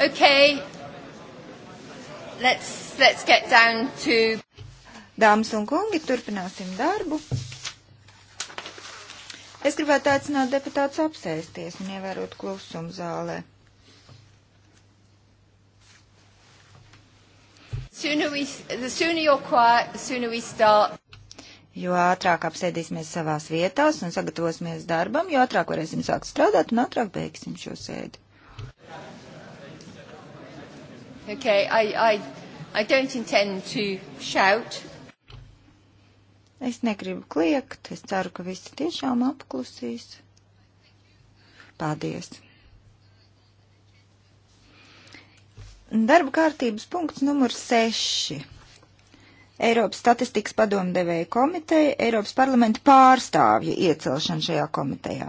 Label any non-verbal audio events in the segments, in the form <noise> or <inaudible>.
Okay. Let's, let's get down to... Dāmas un kungi, turpināsim darbu. Es gribētu aicināt deputātus apsēsties un ievērot klusumu zālē. We, quiet, jo ātrāk apsēdīsimies savās vietās un sagatavosimies darbam, jo ātrāk varēsim sākt strādāt un ātrāk beigsim šo sēdi. Okay, I, I, I don't intend to shout. Es negribu kliegt, es ceru, ka visi tiešām apklusīs. Paldies! Darba kārtības punkts numur 6. Eiropas statistikas padomdevēja komiteja, Eiropas parlamenta pārstāvja iecelšana šajā komitejā.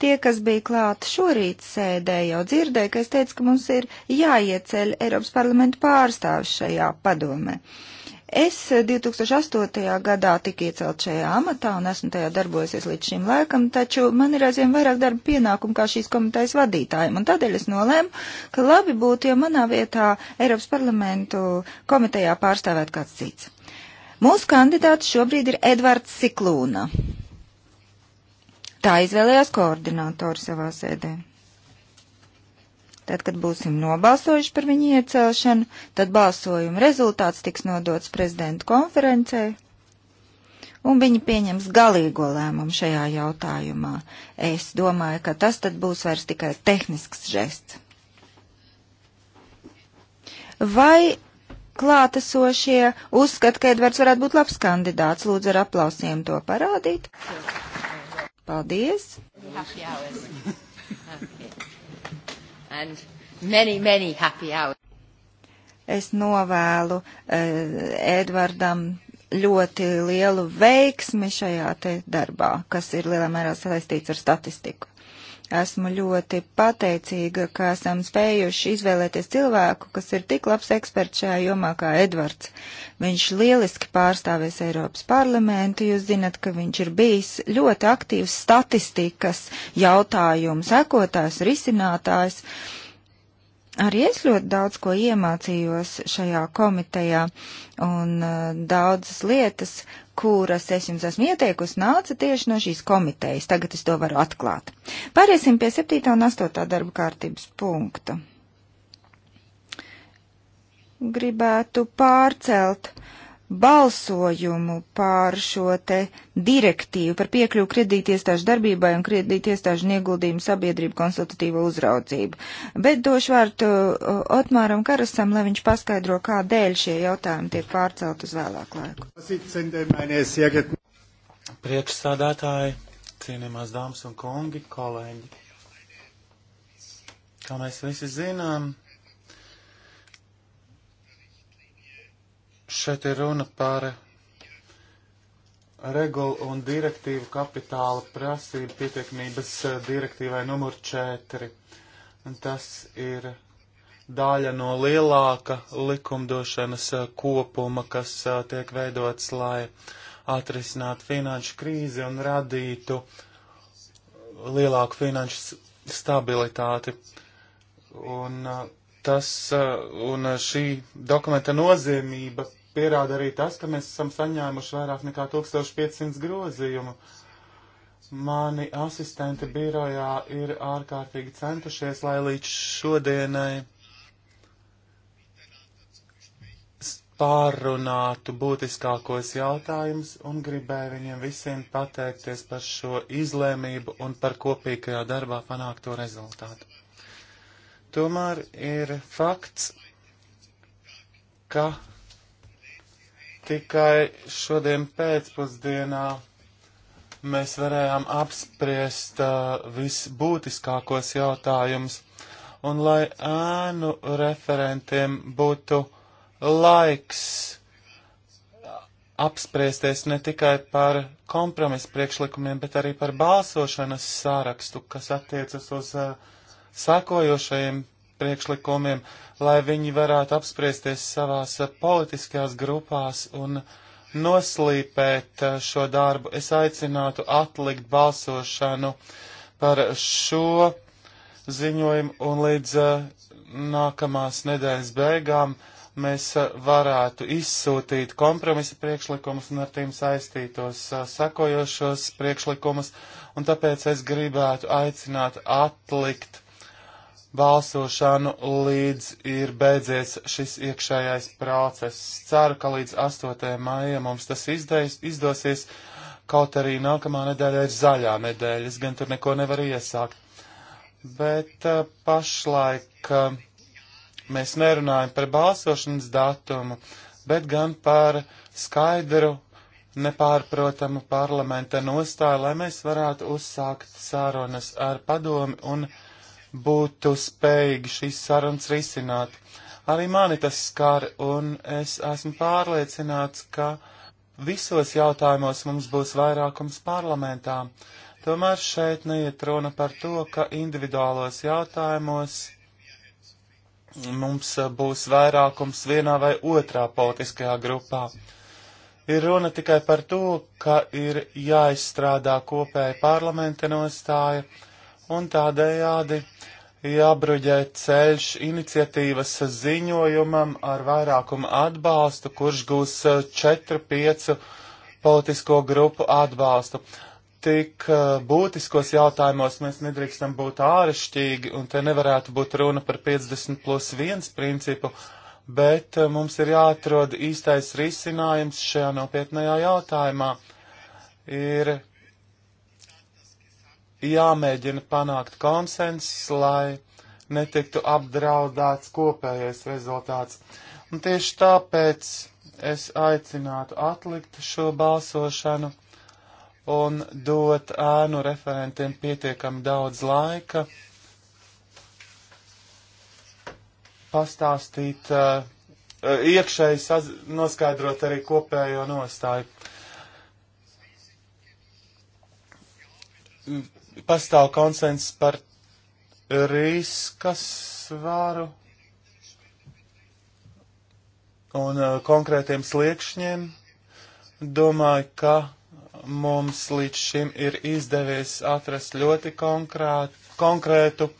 Tie, kas bija klāt šorīt sēdē, jau dzirdēja, ka es teicu, ka mums ir jāieceļ Eiropas parlamenta pārstāvis šajā padomē. Es 2008. Eh, gadā tiku iecelt šajā amatā un esmu tajā darbojusies līdz šim laikam, taču man ir aizvien vairāk darba pienākumu kā šīs komitejas vadītājiem, un tādēļ es nolēmu, ka labi būtu, ja manā vietā Eiropas parlamentu komitejā pārstāvētu kāds cits. Mūsu kandidāts šobrīd ir Edvards Siklūna. Tā izvēlējās koordinātori savā sēdē. Tad, kad būsim nobalsojuši par viņu iecelšanu, tad balsojuma rezultāts tiks nodots prezidentu konferencē, un viņi pieņems galīgo lēmumu šajā jautājumā. Es domāju, ka tas tad būs vairs tikai tehnisks žests. Vai klātesošie uzskata, ka Edvards varētu būt labs kandidāts? Lūdzu, ar aplausiem to parādīt. Jā. Paldies! Okay. Many, many es novēlu uh, Edvardam ļoti lielu veiksmi šajā te darbā, kas ir lielā mērā saistīts ar statistiku. Esmu ļoti pateicīga, ka esam spējuši izvēlēties cilvēku, kas ir tik labs eksperts šajā jomā kā Edvards. Viņš lieliski pārstāvēs Eiropas parlamentu, jūs zinat, ka viņš ir bijis ļoti aktīvs statistikas jautājumu sekotājs, risinātājs. Arī es ļoti daudz ko iemācījos šajā komitejā un uh, daudzas lietas kuras es jums esmu ieteikusi, nāca tieši no šīs komitejas. Tagad es to varu atklāt. Pāriesim pie 7. un 8. darba kārtības punkta. Gribētu pārcelt uh, balsojumu pār šo te direktīvu par piekļuvu kredītiestāžu darbībai un kredītiestāžu ieguldījumu sabiedrību konsultatīvo uzraudzību. Bet došu vārtu uh, Otmāram Karasam, lai viņš paskaidro, kādēļ šie jautājumi tiek pārcelt uz vēlāku laiku. Priekšsādātāji, cienījumās dāmas un kungi, kolēģi. Kā mēs visi zinām, Šeit ir runa par regulu un direktīvu kapitāla prasību pietiekamības eh, direktīvai numur 4. Un tas ir daļa no lielāka likumdošanas eh, kopuma, kas eh, tiek veidots, lai atrisinātu finanšu krīzi un radītu lielāku finanšu stabilitāti. Un, tas, un šī dokumenta nozīmība pierāda arī tas, ka mēs esam saņēmuši vairāk nekā 1500 grozījumu. Mani asistenti birojā ir ārkārtīgi centušies, lai līdz šodienai pārrunātu būtiskākos jautājumus un gribēju viņiem visiem pateikties par šo izlēmību un par kopīgajā darbā panākto rezultātu. Tomēr ir fakts, ka tikai šodien pēcpusdienā mēs varējām apspriest uh, visbūtiskākos jautājumus, un lai ēnu referentiem būtu laiks apspriesties ne tikai par kompromisu priekšlikumiem, bet arī par balsošanas sārakstu, kas attiecas uz uh, sakojošajiem priekšlikumiem, lai viņi varētu apspriesties savās politiskajās grupās un noslīpēt eh, šo darbu. Es aicinātu atlikt balsošanu par šo ziņojumu un līdz eh, nākamās nedēļas beigām mēs eh, varētu izsūtīt kompromisa priekšlikumus un ar tiem saistītos sakojošos priekšlikumus, un tāpēc es gribētu aicināt atlikt balsošanu, līdz ir beidzies šis iekšējais process. Ceru, ka līdz 8. maija mums tas izdeis, izdosies, kaut arī nākamā nedēļa ir zaļā nedēļa, es gan tur neko nevaru iesākt. Bet uh, pašlaik uh, mēs nerunājam par balsošanas datumu, bet gan par skaidru, nepārprotamu parlamenta nostāju, lai mēs varētu uzsākt sārunas ar padomi un. Uh, būtu spējīgi šīs sarunas risināt. Arī mani tas skar, un es esmu pārliecināts, ka visos jautājumos mums būs vairākums parlamentā. Tomēr šeit neiet runa par to, ka individuālos jautājumos mums eh, būs vairākums vienā vai otrā politiskajā grupā. Ir runa tikai par to, ka ir jāizstrādā kopēja parlamenta nostāja un tādējādi jābruģē ceļš iniciatīvas ziņojumam ar vairākumu atbalstu, kurš gūs 4-5 eh, politisko grupu atbalstu. Tik eh, būtiskos jautājumos mēs nedrīkstam būt āršķirīgi, un te nevarētu būt runa par 50 plus 1 principu, bet eh, mums ir jāatrod īstais risinājums šajā nopietnējā jautājumā. Ir jāmēģina panākt konsensus, lai netiktu apdraudēts kopējais rezultāts. Un tieši tāpēc es aicinātu atlikt šo balsošanu un dot ēnu referentiem pietiekami daudz laika pastāstīt, uh, iekšēji saz, noskaidrot arī kopējo nostāju pastāv konsens par riska svāru un uh, konkrētiem sliekšņiem. Domāju, ka mums līdz šim ir izdevies atrast ļoti konkrēt, konkrētu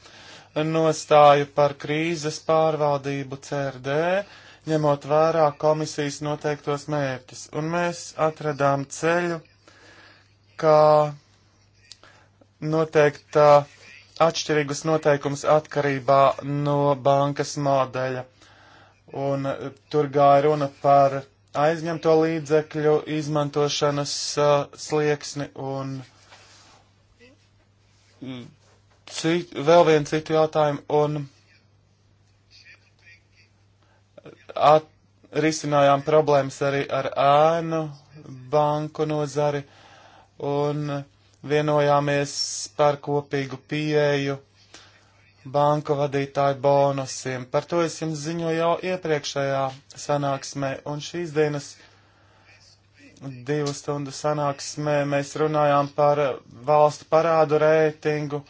nostāju par krīzes pārvaldību CRD, ņemot vērā komisijas noteiktos mērķus. Un mēs atradām ceļu, kā noteikta atšķirīgus noteikumus atkarībā no bankas modeļa. Un e, tur gāja runa par aizņemto līdzekļu izmantošanas uh, slieksni un cit, vēl vienu citu jautājumu un at, risinājām problēmas arī ar ēnu banku nozari un uh, vienojāmies par kopīgu pieeju banku vadītāju bonusiem. Par to es jums ziņoju jau iepriekšējā sanāksmē, un šīs dienas divu stundu sanāksmē mēs runājām par valstu parādu reitingu,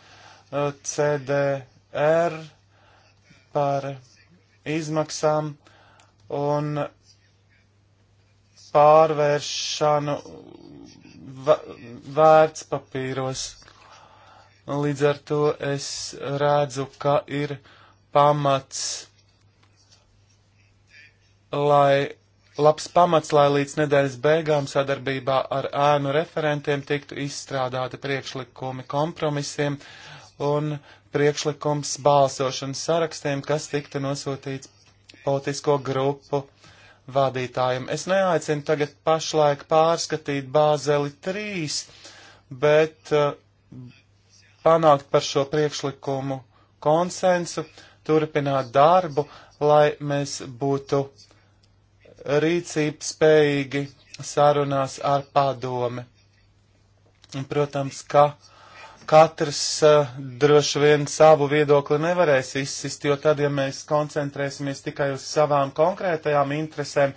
eh, CDR, par izmaksām un pārvēršanu vērts papīros. Līdz ar to es redzu, ka ir pamats, lai labs pamats, lai līdz nedēļas beigām sadarbībā ar ēnu referentiem tiktu izstrādāti priekšlikumi kompromisiem un priekšlikums balsošanas sarakstiem, kas tiktu nosūtīts politisko grupu vadītājiem. Es neaicinu tagad pašlaik pārskatīt Bāzeli 3, bet uh, panākt par šo priekšlikumu konsensu, turpināt darbu, lai mēs būtu rīcību spējīgi sarunās ar padomi. Un, protams, ka uh, katrs uh, droši vien savu viedokli nevarēs izsist, jo tad, ja mēs koncentrēsimies tikai uz savām konkrētajām interesēm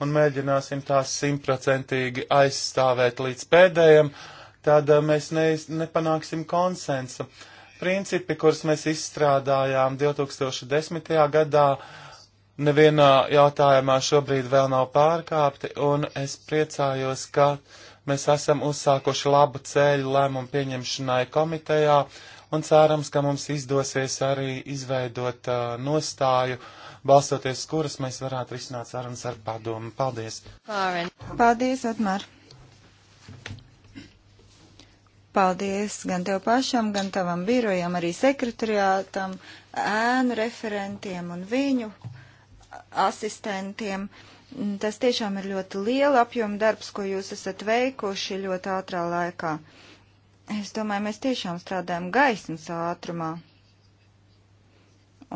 un mēģināsim tās simtprocentīgi aizstāvēt līdz pēdējiem, tad uh, mēs ne, nepanāksim konsensu. Principi, kurus mēs izstrādājām 2010. gadā, nevienā jautājumā šobrīd vēl nav pārkāpti, un es priecājos, ka Mēs esam uzsākuši labu ceļu lēmumu pieņemšanai komitejā un cerams, ka mums izdosies arī izveidot uh, nostāju, balstoties kuras mēs varētu risināt sarunas ar padomu. Paldies! Paldies, Otmar! Paldies gan tev pašam, gan tavam birojam, arī sekretariātam, ēnu referentiem un viņu asistentiem. Tas tiešām ir ļoti liela apjoma darbs, ko jūs esat veikuši ļoti ātrā laikā. Es domāju, mēs tiešām strādājam gaismas ātrumā.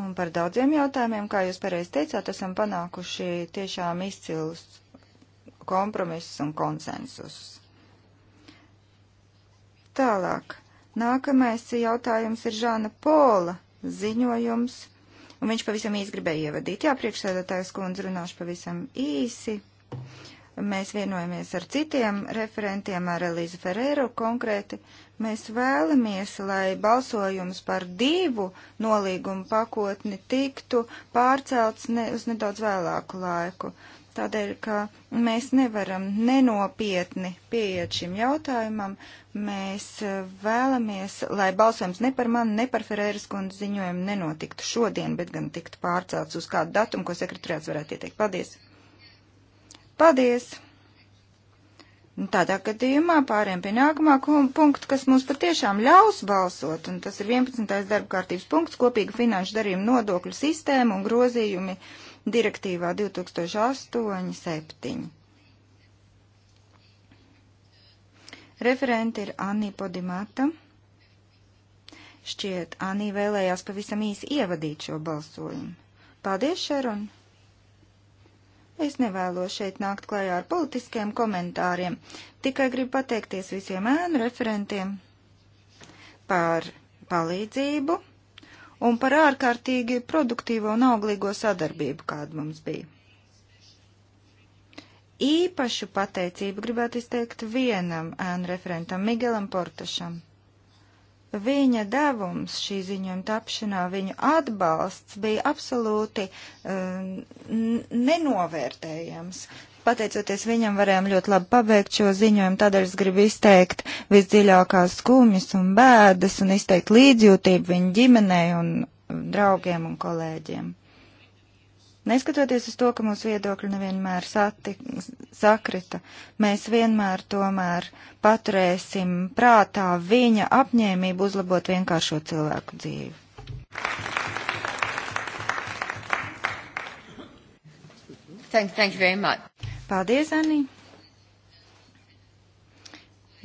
Un par daudziem jautājumiem, kā jūs pareizi teicāt, esam panākuši tiešām izcilus kompromisus un konsensus. Tālāk. Nākamais jautājums ir Žāna Pola ziņojums un viņš pavisam īsi gribēja ievadīt. Jā, priekšsēdētājs kundze runāšu pavisam īsi. Mēs vienojamies ar citiem referentiem, ar Elīzu Ferēru konkrēti. Mēs vēlamies, lai balsojums par divu nolīgumu pakotni tiktu pārcelts ne, uz nedaudz vēlāku laiku. Uh, tādēļ, ka mēs nevaram nenopietni pieiet šim jautājumam. Mēs e, vēlamies, lai balsojums ne par mani, ne par Ferēras kundu ziņojumu nenotiktu šodien, bet gan tiktu pārcelts uz kādu datumu, ko sekretariāts varētu ieteikt. Paldies! Paldies! Nu, tādā gadījumā pāriem pie nākamā punkta, kas mums patiešām ļaus balsot, un tas ir 11. darba kārtības punkts - kopīga finanšu darījuma nodokļu sistēma un grozījumi direktīvā 2008-7. Referenti ir Anni Podimata. Šķiet, Anī vēlējās pavisam īsi ievadīt šo balsojumu. Paldies, Šeron! Es nevēlos šeit nākt klajā ar politiskiem komentāriem, tikai gribu pateikties visiem ēnu referentiem par palīdzību un par ārkārtīgi produktīvo un auglīgo sadarbību, kāda mums bija. Īpašu pateicību gribētu izteikt vienam ēnu referentam Miguelam Portašam. Viņa devums šī ziņojuma tapšanā, viņa atbalsts bija absolūti um, nenovērtējams. Pateicoties viņam, varējām ļoti labi pabeigt šo ziņojumu, tādēļ es gribu izteikt visdziļākās skumjas un bēdas un izteikt līdzjūtību viņa ģimenei un draugiem un kolēģiem. Neskatoties uz to, ka mūsu viedokļi nevienmēr sati, sakrita, mēs vienmēr tomēr paturēsim prātā viņa apņēmību uzlabot vienkāršo cilvēku dzīvi. Thank, thank you very much. Paldies, Anī!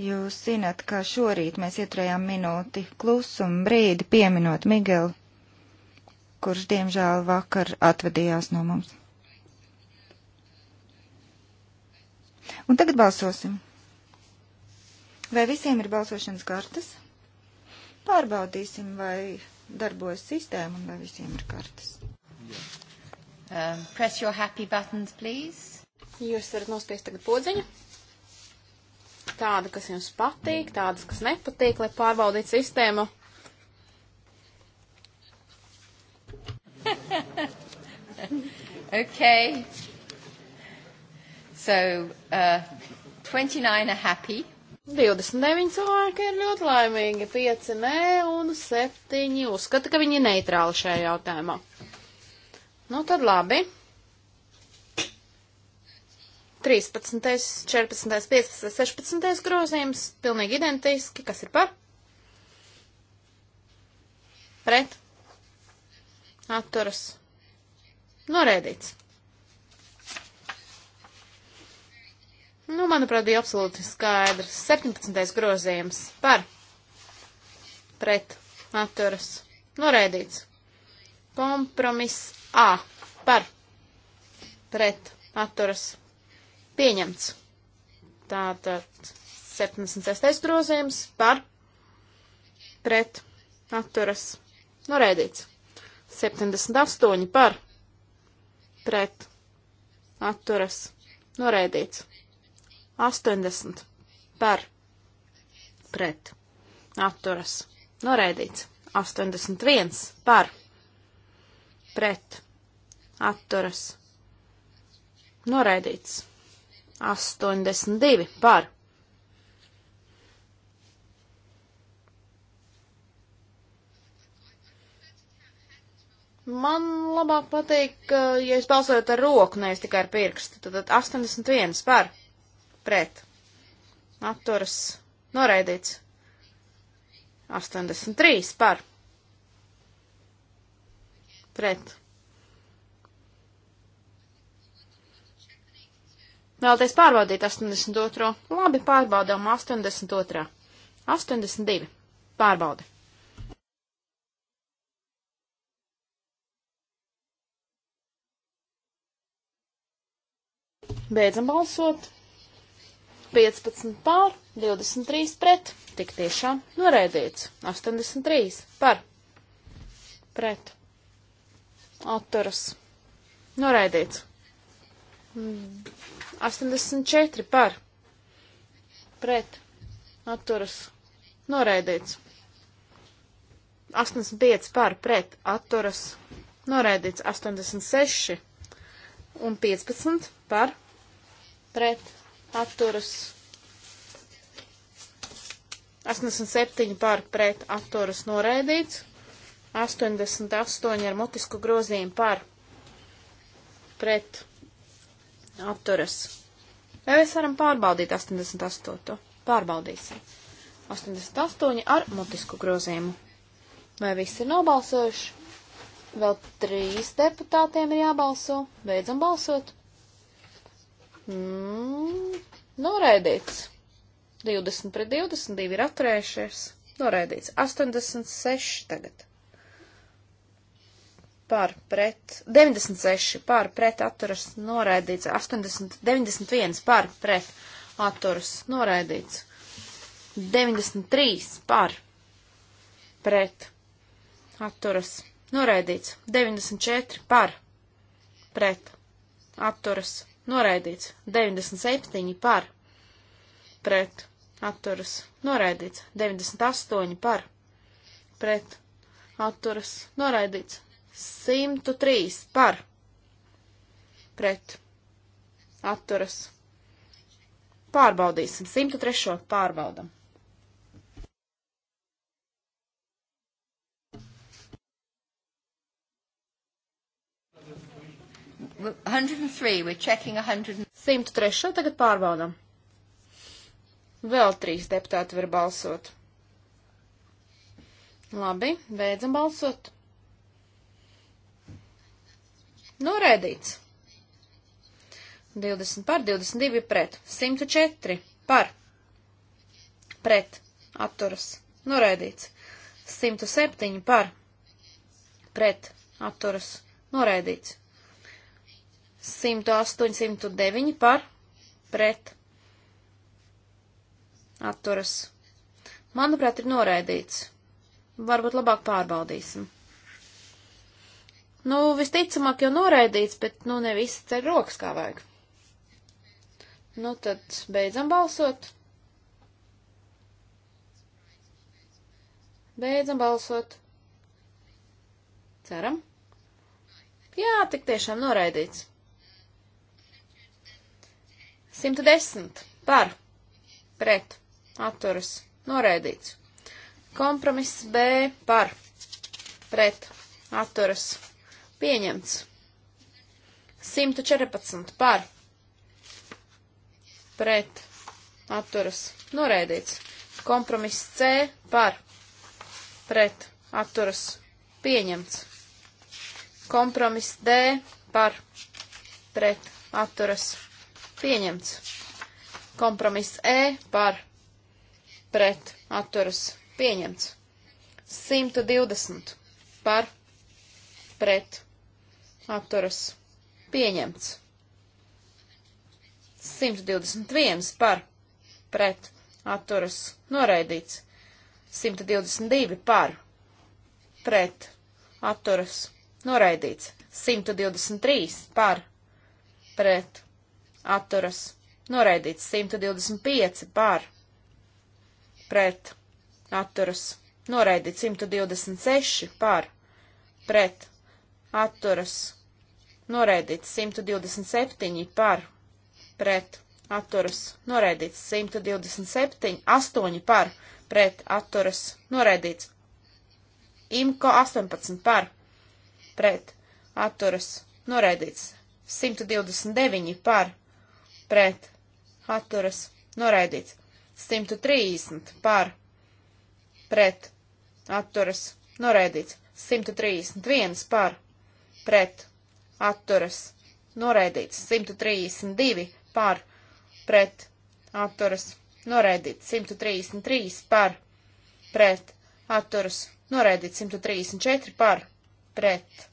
Jūs zināt, ka šorīt mēs ieturējām minūti klusumu brīdi pieminot Migelu, kurš diemžēl vakar atvadījās no mums. Un tagad balsosim. Vai visiem ir balsošanas kartas? Pārbaudīsim, vai darbojas sistēma un vai visiem ir kartas. Yeah. Um, press your happy buttons, please. Jūs varat nospiest tagad podziņu. Tāda, kas jums patīk, tādas, kas nepatīk, lai pārbaudītu sistēmu. <laughs> okay. So, uh, 29 are happy. 29 cilvēki ir ļoti laimīgi, 5 nē un 7 uzskata, ka viņi ir neitrāli šajā jautājumā. Nu, tad labi. 13, 14, 15, 16 grozījums, pilnīgi identiski, kas ir par? Pret? Atturas. Norēdīts. Nu, manuprāt, bija absolūti skaidrs. 17. grozījums par pret atturas. Norēdīts. Kompromiss A par pret atturas Pieņemts. Tātad 76. grozījums par pret atturas norēdīts. 78 par pret atturas norēdīts. 80 par pret atturas norēdīts. 81 par pret atturas norēdīts. 82 par. Man labāk patīk, ja es balsoju ar roku, nevis tikai ar pirkstu. Tad 81 par pret. Atturas noraidīts. 83 par pret. Vēlaties pārbaudīt 82. Labi, pārbaudām 82. 82. Pārbaudi. Beidzam balsot. 15 pār, 23 pret. Tik tiešām noraidīts. 83 par. Pret. Atturas. Noraidīts. 84 par pret atturas noraidīts. 85 par pret atturas noraidīts. 86 un 15 par pret atturas. 87 par pret atturas noraidīts. 88 ar mutisku grozījumu par pret atturas atturas. Vai mēs varam pārbaudīt 88? Pārbaudīsim. 88 ar mutisku grozījumu. Vai visi ir nobalsojuši? Vēl trīs deputātiem ir jābalso. Beidzam balsot. Mm, noraidīts. 20 pret 22 ir atturējušies. Noraidīts. 86 tagad par pret, 96 par pret atturas noraidīts, 80, 91 par pret atturas noraidīts, 93 par pret atturas noraidīts, 94 par pret atturas noraidīts, 97 par pret atturas noraidīts, 98 par pret atturas noraidīts, 103 par pret atturas. Pārbaudīsim. 103. pārbaudam. We're 103, we're checking 100. 103. tagad pārbaudam. Vēl trīs deputāti var balsot. Labi, beidzam balsot. Noraidīts. 20 par, 22 pret, 104 par, pret, atturas, noraidīts, 107 par, pret, atturas, noraidīts, 108, 109 par, pret, atturas, manuprāt, ir noraidīts. Varbūt labāk pārbaudīsim. Nu, visticamāk jau noraidīts, bet, nu, ne visi cer rokas kā vajag. Nu, tad beidzam balsot. Beidzam balsot. Ceram. Jā, tik tiešām noraidīts. 110 par, pret, atturas, noraidīts. Kompromiss B par, pret, atturas, Pieņemts. 114 par pret atturas noraidīts. Kompromiss C par pret atturas pieņemts. Kompromiss D par pret atturas pieņemts. Kompromiss E par pret atturas pieņemts. 120 par pret atturas pieņemts. 121 par pret atturas noraidīts. 122 par pret atturas noraidīts. 123 par pret atturas noraidīts. 125 par pret atturas noraidīts. 126 par pret atturas noraidīts 127 par pret atturas noraidīts 127, 8 par pret atturas noraidīts. Imko 18 par pret atturas noraidīts 129 par pret atturas noraidīts 130 par pret atturas noraidīts 131 par pret atturas noraidīts 132 par pret atturas noraidīts 133 par pret atturas noraidīts 134 par pret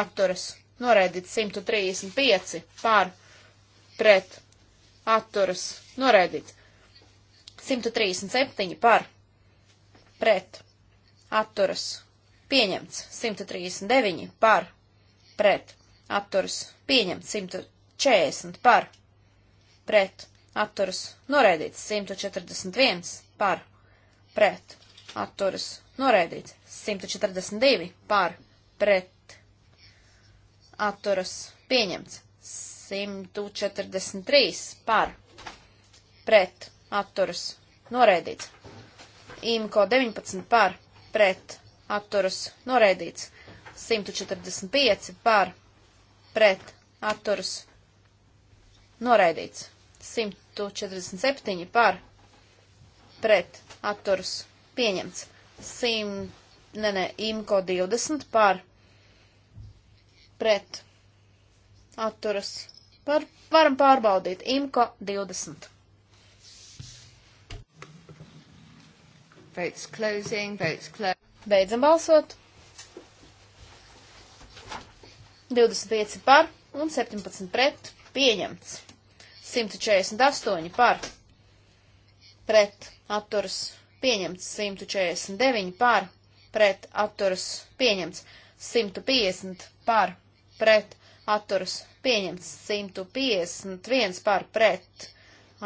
atturas noraidīts 135 par pret atturas noraidīts 137 par pret atturas pieņemts 139 par pret pret, atturas, pieņemts 140 par, pret, atturas, noraidīts 141 par, pret, atturas, noraidīts 142 par, pret, atturas, pieņemts 143 par, pret, atturas, noraidīts. Imko 19 par, pret, atturas, noraidīts. 145 par pret atturas noraidīts. 147 par pret atturas pieņemts. 100, ne, ne, imko 20 par pret atturas. Par, varam pārbaudīt imko 20. Votes closing, votes closing. Beidzam balsot. 25 par un 17 pret pieņemts. 148 par pret atturas pieņemts. 149 par pret atturas pieņemts. 150 par pret atturas pieņemts. 151 par pret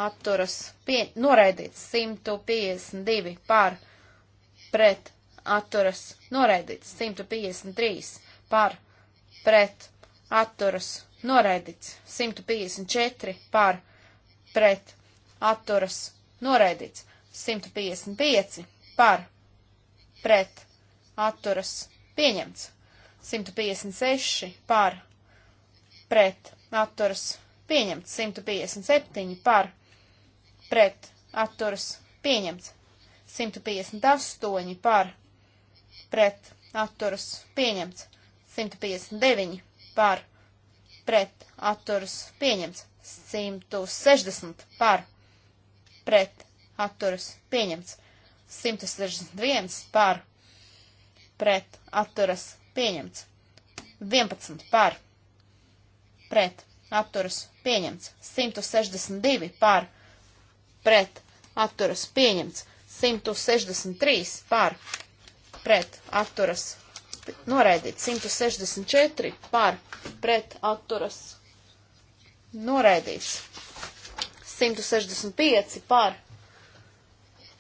atturas pie, noraidīts. 152 par pret atturas noraidīts. 153 par pret pret atturas noraidīts. 154 par pret atturas noraidīts. 155 par pret atturas pieņemts. 156 par pret atturas pieņemts. 157 par pret atturas pieņemts. 158 par pret atturas pieņemts. 159 par pret atturas pieņemts. 160 par pret atturas pieņemts. 161 par pret atturas pieņemts. 11 par pret atturas pieņemts. 162 par pret atturas pieņemts. 163 par pret atturas noraidīt 164 par pret atturas noraidīts 165 par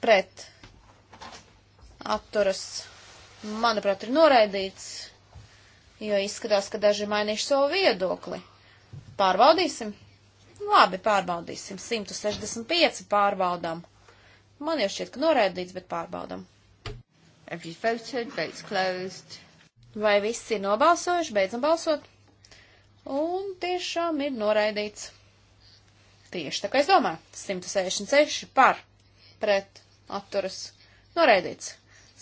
pret atturas manuprāt ir noraidīts, jo izskatās, ka daži mainīšu savu viedokli. Pārbaudīsim? Labi, pārbaudīsim. 165 pārbaudām. Man jau šķiet, ka noraidīts, bet pārbaudām. Every voted, votes closed. Vai viss ir nobalsojuši, beidzam balsot? Un tiešām ir noraidīts. Tieši tā kā es domāju, 166 par, pret, atturas, noraidīts.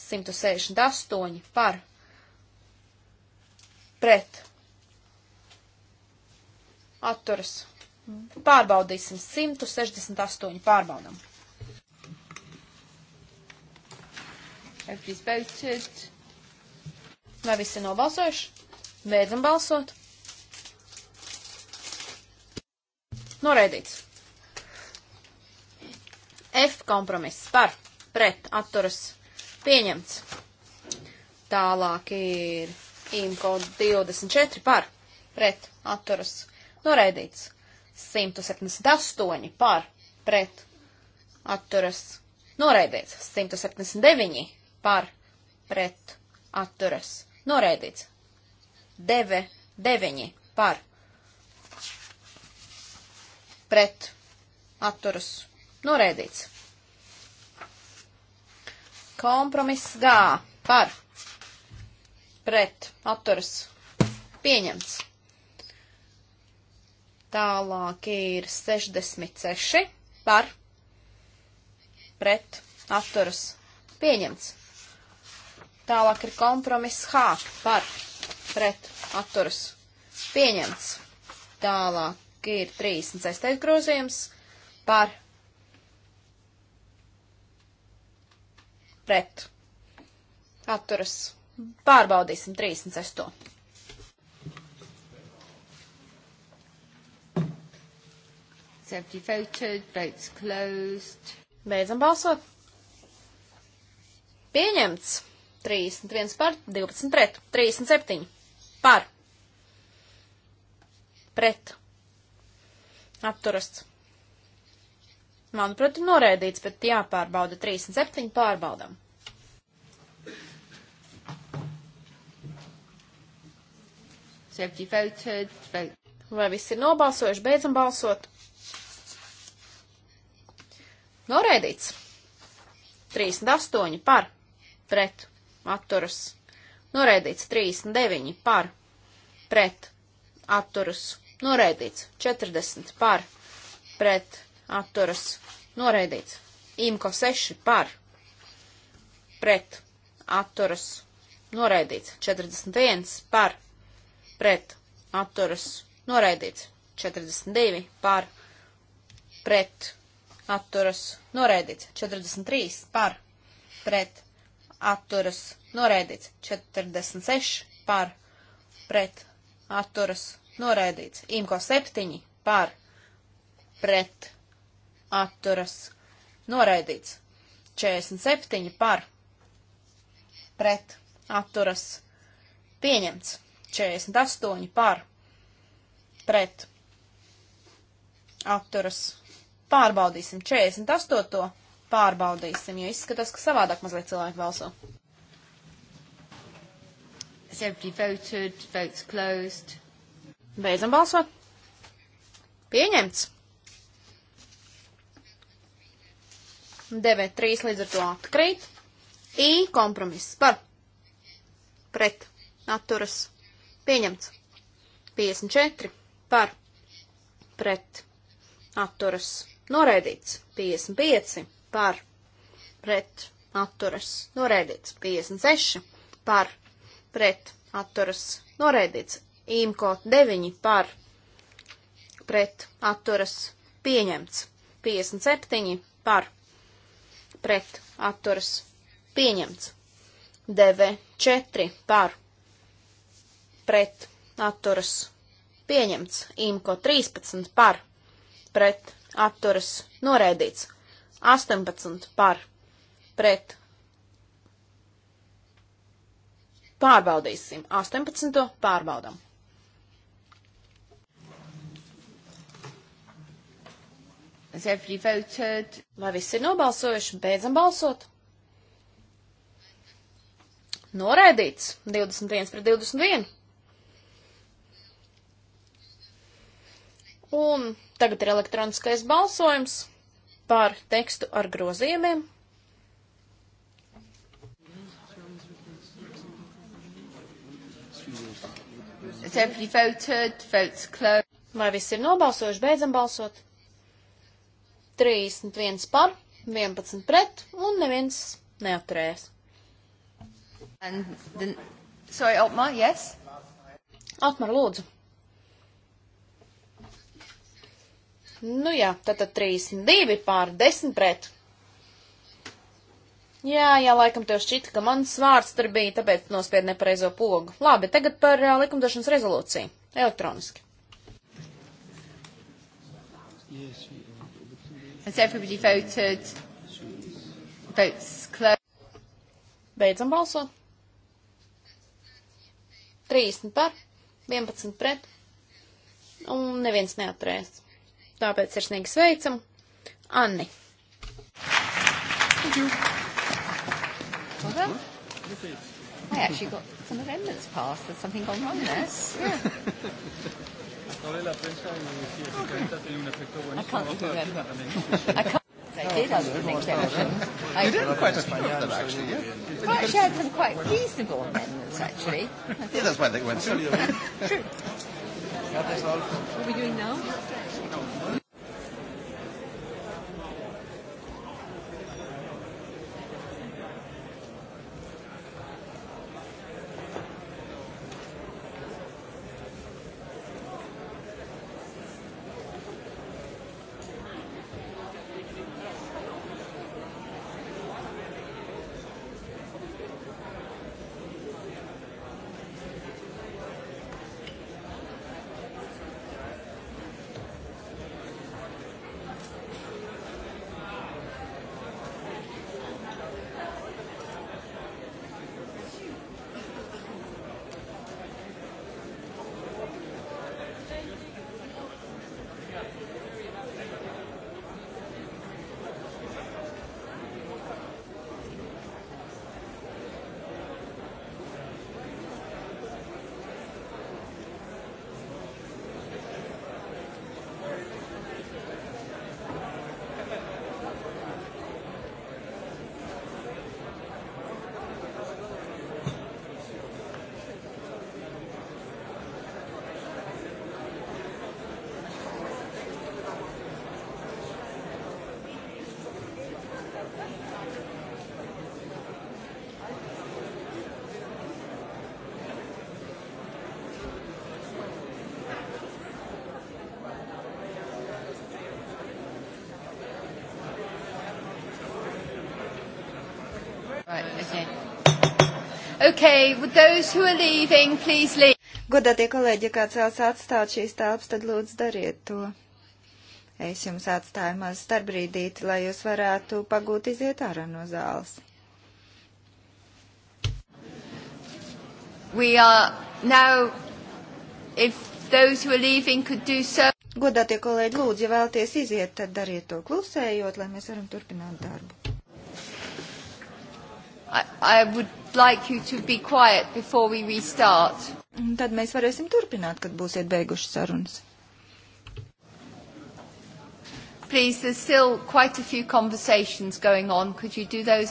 168 par, pret, atturas. Pārbaudīsim, 168 pārbaudam. Have you voted? Vai visi nobalsojuši? Beidzam balsot. Noraidīts. F kompromiss par, pret, atturas, pieņemts. Tālāk ir IMCO 24 par, pret, atturas, noraidīts. 178 par, pret, atturas, noraidīts. 179 par, pret, atturas, noraidīts atturas Noraidīts. Deve, deviņi par. Pret. Atturas. Noraidīts. Kompromiss gā. Par. Pret. Atturas. Pieņemts. Tālāk ir 66 par pret atturas pieņemts. Tālāk ir kompromiss H par pret atturas pieņemts. Tālāk ir 36. grozījums par pret atturas. Pārbaudīsim 36. Voted, votes closed. Beidzam balsot. Pieņemts. 31 par, 12 pret, 37 par, pret, apturasts. Manuprāt, ir noraidīts, bet jāpārbauda 37 pārbaudam. Vai visi ir nobalsojuši, beidzam balsot? Noraidīts. 38 par, pret, atturas. Noraidīts 39 par pret atturas. Noraidīts 40 par pret atturas. Noraidīts imko 6 par pret atturas. Noraidīts 41 par pret atturas. Noraidīts 42 par pret atturas. Noraidīts 43 par pret atturas noraidīts 46 par pret atturas noraidīts. Imko 7 par pret atturas noraidīts. 47 par pret atturas pieņemts. 48 par pret atturas pārbaudīsim 48 pārbaudīsim, jo izskatās, ka savādāk mazliet cilvēki balso. Has everybody voted? Votes closed. Beidzam balsot. Pieņemts. 9, 3 līdz ar to atkrīt. I kompromiss par. Pret. Atturas. Pieņemts. 54 par. Pret. Atturas. Noraidīts. 55 par pret atturas noraidīts. 56 par pret atturas noraidīts. Imko 9 par pret atturas pieņemts. 57 par pret atturas pieņemts. DV 4 par pret atturas pieņemts. IMKO 13 par pret atturas noraidīts. 18 par pret. Pārbaudīsim. 18. pārbaudam. Vai visi ir nobalsojuši? Beidzam balsot. Noraidīts. 21 pret 21. Un tagad ir elektroniskais balsojums par tekstu ar grozījumiem. Vai viss ir nobalsojuši? Beidzam balsot. 31 par, 11 pret un neviens neaturējas. The... Sorry, Otmar, yes? Otmar, lūdzu. Nu jā, tātad 32 pār 10 pret. Jā, jā, laikam tev šķita, ka mans vārds tur bija, tāpēc nospied nepareizo pogu. Labi, tagad par uh, likumdošanas rezolūciju. Elektroniski. Has everybody voted? Votes closed. Beidzam balsot. 30 par, 11 pret, un neviens neatrēst. Tāpēc sirsnīgi sveicam Anni. Thank you. Well done. I actually got some amendments passed. There's something gone wrong there. Yeah. Ahora la prensa y si esta carta tiene un efecto buenísimo. I can't I did have an exemption. I did quite a few of them, actually. Yeah. Well, actually, I had some quite reasonable amendments, actually. yeah, that's why they went through. True. What are we doing now? Okay, with those who are leaving, please leave. Godātie kolēģi, ja kāds vēlas atstāt šīs telpas, tad lūdzu dariet to. Es jums atstāju maz starbrīdīti, lai jūs varētu pagūt iziet ārā no zāles. We are now, if those who are leaving could do so. Godātie kolēģi, lūdzu, ja vēlaties iziet, tad dariet to klusējot, lai mēs varam turpināt darbu. I, I would like you to be quiet before we restart. Un tad mēs varēsim turpināt, kad būsiet beiguši sarunas. Please, there's still quite a few conversations going on. Could you do those?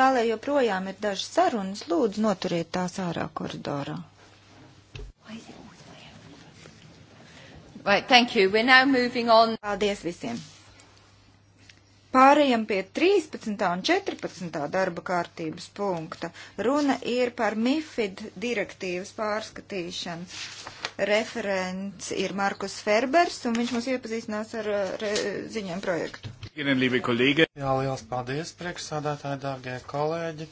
Zālē joprojām ir dažas sarunas. Lūdzu, noturiet tās ārā koridorā. Right, thank you. We're now moving on. Paldies visiem. Pārējiem pie 13. un 14. darba kārtības punkta. Runa ir par MIFID direktīvas pārskatīšanu. Referents ir Markus Ferbers, un viņš mums iepazīstinās ar uh, re, ziņām projektu. Jā, liels paldies, priekšsādātāji, dārgie kolēģi.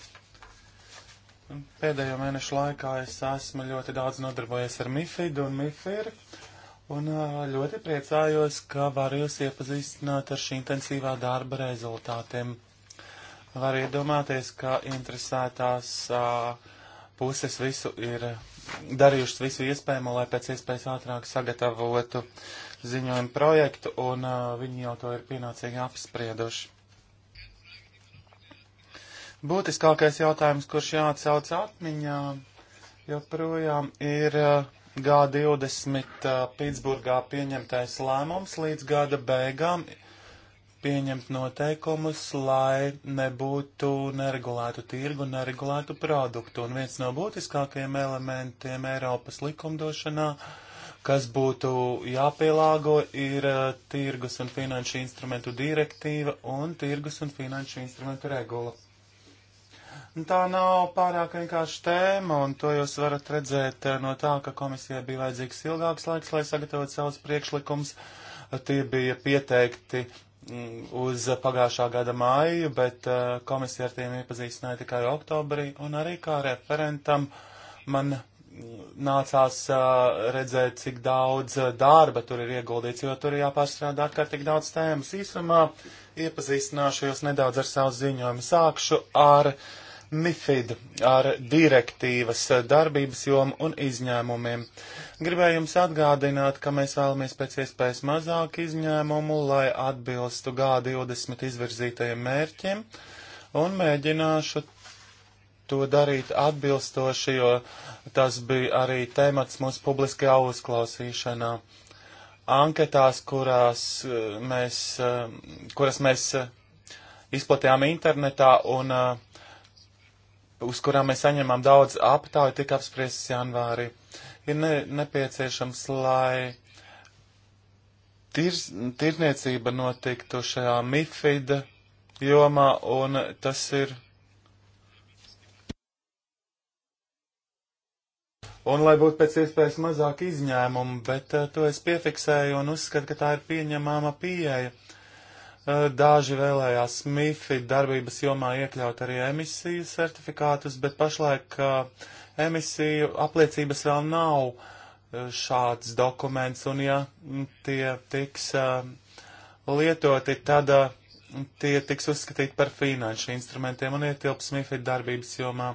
Pēdējo mēnešu laikā es esmu ļoti daudz nodarbojies ar MIFID un MIFIR. Uh, Un ļoti priecājos, ka varu jūs iepazīstināt ar šī intensīvā darba rezultātiem. Var iedomāties, ka interesētās a, puses visu ir darījušas visu iespējamo, lai pēc iespējas ātrāk sagatavotu ziņojumu projektu, un a, viņi jau to ir pienācīgi apsprieduši. Būtiskākais jautājums, kurš jāatsauc atmiņā, joprojām ir. Uh, G20 Pitsburgā pieņemtais lēmums līdz gada beigām pieņemt noteikumus, lai nebūtu neregulētu tirgu, neregulētu produktu. Un viens no būtiskākajiem elementiem Eiropas likumdošanā, kas būtu jāpielāgo, ir tirgus un finanšu instrumentu direktīva un tirgus un finanšu instrumentu regula. Nu, tā nav pārāk vienkārši tēma, un to jūs varat redzēt eh, no tā, ka komisijai bija vajadzīgs ilgāks laiks, lai sagatavotu savus priekšlikumus. Tie bija pieteikti mm, uz pagājušā gada māju, bet eh, komisija ar tiem iepazīstināja tikai oktobrī, un arī kā referentam man mm, nācās uh, redzēt, cik daudz darba tur ir ieguldīts, jo tur ir jāpārstrādā ārkārtīgi daudz tēmas. Īsumā iepazīstināšu jūs nedaudz ar savu ziņojumu. Sākšu ar uh, MIFID ar direktīvas darbības jomu un izņēmumiem. Gribēju jums atgādināt, ka mēs vēlamies pēc iespējas mazāk izņēmumu, lai atbilstu G20 izvirzītajiem mērķiem, un mēģināšu to darīt atbilstoši, jo tas bija arī temats mūsu publiskajā uzklausīšanā. Anketās, kurās eh, mēs, eh, kuras mēs eh, izplatījām internetā un uh, uz kurām mēs saņemam daudz aptauju, tika apspriestas janvārī. Ir ne, nepieciešams, lai tirs, tirniecība notiktu šajā MIFID jomā, un tas ir. Un lai būtu pēc iespējas mazāk izņēmumu, bet uh, to es piefiksēju un uzskatu, ka tā ir pieņemama pieeja. Uh, Eh, daži vēlējās MIFI darbības jomā iekļaut arī emisiju certifikātus, bet pašlaik eh, emisiju apliecības vēl nav eh, šāds dokuments, un ja tie tiks lietoti, tad tie tiks uzskatīti par finanšu instrumentiem un ietilps MIFI darbības jomā.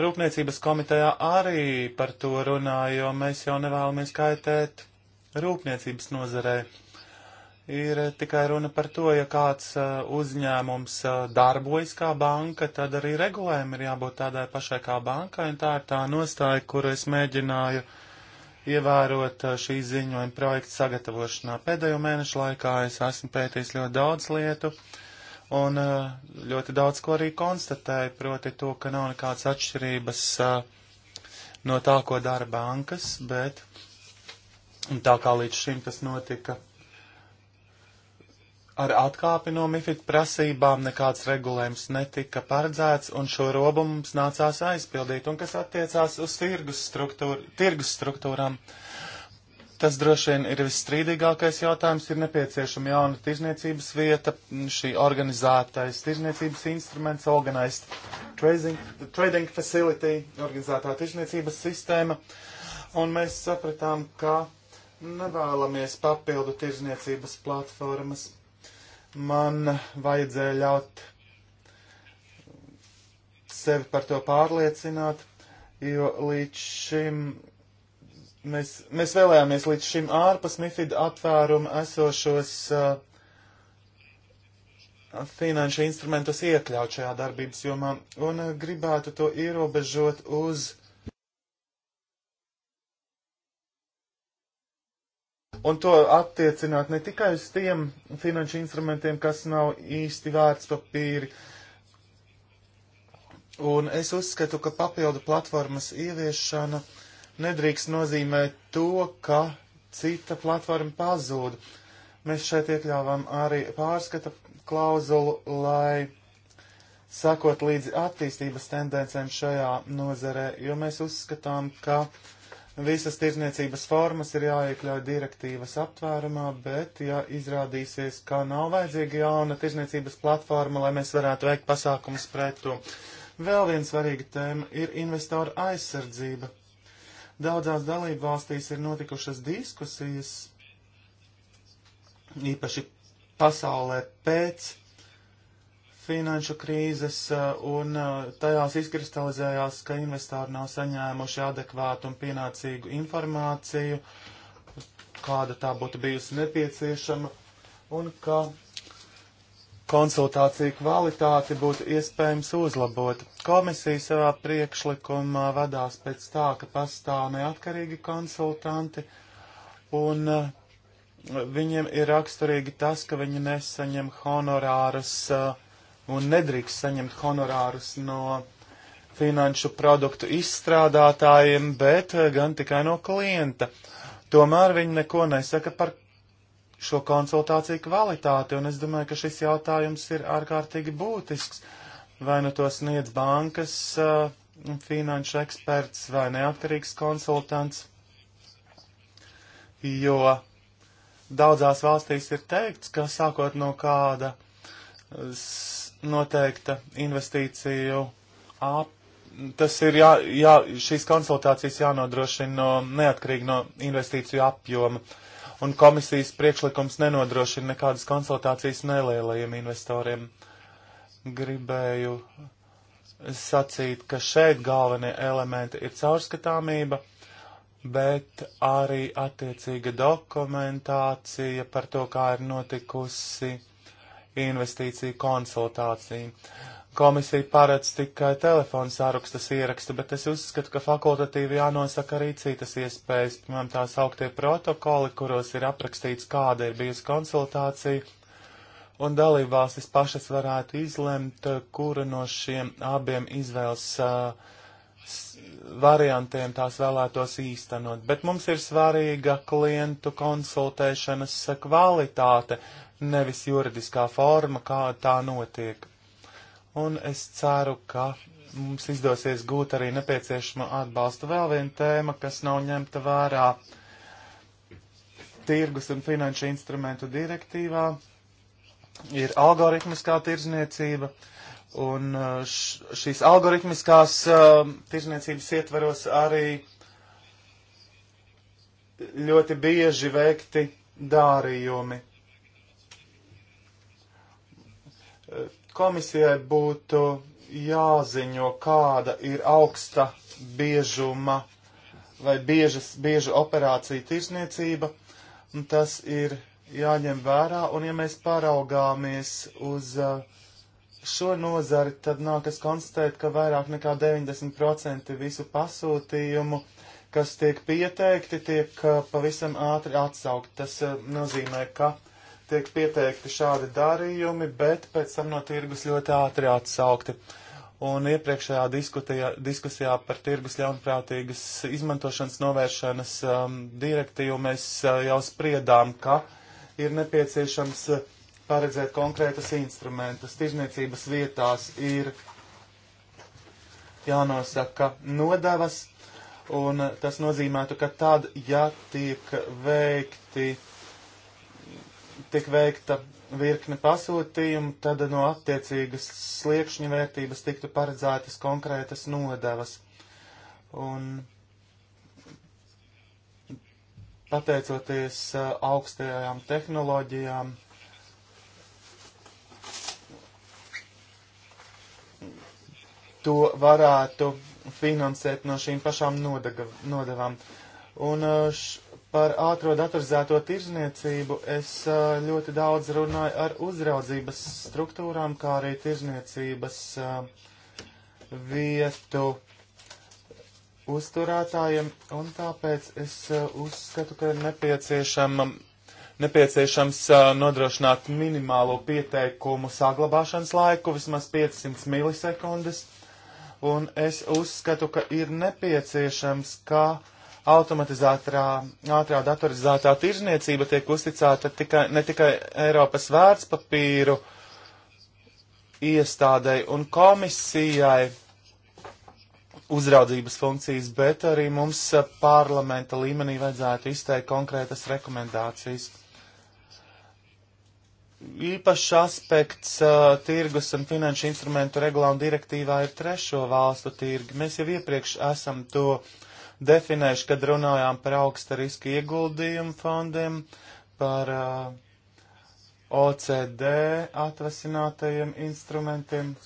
Rūpniecības komitejā arī par to runāja, jo mēs jau nevēlamies kaitēt rūpniecības nozarei ir tikai runa par to, ja kāds uh, uzņēmums uh, darbojas kā banka, tad arī regulējumi ir jābūt tādai pašai kā bankai, un tā ir tā nostāja, kuru es mēģināju ievērot uh, šī ziņojuma projekta sagatavošanā. Pēdējo mēnešu laikā es esmu pētījis ļoti daudz lietu, un ļoti daudz ko arī konstatēju, proti to, ka nav nekādas atšķirības no tā, ko dara bankas, bet tā kā līdz šim tas notika Ar atkāpi no MIFID prasībām nekāds regulējums netika paredzēts, un šo robu mums nācās aizpildīt, un kas attiecās uz tirgus, struktūr, tirgus struktūrām. Tas droši vien ir visstrīdīgākais jautājums, ir nepieciešama jauna tirzniecības vieta, šī organizētais tirzniecības instruments, organized trading, trading facility, organizētā tirzniecības sistēma, un mēs sapratām, ka nevēlamies papildu tirzniecības platformas man vajadzēja ļaut sevi par to pārliecināt, jo līdz šim mēs, mēs vēlējāmies līdz šim ārpus MIFID atvērumu esošos uh, finanšu instrumentus iekļaut šajā darbības jomā un uh, gribētu to ierobežot uz un to attiecināt ne tikai uz tiem finanšu instrumentiem, kas nav īsti vērtspapīri. Un es uzskatu, ka papildu platformas ieviešana nedrīkst nozīmēt to, ka cita platforma pazūd. Mēs šeit iekļāvām arī pārskata klauzulu, lai sakot līdzi attīstības tendencēm šajā nozarē, jo mēs uzskatām, ka uh, Visas tirzniecības formas ir jāiekļauj direktīvas aptvērumā, bet, ja izrādīsies, ka nav vajadzīga jauna tirzniecības platforma, lai mēs varētu veikt pasākumus pret to, vēl viena svarīga tēma ir investoru aizsardzība. Daudzās dalību valstīs ir notikušas diskusijas, īpaši pasaulē pēc finanšu krīzes, eh, un eh, tajās izkristalizējās, ka investori nav saņēmuši adekvātu un pienācīgu informāciju, kāda tā būtu bijusi nepieciešama, un ka konsultāciju kvalitāti būtu iespējams uzlabot. Komisija savā priekšlikumā vadās pēc tā, ka pastāv neatkarīgi konsultanti, un eh, viņiem ir raksturīgi tas, ka viņi nesaņem honorārus uh, un nedrīkst saņemt honorārus no finanšu produktu izstrādātājiem, bet eh, gan tikai no klienta. Tomēr viņi neko nesaka par šo konsultāciju kvalitāti, un es domāju, ka šis jautājums ir ārkārtīgi būtisks. Vai nu to sniedz bankas uh, finanšu eksperts vai neatkarīgs konsultants, jo daudzās valstīs ir teikts, ka sākot no kāda uh, noteikta investīciju ap. Tas ir jā, jā, šīs konsultācijas jānodrošina no, neatkarīgi no investīciju apjoma, un komisijas priekšlikums nenodrošina nekādas konsultācijas nelielajiem investoriem. Gribēju sacīt, ka šeit galvenie elementi ir caurskatāmība, bet arī attiecīga dokumentācija par to, kā ir notikusi investīciju konsultāciju. Komisija paredz tikai telefonu sārakstas ierakstu, bet es uzskatu, ka fakultatīvi jānosaka arī citas iespējas, piemēram, tās augtie protokoli, kuros ir aprakstīts, kāda ir bijusi konsultācija, un dalībvalstis pašas varētu izlemt, kura no šiem abiem izvēles uh, variantiem tās vēlētos īstenot. Bet mums ir svarīga klientu konsultēšanas kvalitāte, nevis juridiskā forma, kā tā notiek. Un es ceru, ka mums izdosies gūt arī nepieciešamo atbalstu. Vēl viena tēma, kas nav ņemta vērā tirgus un finanšu instrumentu direktīvā, ir algoritmiskā tirzniecība. Un uh, š, šīs algoritmiskās uh, tirzniecības ietvaros arī ļoti bieži veikti dārījumi. Komisijai būtu jāziņo, kāda ir augsta biežuma vai biežas, bieža operācija tirsniecība. Tas ir jāņem vērā, un ja mēs paraugāmies uz uh, šo nozari, tad nākas konstatēt, ka vairāk nekā 90% visu pasūtījumu, kas tiek pieteikti, tiek uh, pavisam ātri atsaukt. Tas uh, nozīmē, ka tiek pieteikti šādi darījumi, bet pēc tam no tirgus ļoti ātri atsaukti. Un iepriekšējā diskutijā, diskusijā par tirgus ļaunprātīgas izmantošanas novēršanas um, direktīvu mēs uh, jau spriedām, ka ir nepieciešams uh, paredzēt konkrētus instrumentus. Tirzniecības vietās ir jānosaka nodevas, un uh, tas nozīmētu, ka tad, ja tiek veikti uh, tik veikta virkne pasūtījumu, tad no attiecīgas sliekšņa vērtības tiktu paredzētas konkrētas nodevas. Un pateicoties augstajām tehnoloģijām, to varētu finansēt no šīm pašām nodega, nodevām. Un š, Par ātro datorizēto tirzniecību es ļoti daudz runāju ar uzraudzības struktūrām, kā arī tirzniecības vietu uzturētājiem, un tāpēc es uzskatu, ka ir nepieciešama nepieciešams uh, nodrošināt minimālo pieteikumu saglabāšanas laiku, vismaz 500 milisekundes. Un es uzskatu, ka ir nepieciešams, ka automatizētā, ātrā datorizētā tirzniecība tiek uzticēta tikai, ne tikai Eiropas vērtspapīru iestādei un komisijai uzraudzības funkcijas, bet arī mums parlamenta līmenī vajadzētu izteikt konkrētas rekomendācijas. Īpašs aspekts uh, tirgus un finanšu instrumentu regulā un direktīvā ir trešo valstu tirgi. Mēs jau iepriekš esam to uh, definēšu, kad runājām par augsta riska ieguldījumu fondiem, par uh, OCD atvasinātajiem instrumentiem.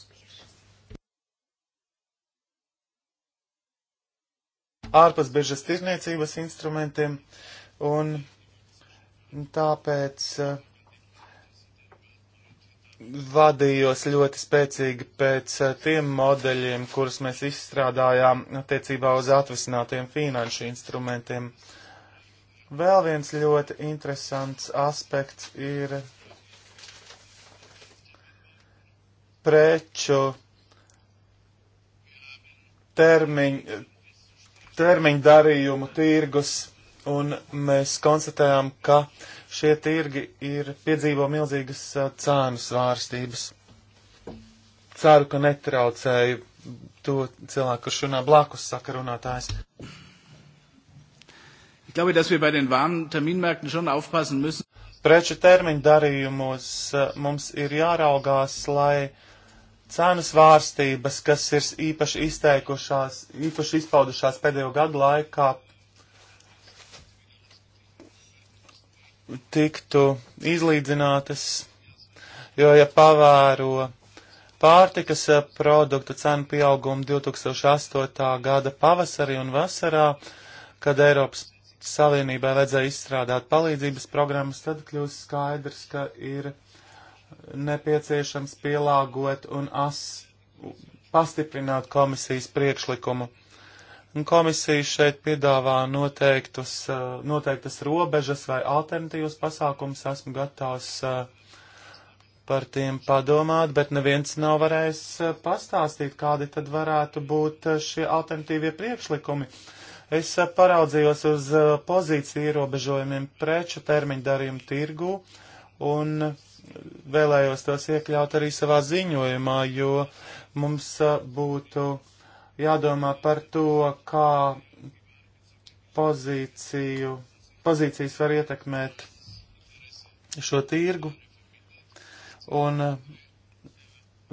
ārpus biržas tirniecības instrumentiem, un tāpēc uh, vadījos ļoti spēcīgi pēc eh, tiem modeļiem, kurus mēs izstrādājām attiecībā uz atvisinātiem finanšu instrumentiem. Vēl viens ļoti interesants aspekts ir preču termiņ, termiņu darījumu tirgus, un mēs konstatējām, ka uh, šie tirgi ir piedzīvo milzīgas cēnu svārstības. Ceru, ka netraucēju to cilvēku, kurš runā blakus sakarunātājs. Ich glaube, dass wir bei den warmen Terminmärkten schon aufpassen müssen. Preču termiņu darījumos mums ir jāraugās, lai cenu svārstības, kas ir īpaši izteikušās, īpaši izpaudušās pēdējo gadu laikā, tiktu izlīdzinātas, jo, ja pavēro pārtikas eh, produktu cenu pieaugumu 2008. gada pavasarī un vasarā, kad Eiropas Savienībai vajadzēja izstrādāt palīdzības programmas, tad kļūst skaidrs, ka ir nepieciešams pielāgot un as, pastiprināt komisijas priekšlikumu. Un komisija šeit piedāvā noteiktus, eh, noteiktas robežas vai alternatīvas pasākumus. Esmu gatavs eh, par tiem padomāt, bet neviens nav varējis eh, pastāstīt, kādi tad varētu būt šie alternatīvie priekšlikumi. Es paraudzījos uz pozīciju ierobežojumiem preču termiņu darījumu tirgu un vēlējos tos iekļaut arī savā ziņojumā, jo mums būtu jādomā par to, kā pozīciju, pozīcijas var ietekmēt šo tirgu. Un eh,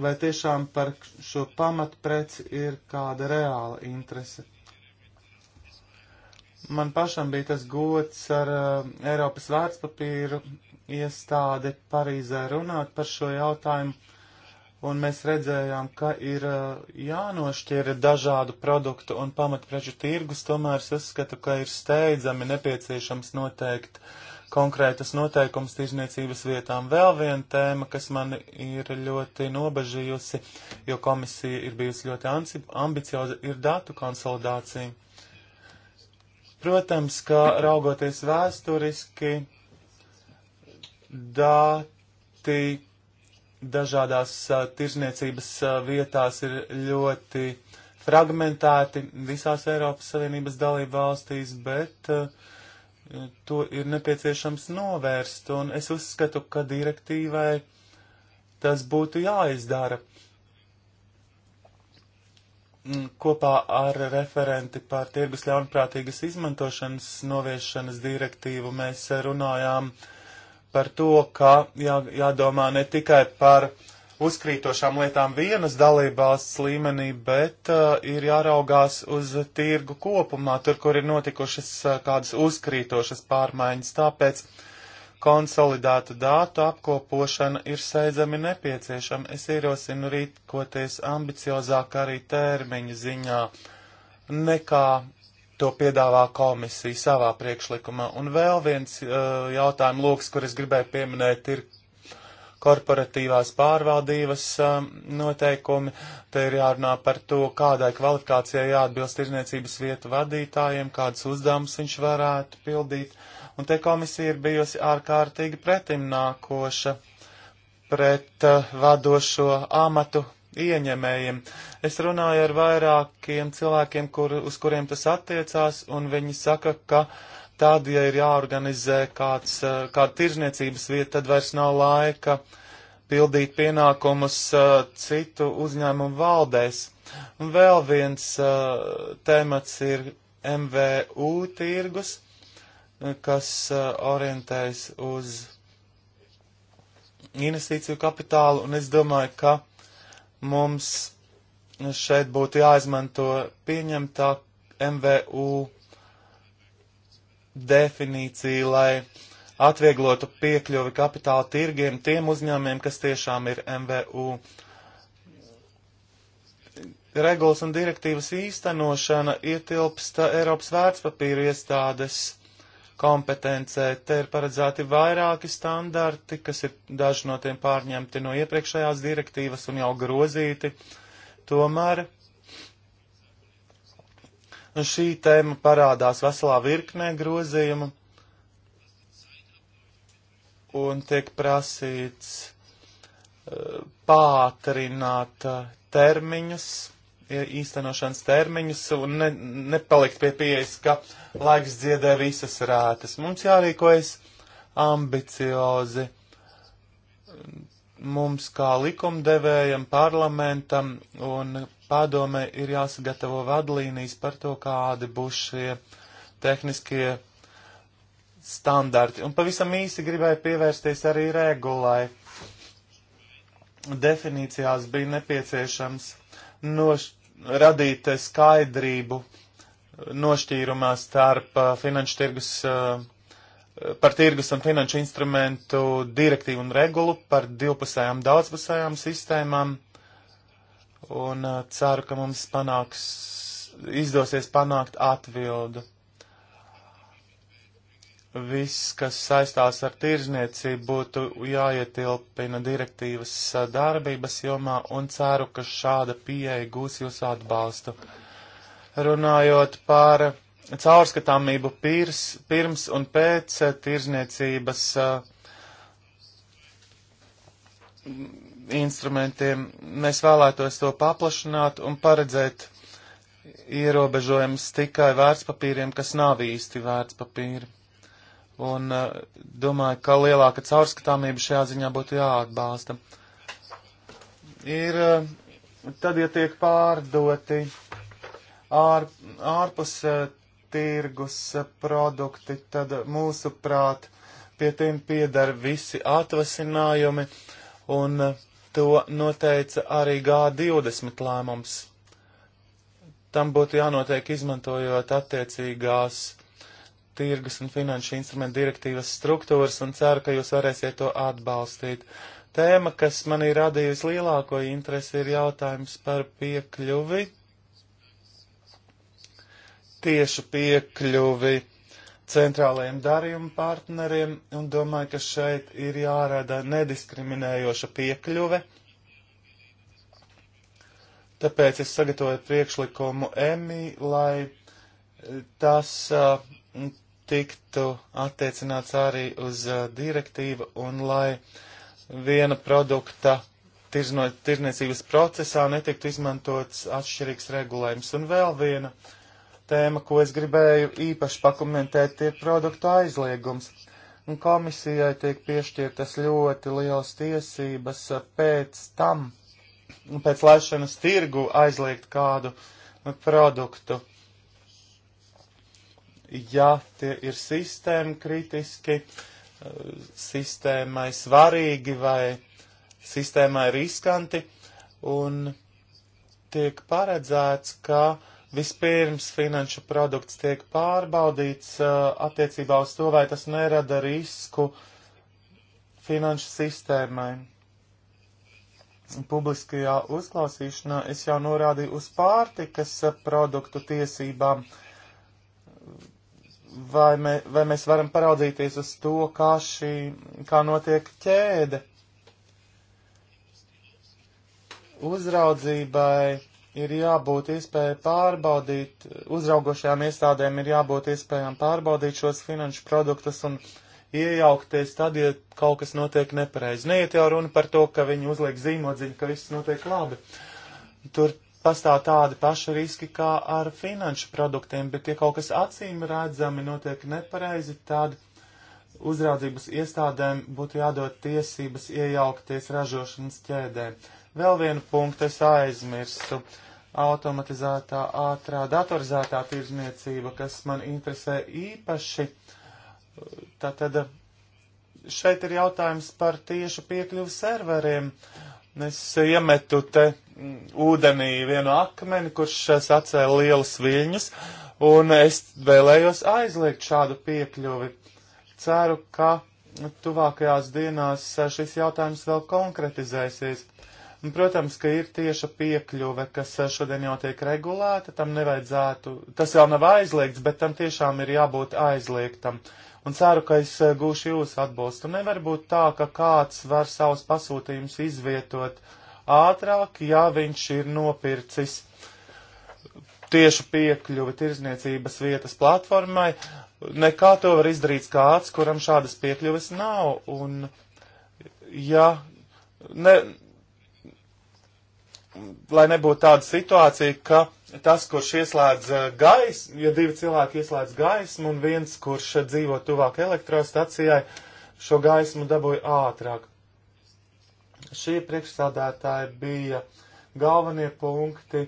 vai tiešām par šo pamatpreci ir kāda reāla interese. Man pašam bija tas gods ar uh, Eiropas vērtspapīru iestādi Parīzē runāt par šo jautājumu un mēs redzējām, ka ir uh, jānošķir dažādu produktu un pamatpreču tirgus, tomēr es uzskatu, ka ir steidzami nepieciešams noteikt konkrētas noteikums tirzniecības vietām. Vēl viena tēma, kas man ir ļoti nobežījusi, jo komisija ir bijusi ļoti ambicioza, ir datu konsolidācija. Protams, ka raugoties vēsturiski, dati dažādās uh, tirzniecības uh, vietās ir ļoti fragmentēti visās Eiropas Savienības dalību valstīs, bet uh, to ir nepieciešams novērst, un es uzskatu, ka direktīvai tas būtu jāizdara. Mm, kopā ar referenti par tirgus ļaunprātīgas izmantošanas noviešanas direktīvu mēs runājām uh, par to, ka jā, jādomā ne tikai par uzkrītošām lietām vienas dalībvalsts līmenī, bet uh, ir jāraugās uz tirgu kopumā, tur, kur ir notikušas uh, kādas uzkrītošas pārmaiņas. Tāpēc konsolidētu dātu apkopošana ir steidzami nepieciešama. Es ierosinu rīkoties ambiciozāk arī termiņa ziņā nekā To piedāvā komisija savā priekšlikumā. Un vēl viens uh, jautājums, lūks, kur es gribēju pieminēt, ir korporatīvās pārvaldības um, noteikumi. Te ir jārunā par to, kādai kvalifikācijai jāatbilst tirzniecības vietu vadītājiem, kādas uzdevumus viņš varētu pildīt. Un te komisija ir bijusi ārkārtīgi pretimnākoša pret uh, vadošo amatu ieņemējiem. Es runāju ar vairākiem cilvēkiem, kur, uz kuriem tas attiecās, un viņi saka, ka tad, ja ir jāorganizē kāds, eh, kāda tirzniecības vieta, tad vairs nav laika pildīt pienākumus uh, citu uzņēmumu valdēs. Un vēl viens uh, temats ir MVU tirgus, kas uh, orientējas uz investīciju kapitālu, un es domāju, ka mums šeit būtu jāizmanto pieņemtā MVU definīcija, lai atvieglotu piekļuvi kapitāla tirgiem tiem uzņēmiem, kas tiešām ir MVU. Regulas un direktīvas īstenošana ietilpst Eiropas vērtspapīra iestādes kompetencē. Te ir paredzēti vairāki standarti, kas ir daži no tiem pārņemti no iepriekšējās direktīvas un jau grozīti. Tomēr šī tēma parādās veselā virknē grozījumu un tiek prasīts uh, pātrināt uh, termiņus īstenošanas termiņus un ne, nepalikt pie pieejas, ka laiks dziedē visas rātas. Mums jārīkojas ambiciozi. Mums kā likumdevējam, parlamentam un padome ir jāsagatavo vadlīnijas par to, kādi būs šie tehniskie standarti. Un pavisam īsi gribēju pievērsties arī regulai. Definīcijās bija nepieciešams noš, radīt skaidrību nošķīrumā starp uh, finanšu tirgus, uh, par tirgus un finanšu instrumentu direktīvu un regulu, par divpusējām daudzpusējām sistēmām. Un uh, ceru, ka mums panāks, izdosies panākt atbildu viss, kas saistās ar tirzniecību, būtu jāietilpina direktīvas darbības jomā un ceru, ka šāda pieeja gūs jūsu atbalstu. Runājot par caurskatāmību pirs, pirms un pēc tirzniecības eh, instrumentiem, mēs vēlētos to paplašināt un paredzēt ierobežojums tikai vērtspapīriem, kas nav īsti vērtspapīri un eh, domāju, ka lielāka caurskatāmība šajā ziņā būtu jāatbalsta. Ir eh, tad, ja tiek pārdoti ār, ārpus eh, tirgus produkti, tad mūsuprāt pie tiem piedara visi atvasinājumi, un to noteica arī G20 lēmums. Tam būtu jānotiek izmantojot attiecīgās tirgus un finanšu instrumentu direktīvas struktūras un ceru, ka jūs varēsiet to atbalstīt. Tēma, kas man ir radījusi lielāko interesi, ir jautājums par piekļuvi, tiešu piekļuvi centrālajiem darījuma partneriem un domāju, ka šeit ir jārada nediskriminējoša piekļuve. Tāpēc es sagatavoju priekšlikumu EMI, lai tas uh, tiktu attiecināts arī uz uh, direktīvu un lai viena produkta tirzno, tirzniecības procesā netiktu izmantots atšķirīgs regulējums. Un vēl viena tēma, ko es gribēju īpaši pakomentēt, ir produktu aizliegums. Un komisijai tiek piešķirtas ļoti liels tiesības pēc tam, pēc laišanas tirgu aizliegt kādu produktu ja tie ir sistēma kritiski, sistēmai svarīgi vai sistēmai riskanti, un tiek paredzēts, ka vispirms finanšu produkts tiek pārbaudīts uh, attiecībā uz to, vai tas nerada risku finanšu sistēmai. Publiskajā uzklausīšanā es jau norādīju uz pārtikas produktu tiesībām. Uh, vai, mē, vai mēs varam paraudzīties uz to, kā šī, kā notiek ķēde. Uzraudzībai ir jābūt iespēja pārbaudīt, uzraugošajām iestādēm ir jābūt iespējām pārbaudīt šos finanšu produktus un iejaukties tad, ja kaut kas notiek nepareizi. Neiet nu, jau runa par to, ka viņi uzliek zīmodziņu, ka viss notiek labi. Tur pastāv tādi paši riski kā ar finanšu produktiem, bet ja kaut kas acīm redzami notiek nepareizi, tad uzraudzības iestādēm būtu jādod tiesības iejaukties ražošanas ķēdē. Vēl vienu punktu es aizmirsu automatizētā, ātrā, datorizētā tirzniecība, kas man interesē īpaši. Tātad šeit ir jautājums par tiešu piekļuvu serveriem Es iemetu te mm, ūdenī vienu akmeni, kurš eh, sacēla lielas viļņas, un es vēlējos aizliegt šādu piekļuvi. Ceru, ka tuvākajās dienās eh, šis jautājums vēl konkretizēsies. Protams, ka ir tieša piekļuve, kas eh, šodien jau tiek regulēta, tam nevajadzētu, tas jau nav aizliegts, bet tam tiešām ir jābūt aizliegtam. Uh, un ceru, ka es eh, gūšu jūsu atbalstu. Nevar būt tā, ka kāds var savus pasūtījumus izvietot ātrāk, ja viņš ir nopircis tiešu piekļuvi tirzniecības vietas platformai, nekā to var izdarīt kāds, kuram šādas piekļuves nav. Un, ja ne, lai nebūtu tāda situācija, ka tas, kurš ieslēdz eh, gaismu, ja divi cilvēki ieslēdz gaismu un viens, kurš dzīvo tuvāk elektrostacijai, šo gaismu dabūja ātrāk. Šie priekšsādātāji bija galvenie punkti,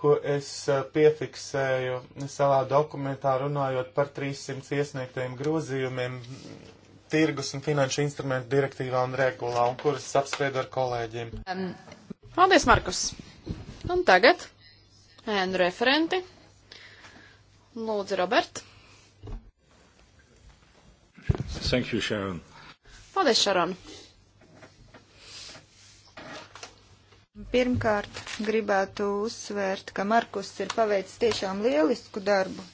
ko es eh, piefiksēju savā dokumentā runājot par 300 iesniegtajiem grozījumiem tirgus un finanšu instrumentu direktīvā un regulā, un kuras apspriedu ar kolēģiem. Um. Paldies, Markus! Un tagad ēnu referenti. Lūdzu, Robert. Thank you, Sharon. Paldies, Sharon. Pirmkārt, gribētu uzsvērt, ka Markus ir paveicis tiešām lielisku darbu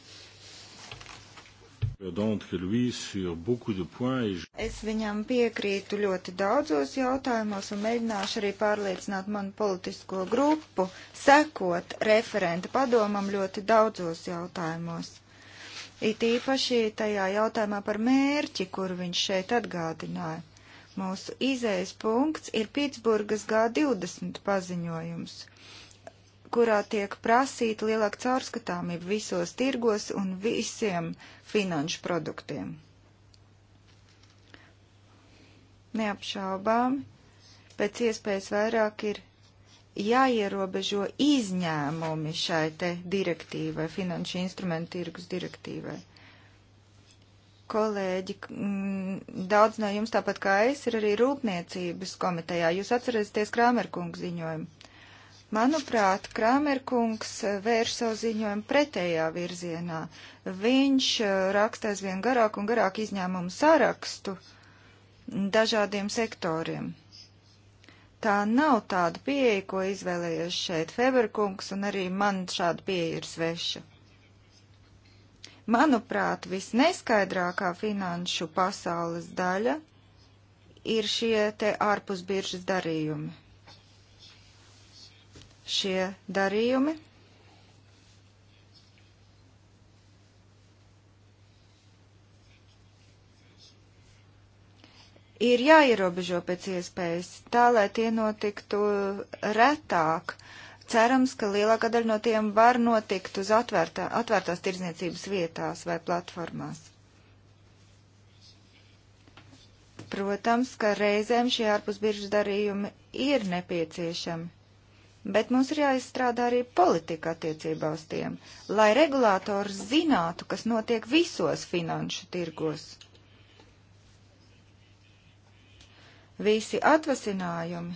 Es viņam piekrītu ļoti daudzos jautājumos un mēģināšu arī pārliecināt manu politisko grupu, sekot referenta padomam ļoti daudzos jautājumos. It īpaši tajā jautājumā par mērķi, kur viņš šeit atgādināja. Mūsu izējas punkts ir Pitsburgas G20 paziņojums kurā tiek prasīta lielāka caurskatāmība visos tirgos un visiem finanšu produktiem. Neapšaubām, pēc iespējas vairāk ir jāierobežo izņēmumi šai te direktīvai, finanšu instrumentu tirgus direktīvai. Kolēģi, mm, daudz no jums tāpat kā es ir arī rūpniecības komitejā. Jūs atcerēsieties Krāmerkungu ziņojumu. Manuprāt, Krāmerkungs eh, vērš savu ziņojumu pretējā virzienā. Viņš eh, raksta aizvien garāk un garāk izņēmumu sarakstu dažādiem sektoriem. Tā nav tāda pieeja, ko izvēlējies šeit Feberkungs, un arī man šāda pieeja ir sveša. Manuprāt, visneskaidrākā finanšu pasaules daļa ir šie te ārpusbiržas darījumi šie darījumi. Ir jāierobežo pēc iespējas tā, lai tie notiktu retāk. Cerams, ka lielākā daļa no tiem var notikt uz atvērtā, atvērtās tirzniecības vietās vai platformās. Protams, ka reizēm šie ārpusbiržu darījumi ir nepieciešami bet mums ir jāizstrādā arī politika attiecībā uz tiem, lai regulātors zinātu, kas notiek visos finanšu tirgos. Visi atvasinājumi,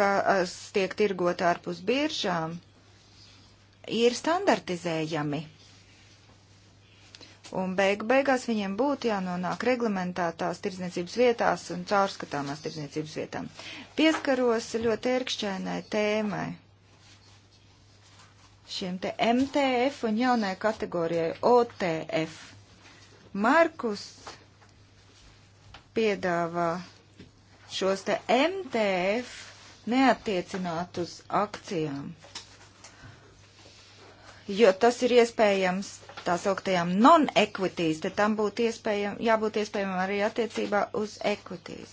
kas tiek tirgot ārpus biržām, ir standartizējami Un beigu beigās viņiem būtu jānonāk reglamentētās tirdzniecības vietās un caurskatāmās tirdzniecības vietām. Pieskaros ļoti ērkšķainai tēmai šiem te MTF un jaunai kategorijai OTF. Markus piedāvā šos te MTF neatiecināt uz akcijām, jo tas ir iespējams tā sauktajām non-equities, tad tam būtu iespējam, jābūt iespējamam arī attiecībā uz equities.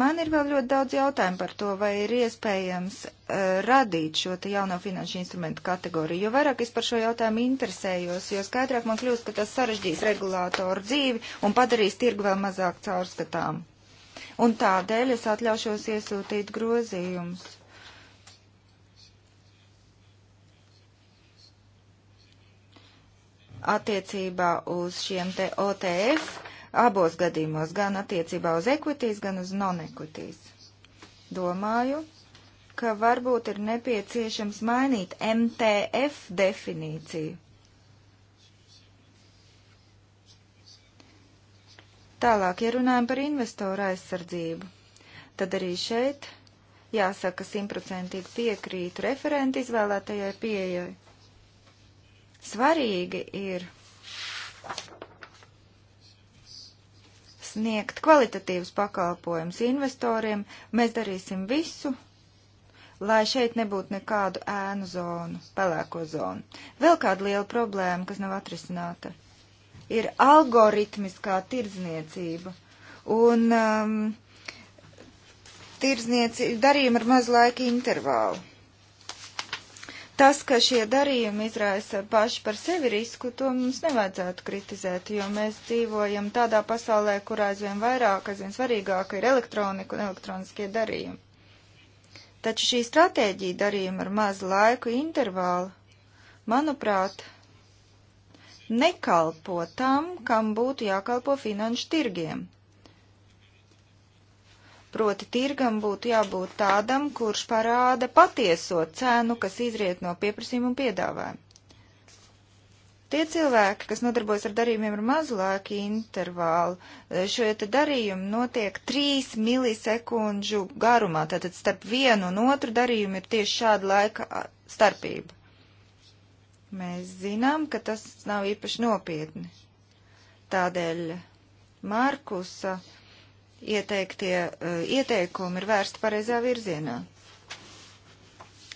Man ir vēl ļoti daudz jautājumu par to, vai ir iespējams uh, radīt šo jauno finanšu instrumentu kategoriju. Jo vairāk es par šo jautājumu interesējos, jo skaidrāk man kļūst, ka tas sarežģīs regulātoru dzīvi un padarīs tirgu vēl mazāk caurskatām. Un tādēļ es atļaušos iesūtīt grozījumus attiecībā uz šiem te OTF abos gadījumos, gan attiecībā uz equities, gan uz non-equities. Domāju, ka varbūt ir nepieciešams mainīt MTF definīciju. Tālāk, ja runājam par investoru aizsardzību, tad arī šeit jāsaka simtprocentīgi piekrītu referenti izvēlētajai pieejai Svarīgi ir sniegt kvalitatīvus pakalpojumus investoriem. Mēs darīsim visu, lai šeit nebūtu nekādu ēnu zonu, pelēko zonu. Vēl kāda liela problēma, kas nav atrisināta, ir algoritmiskā tirdzniecība un um, tirdzniecība darījuma ar mazu laika intervālu. Tas, ka šie darījumi izraisa paši par sevi risku, to mums nevajadzētu kritizēt, jo mēs dzīvojam tādā pasaulē, kurā aizvien vairāk, aizvien svarīgāk ir elektronika un elektroniskie darījumi. Taču šī stratēģija darījuma ar mazu laiku intervālu, manuprāt, nekalpo tam, kam būtu jākalpo finanšu tirgiem – Proti tirgam būtu jābūt tādam, kurš parāda patieso cenu, kas izriet no pieprasījuma un piedāvājuma. Tie cilvēki, kas nodarbojas ar darījumiem ar mazlāku intervālu, šo te darījumu notiek 3 milisekundžu garumā, tātad starp vienu un otru darījumu ir tieši šāda laika starpība. Mēs zinām, ka tas nav īpaši nopietni. Tādēļ Markusa uh, Ieteiktie uh, ieteikumi ir vērsti pareizā virzienā.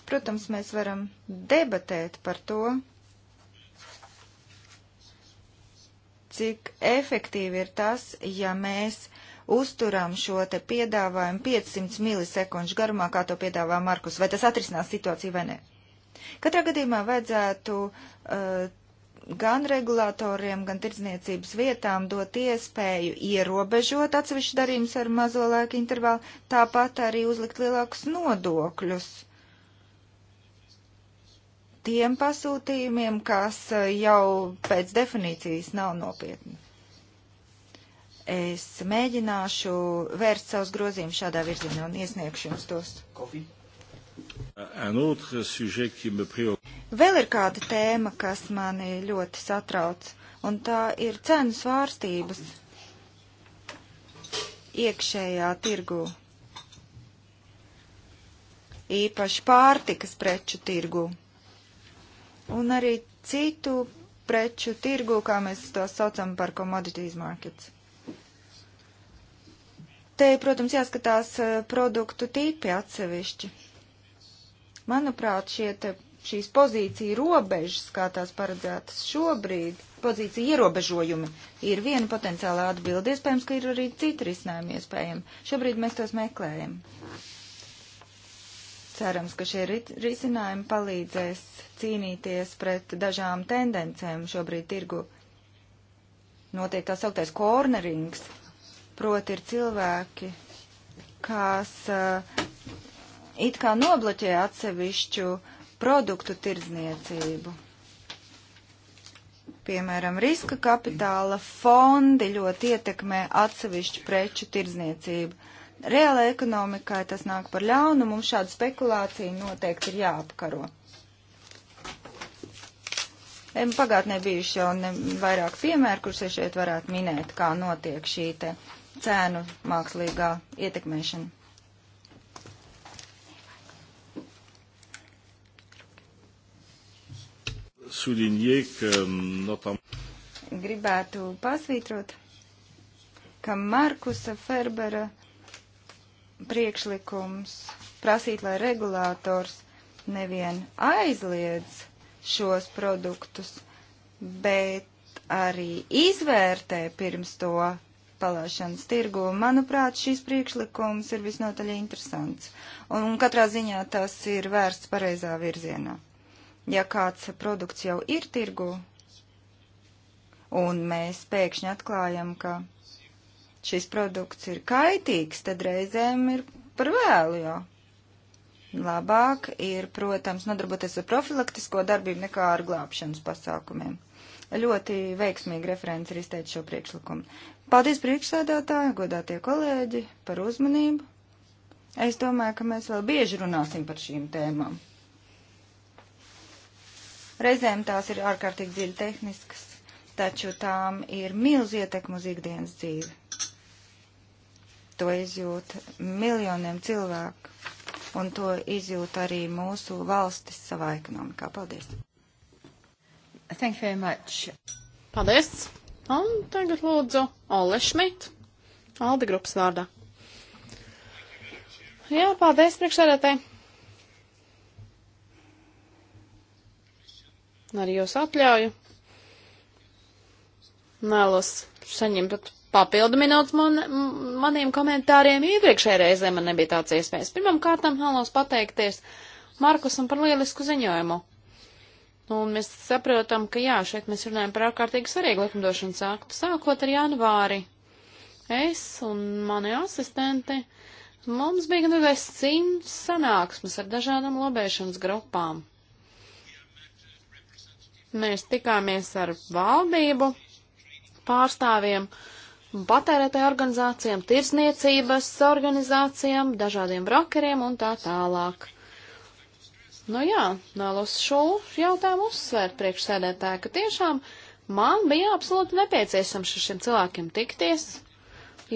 Protams, mēs varam debatēt par to, cik efektīvi ir tas, ja mēs uzturam šo te piedāvājumu 500 milisekundžu garumā, kā to piedāvā Markus, vai tas atrisinās situāciju vai nē. Katrā gadījumā vajadzētu uh, gan regulatoriem, gan tirdzniecības vietām dot iespēju ierobežot atsevišķu darījumus ar mazo laika intervālu, tāpat arī uzlikt lielākus nodokļus tiem pasūtījumiem, kas uh, jau pēc definīcijas nav nopietni. Es mēģināšu vērst savus grozījumus šādā virzienā un iesniegšu jums tos. Coffee. Vēl ir kāda tēma, kas mani ļoti satrauc, un tā ir cenu svārstības iekšējā tirgū. Īpaši pārtikas preču tirgū. Un arī citu preču tirgū, kā mēs to saucam par commodities markets. Te, protams, jāskatās eh, produktu tipi atsevišķi. Manuprāt, šie šīs pozīcija robežas, kā tās paredzētas šobrīd, pozīcija ierobežojumi, ir viena potenciāla atbilde. Iespējams, ka ir arī citi risinājumi iespējami. Šobrīd mēs tos meklējam. Cerams, ka šie risinājumi palīdzēs cīnīties pret dažām tendencēm šobrīd tirgu. Notiek tā sauktais cornerings, proti ir cilvēki, kas uh, it kā nobloķē atsevišķu produktu tirdzniecību. Piemēram, riska kapitāla fondi ļoti ietekmē atsevišķu preču tirdzniecību. Reālajai ekonomikai tas nāk par ļaunu, mums šāda spekulācija noteikti ir jāapkaro. Pagātnē bijuši jau ne, vairāk piemēru, kurus es šeit varētu minēt, kā notiek šī te cēnu mākslīgā ietekmēšana. souligner, ka notam. Gribētu pasvītrot, ka Markusa Ferbera priekšlikums prasīt, lai regulators nevien aizliedz šos produktus, bet arī izvērtē pirms to palaišanas tirgu. Manuprāt, šis priekšlikums ir visnotaļ interesants. Un, un katrā ziņā tas ir vērsts pareizā virzienā. Ja kāds produkts jau ir tirgu, un mēs pēkšņi atklājam, ka šis produkts ir kaitīgs, tad reizēm ir par vēlu jau. Labāk ir, protams, nodarboties ar profilaktisko darbību nekā ar glābšanas pasākumiem. Ļoti veiksmīgi referents ir izteicis šo priekšlikumu. Paldies priekšsēdētāji, godātie kolēģi, par uzmanību. Es domāju, ka mēs vēl bieži runāsim par šīm tēmām. Reizēm tās ir ārkārtīgi dziļi tehniskas, taču tām ir milz ietekmu uz ikdienas dzīvi. To izjūt miljoniem cilvēku, un to izjūt arī mūsu valstis savā ekonomikā. Paldies! Thank you very much. Paldies! Un tagad lūdzu Olle Šmit, Aldi grupas vārdā. Jā, paldies priekšsēdētāji! ar jūsu atļauju vēlos saņemt papildu minūtes man, maniem komentāriem. Iepriekšējā reizē man nebija tāds iespējas. Pirmam kārtam vēlos pateikties Markusam par lielisku ziņojumu. Un mēs saprotam, ka jā, šeit mēs runājam par ārkārtīgi svarīgu likumdošanas aktu, sākot ar janvāri. Es un mani asistenti, mums bija gan vēl simts sanāksmes ar dažādām lobēšanas grupām. Mēs tikāmies ar valdību pārstāvjiem, patērētāju organizācijām, tirsniecības organizācijām, dažādiem brokeriem un tā tālāk. Nu jā, vēlos šo jautājumu uzsvērt priekšsēdētāju, ka tiešām man bija absolūti nepieciešams ar šiem cilvēkiem tikties,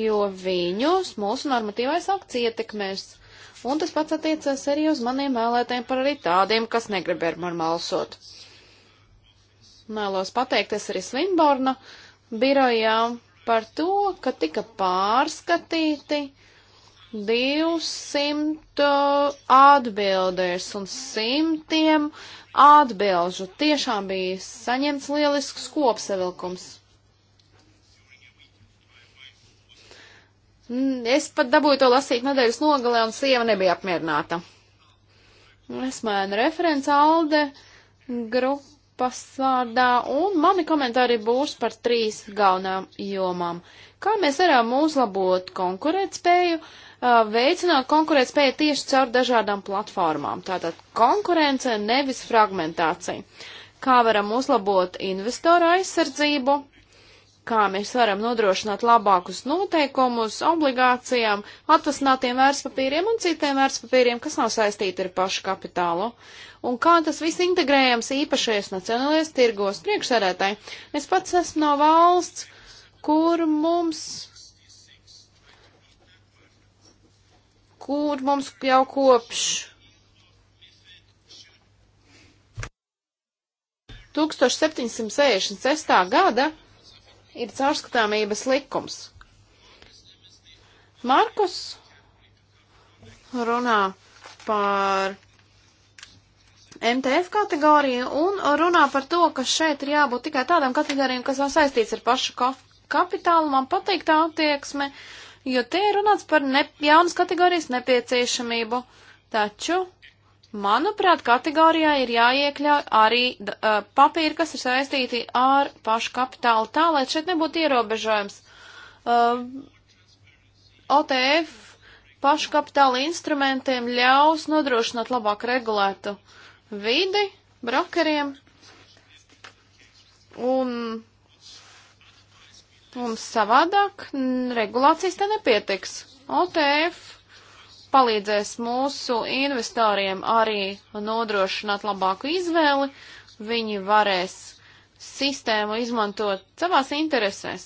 jo viņus mūsu normatīvais akts ietekmēs. Un tas pats attiecas arī uz maniem vēlētiem par arī tādiem, kas negrib ar mani malsot. Mēlos pateikties arī Slimborna birojā par to, ka tika pārskatīti 200 uh, atbildēs un simtiem atbilžu. Tiešām bija saņemts lielisks kopsavilkums. Es pat dabūju to lasīt nedēļas nogalē, un sieva nebija apmierināta. Es mēnu referents Alde grupu pasvārdā, un mani komentāri būs par trīs galvenām jomām. Kā mēs varam uzlabot konkurētspēju, veicināt konkurētspēju tieši caur dažādām platformām. Tātad konkurence, nevis fragmentācija. Kā varam uzlabot investoru aizsardzību, kā mēs varam nodrošināt labākus noteikumus obligācijām, atvasinātiem vērtspapīriem un citiem vērtspapīriem, kas nav saistīti ar pašu kapitālu. Uh, un kā tas viss integrējams īpašajos nacionālajos tirgos priekšsēdētāji. Es pats esmu no valsts, kur mums, kur mums jau kopš 1766. gada ir caurskatāmības likums. Markus runā par MTF kategoriju un runā par to, ka šeit ir jābūt tikai tādām kategorijām, kas nav saistīts ar pašu ka kapitālu. Man patīk tā attieksme, jo te ir runāts par ne jaunas kategorijas nepieciešamību. Taču, manuprāt, kategorijā ir jāiekļauj arī uh, papīri, kas ir saistīti ar pašu kapitālu, tā lai šeit nebūtu ierobežojums. Uh, OTF pašu kapitāla instrumentiem ļaus nodrošināt labāk regulētu uh, vidi, brokeriem. Un mums savādāk regulācijas te nepietiks. OTF palīdzēs mūsu investoriem arī nodrošināt labāku izvēli. Viņi varēs sistēmu izmantot savās interesēs.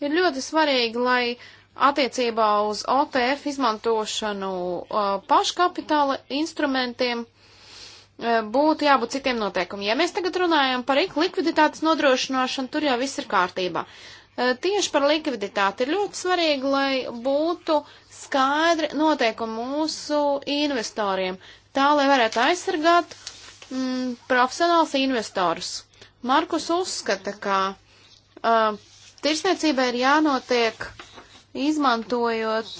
Ir ļoti svarīgi, lai attiecībā uz OTF izmantošanu uh, paškapitāla instrumentiem E, būtu jābūt citiem noteikumiem. Ja mēs tagad runājam par likviditātes nodrošināšanu, tur jau viss ir kārtībā. E, tieši par likviditāti ir ļoti svarīgi, lai būtu skaidri noteikumi mūsu investoriem, tā lai varētu aizsargāt mm, profesionāls investorus. Markus uzskata, ka uh, tirsniecībai ir jānotiek izmantojot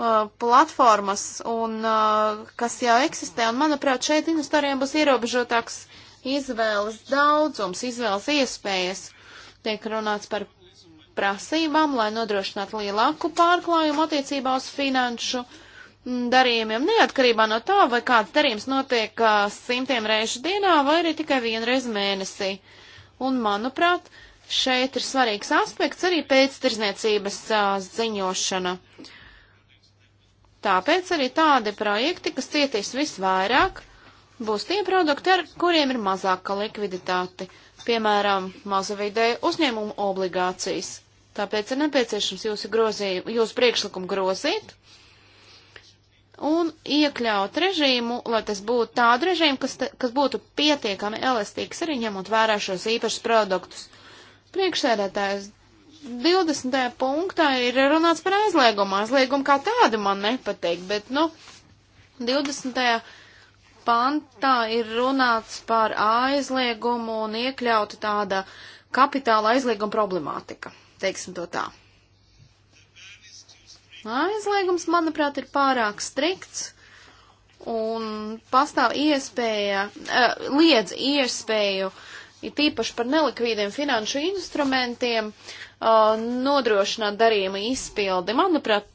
Uh, platformas, un, uh, kas jau eksistē, un manuprāt, šeit investoriem būs ierobežotāks izvēles daudzums, izvēles iespējas. Tiek runāts par prasībām, lai nodrošinātu lielāku pārklājumu attiecībā uz finanšu mm, darījumiem, neatkarībā no tā, vai kāds darījums notiek uh, simtiem reižu dienā vai arī tikai vienreiz mēnesī. Un, manuprāt, šeit ir svarīgs aspekts arī pēctirzniecības ziņošana. Uh, Tāpēc arī tādi projekti, kas cietīs visvairāk, būs tie produkti, ar kuriem ir mazāka likviditāte, piemēram, mazavidēja uzņēmuma obligācijas. Tāpēc ir nepieciešams jūsu, grozī, jūsu priekšlikumu grozīt un iekļaut režīmu, lai tas būtu tādu režīmu, kas, te, kas būtu pietiekami elastīgs, arī ņemot vērā šos īpašus produktus. Priekšsēdētājs 20. punktā ir runāts par aizliegumu. Aizliegumu kā tādu man nepatīk, bet, nu, 20. pantā ir runāts par aizliegumu un iekļauta tāda kapitāla aizlieguma problemātika, teiksim to tā. Aizliegums, manuprāt, ir pārāk strikts un pastāv iespēja, uh, liedz iespēju, ir tīpaši par nelikvīdiem finanšu instrumentiem, uh, uh, nodrošināt darījuma izpildi. Manuprāt,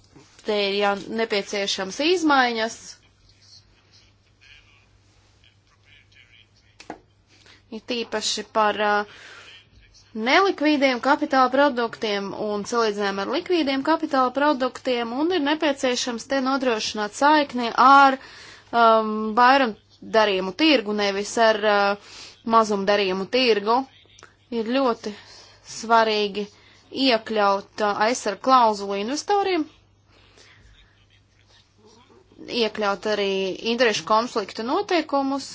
te ir jau nepieciešams izmaiņas. Ir tīpaši par uh, nelikvīdiem kapitāla produktiem un salīdzinājumā ar likvīdiem kapitāla produktiem, un ir nepieciešams te nodrošināt saikni ar um, vairumdarījumu tirgu, nevis ar uh, mazumdarījumu tirgu. Ir ļoti svarīgi iekļaut uh, aizsardz klauzulu investoriem, iekļaut arī interešu konfliktu noteikumus,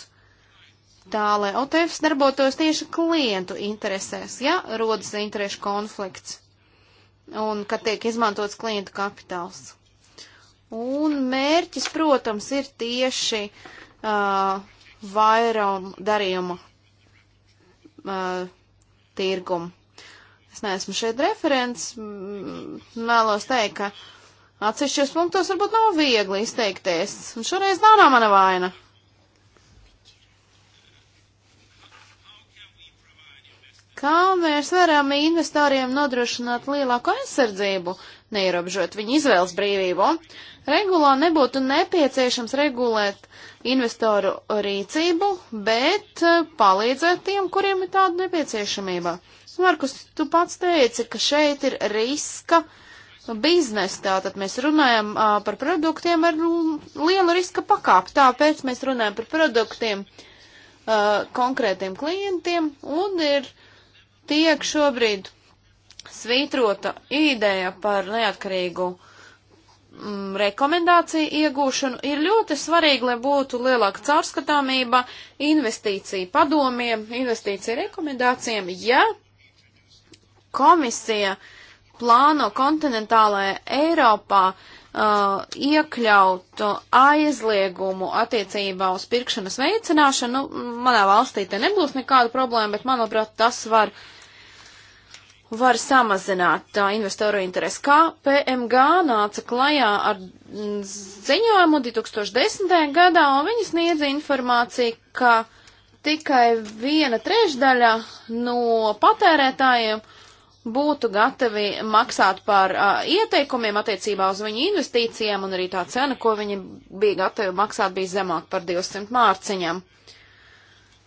tā lai OTFs darbotos tieši klientu interesēs, ja rodas interešu konflikts un kad tiek izmantots klientu kapitāls. Un mērķis, protams, ir tieši uh, vairuma darījuma uh, tirgumu. Es neesmu šeit referents, vēlos teikt, ka atsevišķos punktos varbūt nav viegli izteikties, un šoreiz nav no mana vaina. Kā mēs varam investoriem nodrošināt lielāku aizsardzību, neierobežot viņu izvēles brīvību? Regulā nebūtu nepieciešams regulēt investoru rīcību, bet eh, palīdzēt tiem, kuriem ir tāda nepieciešamība. Markus, tu pats teici, ka šeit ir riska biznesa, tātad mēs runājam uh, par produktiem ar lielu riska pakāpi, tāpēc mēs runājam par produktiem uh, konkrētiem klientiem un ir tiek šobrīd svītrota ideja par neatkarīgu mm, rekomendāciju iegūšanu. Ir ļoti svarīgi, lai būtu lielāka caurskatāmība investīciju padomiem, investīciju rekomendācijām, ja komisija plāno kontinentālajā Eiropā uh, iekļaut aizliegumu attiecībā uz pirkšanas veicināšanu. Nu, manā valstī te nebūs nekāda problēma, bet, manuprāt, tas var, var samazināt uh, investoru interesi. Kā PMG nāca klajā ar mm, ziņojumu 2010. gadā, un viņi sniedza informāciju, ka tikai viena trešdaļa no patērētājiem uh, būtu gatavi maksāt par uh, ieteikumiem attiecībā uz viņu investīcijām, un arī tā cena, ko viņi bija gatavi maksāt, bija zemāk par 200 mārciņām.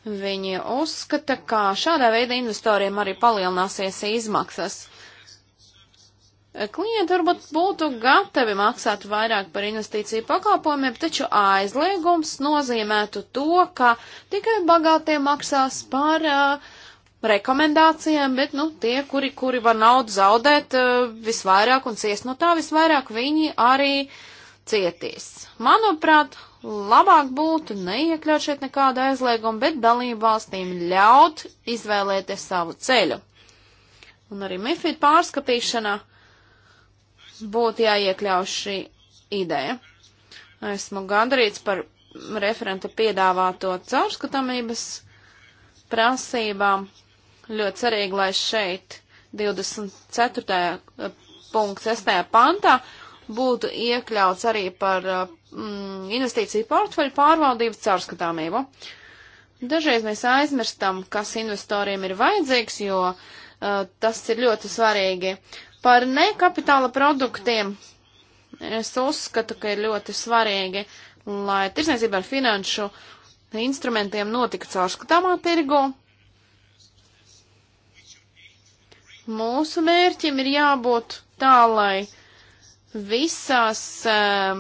Viņi uzskata, ka šādā veidā investoriem arī palielināsies izmaksas. Klienti varbūt būtu gatavi maksāt vairāk par investīciju pakalpojumiem, taču aizliegums nozīmētu to, ka tikai bagātie maksās par uh, rekomendācijām, bet, nu, tie, kuri, kuri var naudu zaudēt eh, visvairāk un ciest no nu, tā visvairāk, viņi arī cietīs. Manuprāt, labāk būtu neiekļaut šeit nekādu aizliegumu, bet dalību valstīm ļaut izvēlēties savu ceļu. Un arī MIFID pārskatīšanā būtu jāiekļauj šī ideja. Esmu gandrīz par referenta piedāvāto caurskatāmības prasībām, Ļoti svarīgi, lai šeit 24. Eh, punkts 6. pantā būtu iekļauts arī par eh, mm, investīciju portfeļu pārvaldības caurskatāmību. Dažreiz mēs aizmirstam, kas investoriem ir vajadzīgs, jo uh, tas ir ļoti svarīgi. Par nekapitāla produktiem es uzskatu, ka ir ļoti svarīgi, lai tirsniecība ar finanšu instrumentiem notika caurskatāmā tirgu, Mūsu mērķim ir jābūt tā, lai visās, eh,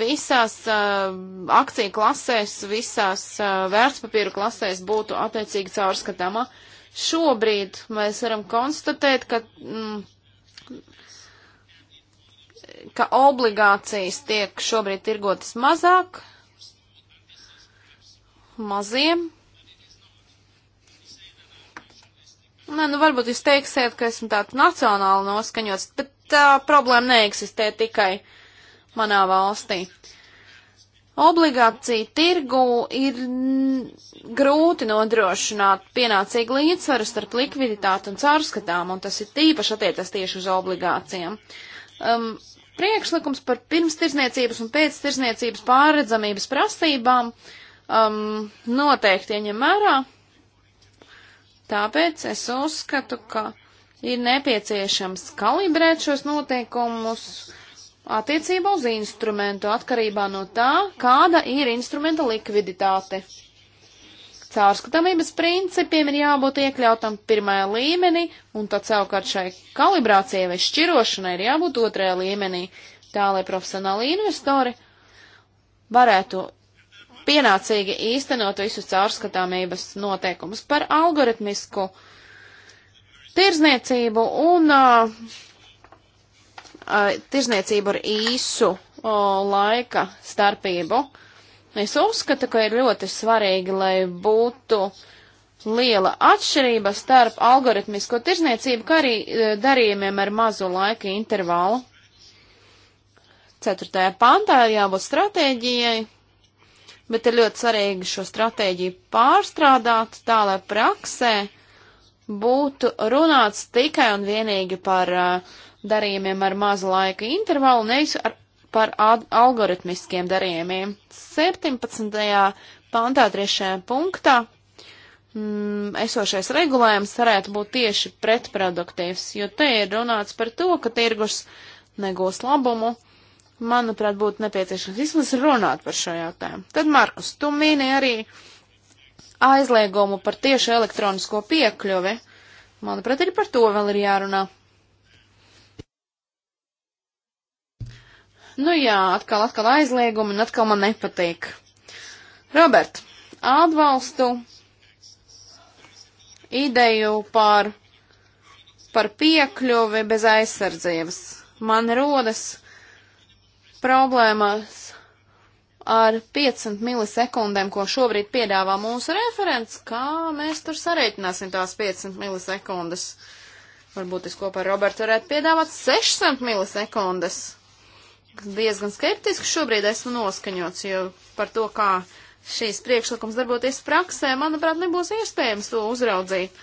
visās eh, akciju klasēs, visās eh, vērtspapīru klasēs būtu attiecīgi caurskatāmā. Šobrīd mēs varam konstatēt, ka, mm, ka obligācijas tiek šobrīd tirgotas mazāk, maziem Nē, nu varbūt jūs teiksiet, ka esmu tāds nacionāli noskaņots, bet tā problēma neeksistē tikai manā valstī. Obligācija tirgu ir grūti nodrošināt pienācīgu līdzsvaru starp likviditāti un caurskatām, un tas ir tīpaši attiecas tieši uz obligācijām. Um, priekšlikums par pirmstirzniecības un pēctirzniecības pārredzamības prasībām um, noteikti ieņem ja vērā, Tāpēc es uzskatu, ka ir nepieciešams kalibrēt šos noteikumus attiecībā uz instrumentu atkarībā no tā, kāda ir instrumenta likviditāte. Cārskatāmības principiem ir jābūt iekļautam pirmajā līmenī, un tad savukārt šai kalibrācijai vai šķirošanai ir jābūt otrajā līmenī, tā lai profesionāli investori varētu pienācīgi īstenot visus caurskatāmības noteikumus par algoritmisku tirzniecību un uh, uh, tirzniecību ar īsu uh, laika starpību. Es uzskatu, ka ir ļoti svarīgi, lai būtu liela atšķirība starp algoritmisko tirzniecību, kā arī darījumiem ar mazu laika intervālu. Ceturtajā pantā ir jābūt stratēģijai, bet ir ļoti svarīgi šo stratēģiju pārstrādāt tā, lai praksē būtu runāts tikai un vienīgi par uh, darījumiem ar mazu laika intervalu, nevis ar, par algoritmiskiem darījumiem. 17. pantā, 3. punktā, mm, esošais regulējums varētu būt tieši pretproduktīvs, jo te ir runāts par to, ka tirgus negūs labumu manuprāt, būtu nepieciešams vismaz runāt par šo jautājumu. Tad, Markus, tu mīni arī aizliegumu par tiešu elektronisko piekļuvi. Manuprāt, arī par to vēl ir jārunā. Nu jā, atkal, atkal aizliegumi, un atkal man nepatīk. Robert, atbalstu ideju par, par piekļuvi bez aizsardzības. Man rodas problēmas ar 500 milisekundēm, ko šobrīd piedāvā mūsu referents, kā mēs tur sareiķināsim tās 500 milisekundes. Varbūt es kopā ar Robertu varētu piedāvāt 600 milisekundes. Diezgan skeptiski šobrīd esmu noskaņots, jo par to, kā šīs priekšlikums darboties praksē, manuprāt, nebūs iespējams to uzraudzīt.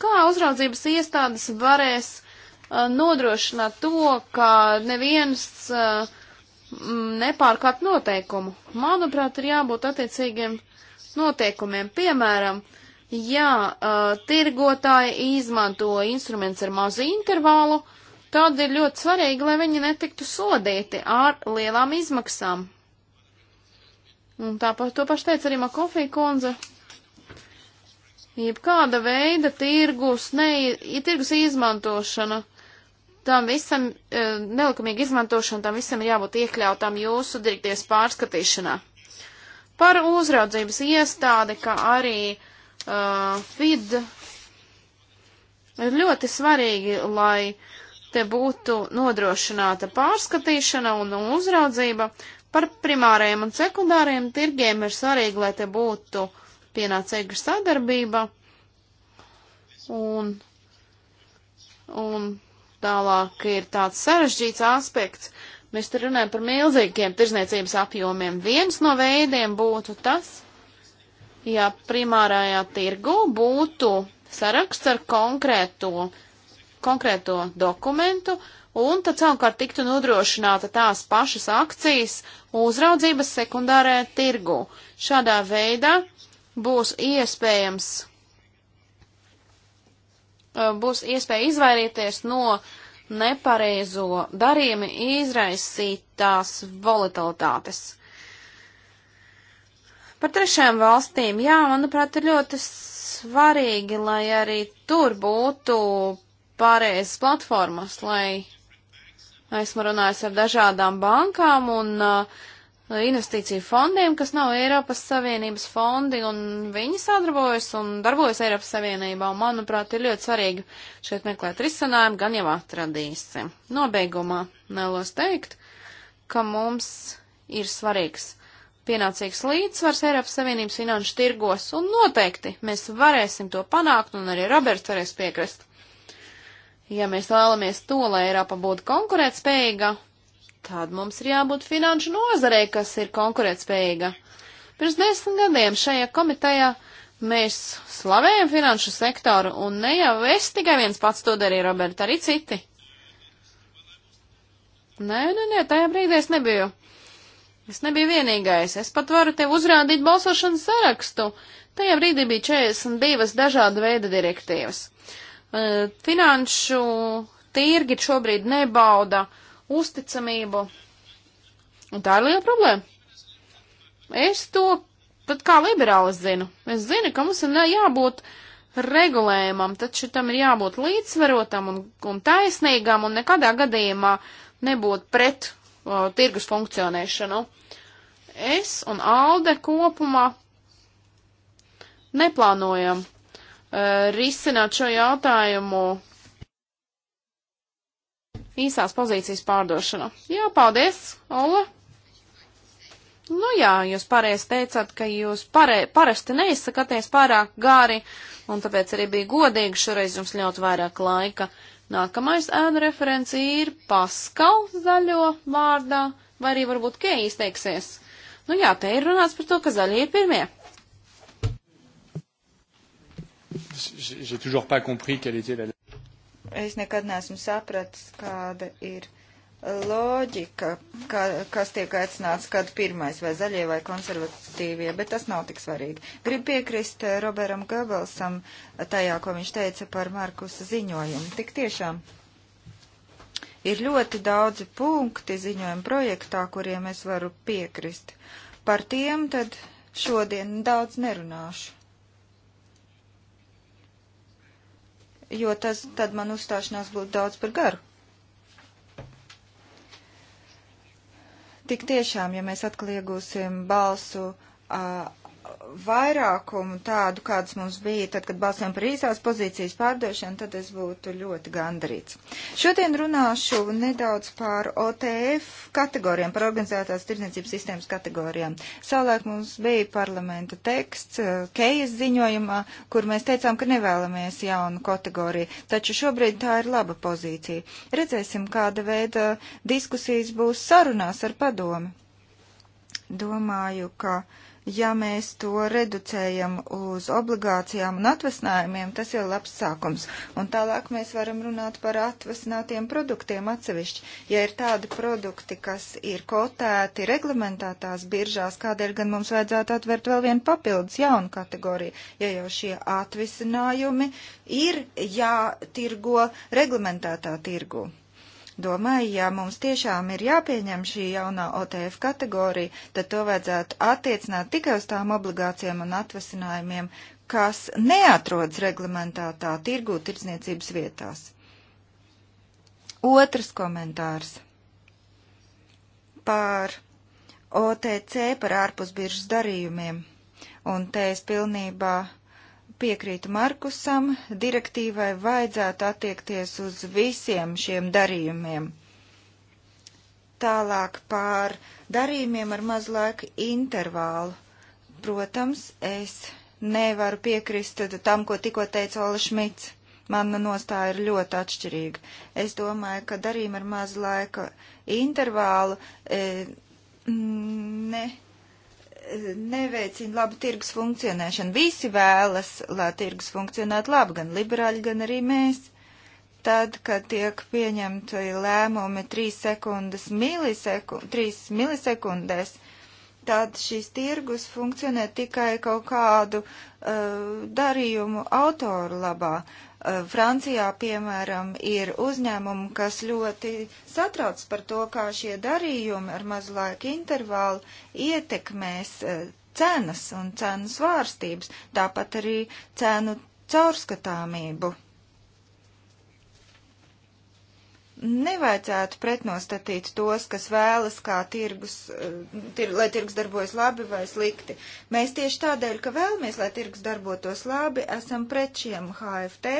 Kā uzraudzības iestādes varēs uh, nodrošināt to, ka neviens uh, Mm, nepārkāpt noteikumu. Manuprāt, ir jābūt attiecīgiem noteikumiem. Piemēram, ja uh, tirgotāji izmanto instruments ar mazu intervālu, tad ir ļoti svarīgi, lai viņi netiktu sodīti ar lielām izmaksām. Un tāpat to pašu teica arī Makofī kundze. Jebkāda veida tirgus, ne, tirgus izmantošana uh, tam visam, e, nelikumīgi izmantošana, tam visam ir jābūt iekļautam jūsu direktīvas pārskatīšanā. Par uzraudzības iestādi, kā arī uh, FID, ir ļoti svarīgi, lai te būtu nodrošināta pārskatīšana un uzraudzība. Par primārajiem un sekundāriem tirgiem ir svarīgi, lai te būtu pienācīga sadarbība un, un Tālāk ir tāds sarežģīts aspekts. Mēs te runājam par milzīgiem tirzniecības apjomiem. Viens no veidiem būtu tas, ja primārajā tirgu būtu saraksts ar konkrēto, konkrēto dokumentu, un tad savukārt tiktu nodrošināta tās pašas akcijas uzraudzības sekundārajā tirgu. Šādā veidā būs iespējams Uh, būs iespēja izvairīties no nepareizo darījumi izraisītās volatilitātes. Par trešajām valstīm, jā, manuprāt, ir ļoti svarīgi, lai arī tur būtu pareizas platformas, lai esmu runājis ar dažādām bankām un uh, investīciju fondiem, kas nav Eiropas Savienības fondi, un viņi sadarbojas un darbojas Eiropas Savienībā, un, manuprāt, ir ļoti svarīgi šeit meklēt risinājumu, gan jau atradīsi. Nobeigumā nelos teikt, ka mums ir svarīgs pienācīgs līdzsvars Eiropas Savienības finanšu tirgos, un noteikti mēs varēsim to panākt, un arī Roberts varēs piekrist. Ja mēs vēlamies to, lai Eiropa būtu konkurētspējīga, tad mums ir jābūt finanšu nozarei, kas ir konkurētspējīga. Pirms desmit gadiem šajā komitejā mēs slavējam finanšu sektoru, un ne jau es tikai viens pats to darīju, Roberta, arī citi. Nē, nē, nē, tajā brīdī es nebiju. Es nebiju vienīgais. Es pat varu tev uzrādīt balsošanas sarakstu. Tajā brīdī bija 42 dažāda veida direktīvas. Finanšu tirgi šobrīd nebauda uh, uzticamību. Un tā ir liela problēma. Es to pat kā liberālis zinu. Es zinu, ka mums ir jābūt regulējumam, taču tam ir jābūt līdzsvarotam un, un taisnīgam un nekadā gadījumā nebūt pret o, tirgus funkcionēšanu. Es un Alde kopumā neplānojam uh, risināt šo jautājumu īsās pozīcijas pārdošanu. Jā, paldies, Ola! Nu jā, jūs pareizi teicāt, ka jūs pare, parasti neizsakaties pārāk gāri, un tāpēc arī bija godīgi šoreiz jums ļaut vairāk laika. Nākamais ēnu referents ir Paskal zaļo vārdā, vai arī varbūt Keja izteiksies. Nu jā, te ir runāts par to, ka zaļie ir pirmie. J'ai toujours pas compris quelle était la Es nekad neesmu sapratis, kāda ir loģika, ka, kas tiek aicināts, kad pirmais vai zaļie vai konservatīvie, bet tas nav tik svarīgi. Gribu piekrist eh, Roberam Gabelsam tajā, ko viņš teica par Markusa ziņojumu. Tik tiešām ir ļoti daudzi punkti ziņojuma projektā, kuriem es varu piekrist. Par tiem tad šodien daudz nerunāšu. jo tas, tad man uzstāšanās būtu daudz par garu. Tik tiešām, ja mēs atkal iegūsim balsu a, vairākumu tādu, kāds mums bija, tad, kad balsojam par īsās pozīcijas pārdošanu, tad es būtu ļoti gandarīts. Šodien runāšu nedaudz par OTF kategorijām, par organizētās tirdzniecības sistēmas kategorijām. Savulaik mums bija parlamenta teksts eh, Keijas ziņojumā, kur mēs teicām, ka nevēlamies jaunu kategoriju, taču šobrīd tā ir laba pozīcija. Redzēsim, kāda veida diskusijas būs sarunās ar padomi. Domāju, ka uh, Ja mēs to reducējam uz obligācijām un atvasinājumiem, tas jau ir labs sākums. Un tālāk mēs varam runāt par atvasinātiem produktiem atsevišķi. Ja ir tādi produkti, kas ir kotēti reglamentētās biržās, kādēļ gan mums vajadzētu atvert vēl vienu papildus jaunu kategoriju, ja jau šie atvisinājumi ir jātirgo reglamentētā tirgu. Domāju, ja mums tiešām ir jāpieņem šī jaunā OTF kategorija, tad to vajadzētu attiecināt tikai uz tām obligācijām un atvasinājumiem, kas neatrodas reglamentētā tirgū tirdzniecības vietās. Otrs komentārs par OTC, par ārpusbiržas darījumiem. Un te es pilnībā piekrītu Markusam, direktīvai vajadzētu attiekties uz visiem šiem darījumiem. Tālāk pār darījumiem ar maz laika intervālu. Protams, es nevaru piekrist tam, ko tikko teica Ola Šmits. Mana nostāja ir ļoti atšķirīga. Es domāju, ka darījumi ar maz laika intervālu e, ne neveicina labu tirgus funkcionēšanu. Visi vēlas, lai tirgus funkcionētu labi, gan liberāļi, gan arī mēs. Tad, kad tiek pieņemti lēmumi 3 sekundes miliseku, 3 milisekundēs, tad šis tirgus funkcionē tikai kaut kādu uh, darījumu autoru labā. Uh, Eh, Francijā, piemēram, ir uzņēmumi, kas ļoti satrauc par to, kā šie darījumi ar mazu laiku intervālu ietekmēs eh, cenas un cenu svārstības, tāpat arī cenu caurskatāmību. nevajadzētu pretnostatīt tos, kas vēlas, kā tirgus, eh, tir, lai tirgus darbojas labi vai slikti. Mēs tieši tādēļ, ka vēlamies, lai tirgus darbotos labi, esam pret šiem HFT,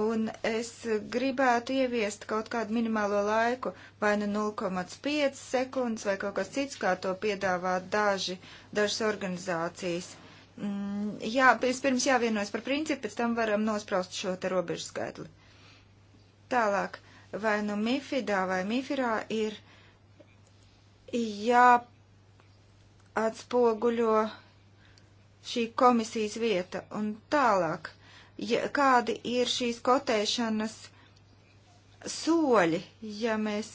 un es gribētu ieviest kaut kādu minimālo laiku, vai nu 0,5 sekundes, vai kaut kas cits, kā to piedāvā daži, dažas organizācijas. Mm, jā, pirms jāvienojas par principu, pēc tam varam nospraust šo te robežu skaitli. Tālāk vai nu Mifidā vai Mifirā ir jāatspoguļo šī komisijas vieta un tālāk. Ja, kādi ir šīs kotēšanas soļi, ja mēs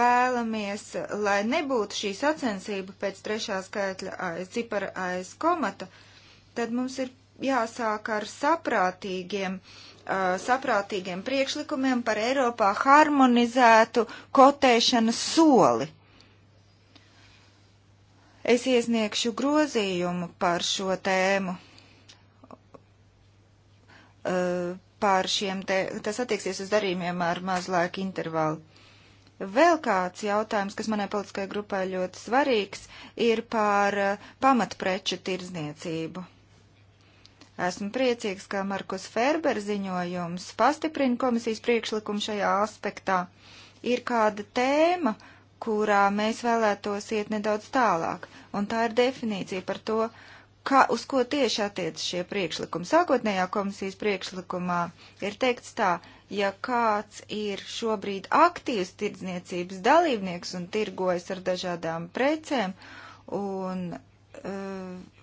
vēlamies, lai nebūtu šī sacensība pēc trešā skaitļa aiz cipara aiz komata, tad mums ir jāsāk ar saprātīgiem uh, Uh, saprātīgiem priekšlikumiem par Eiropā harmonizētu kotēšanas soli. Es iesniegšu grozījumu par šo tēmu. Uh, par šiem te, tas attieksies uz darījumiem ar mazlaiku intervālu. Vēl kāds jautājums, kas manai politiskajai grupai ļoti svarīgs, ir par uh, pamatpreču tirdzniecību Esmu priecīgs, ka Markus Ferber ziņojums pastiprina komisijas priekšlikumu šajā aspektā. Ir kāda tēma, kurā mēs vēlētos iet nedaudz tālāk, un tā ir definīcija par to, kā, uz ko tieši attiec šie priekšlikumi. Sākotnējā komisijas priekšlikumā ir teikts tā, ja kāds ir šobrīd aktīvs tirdzniecības dalībnieks un tirgojas ar dažādām precēm un uh,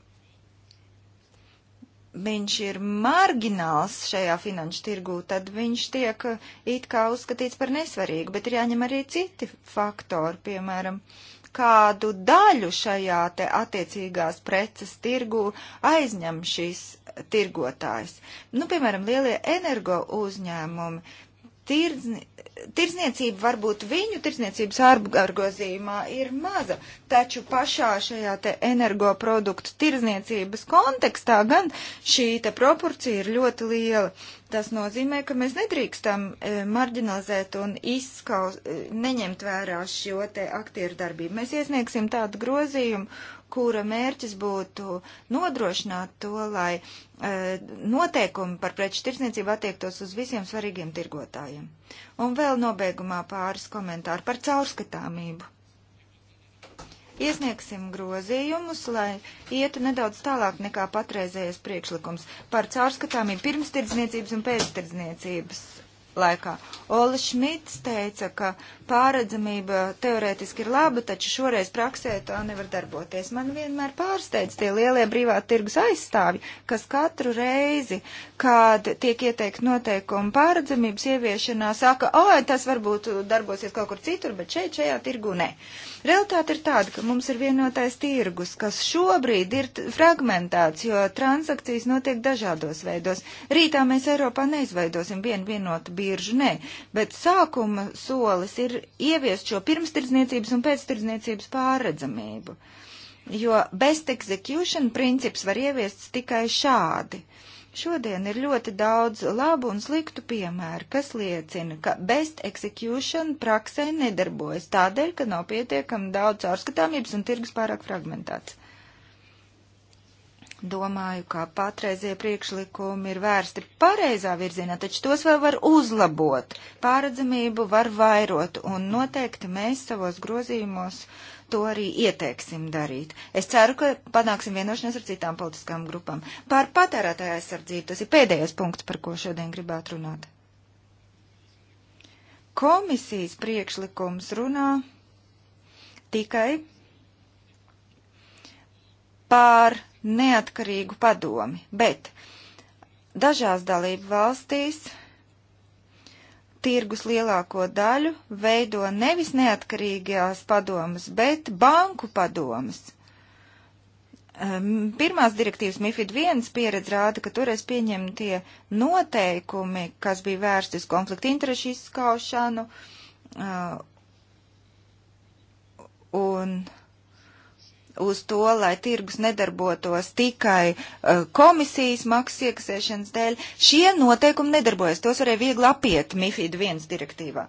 viņš ir margināls šajā finanšu tirgū, tad viņš tiek uh, it kā uzskatīts par nesvarīgu, bet ir jāņem arī citi faktori, piemēram, kādu daļu šajā te attiecīgās preces tirgū aizņem šīs tirgotājs. Nu, piemēram, lielie energo uzņēmumi tirdzniecība tirzniecība varbūt viņu tirzniecības apgrozījumā ir maza, taču pašā šajā te energoproduktu tirzniecības kontekstā gan šī te proporcija ir ļoti liela. Tas nozīmē, ka mēs nedrīkstam e, marginalizēt un izskaus, e, neņemt vērā šo te aktieru darbību. Mēs iesniegsim tādu grozījumu kura mērķis būtu nodrošināt to, lai e, noteikumi par preču tirdzniecību attiektos uz visiem svarīgiem tirgotājiem. Un vēl nobeigumā pāris komentāru par caurskatāmību. Iesniegsim grozījumus, lai ietu nedaudz tālāk nekā patreizējais priekšlikums par caurskatāmību pirms tirdzniecības un pēc tirdzniecības laikā. Ola Šmits teica, ka pāredzamība teorētiski ir laba, taču šoreiz praksē tā nevar darboties. Man vienmēr pārsteidz tie lielie brīvā tirgus aizstāvi, kas katru reizi, kad tiek ieteikt noteikumu pāredzamības ieviešanā, saka, oi, tas varbūt darbosies kaut kur citur, bet šeit, šajā tirgu nē. Realtāte ir tāda, ka mums ir vienotais tirgus, kas šobrīd ir fragmentēts, jo transakcijas notiek dažādos veidos. Rītā mēs Eiropā neizveidosim vienu vienotu bieži nē, bet sākuma solis ir ieviest šo pirmstirdzniecības un pēctirdzniecības pārredzamību, jo best execution princips var ieviest tikai šādi. Šodien ir ļoti daudz labu un sliktu piemēru, kas liecina, ka best execution praksē nedarbojas tādēļ, ka nav pietiekami daudz caurskatāmības un tirgus pārāk fragmentēts. Domāju, ka patreizie priekšlikumi ir vērsti pareizā virzienā, taču tos vēl var uzlabot. Pāredzamību var vairot, un noteikti mēs savos grozījumos to arī ieteiksim darīt. Es ceru, ka panāksim vienošanos ar citām politiskām grupām. Par patērētāju aizsardzību tas ir pēdējais punkts, par ko šodien gribētu runāt. Komisijas priekšlikums runā tikai pār neatkarīgu padomi, bet dažās dalību valstīs tirgus lielāko daļu veido nevis neatkarīgās padomas, bet banku padomas. Pirmās direktīvas MIFID 1 pieredze rāda, ka toreiz pieņemtie noteikumi, kas bija vērsti uz konflikta interešu izskaušanu un uz to, lai tirgus nedarbotos tikai uh, komisijas maksas iekasēšanas dēļ. Šie noteikumi nedarbojas, tos varēja viegli apiet MIFID 1 direktīvā.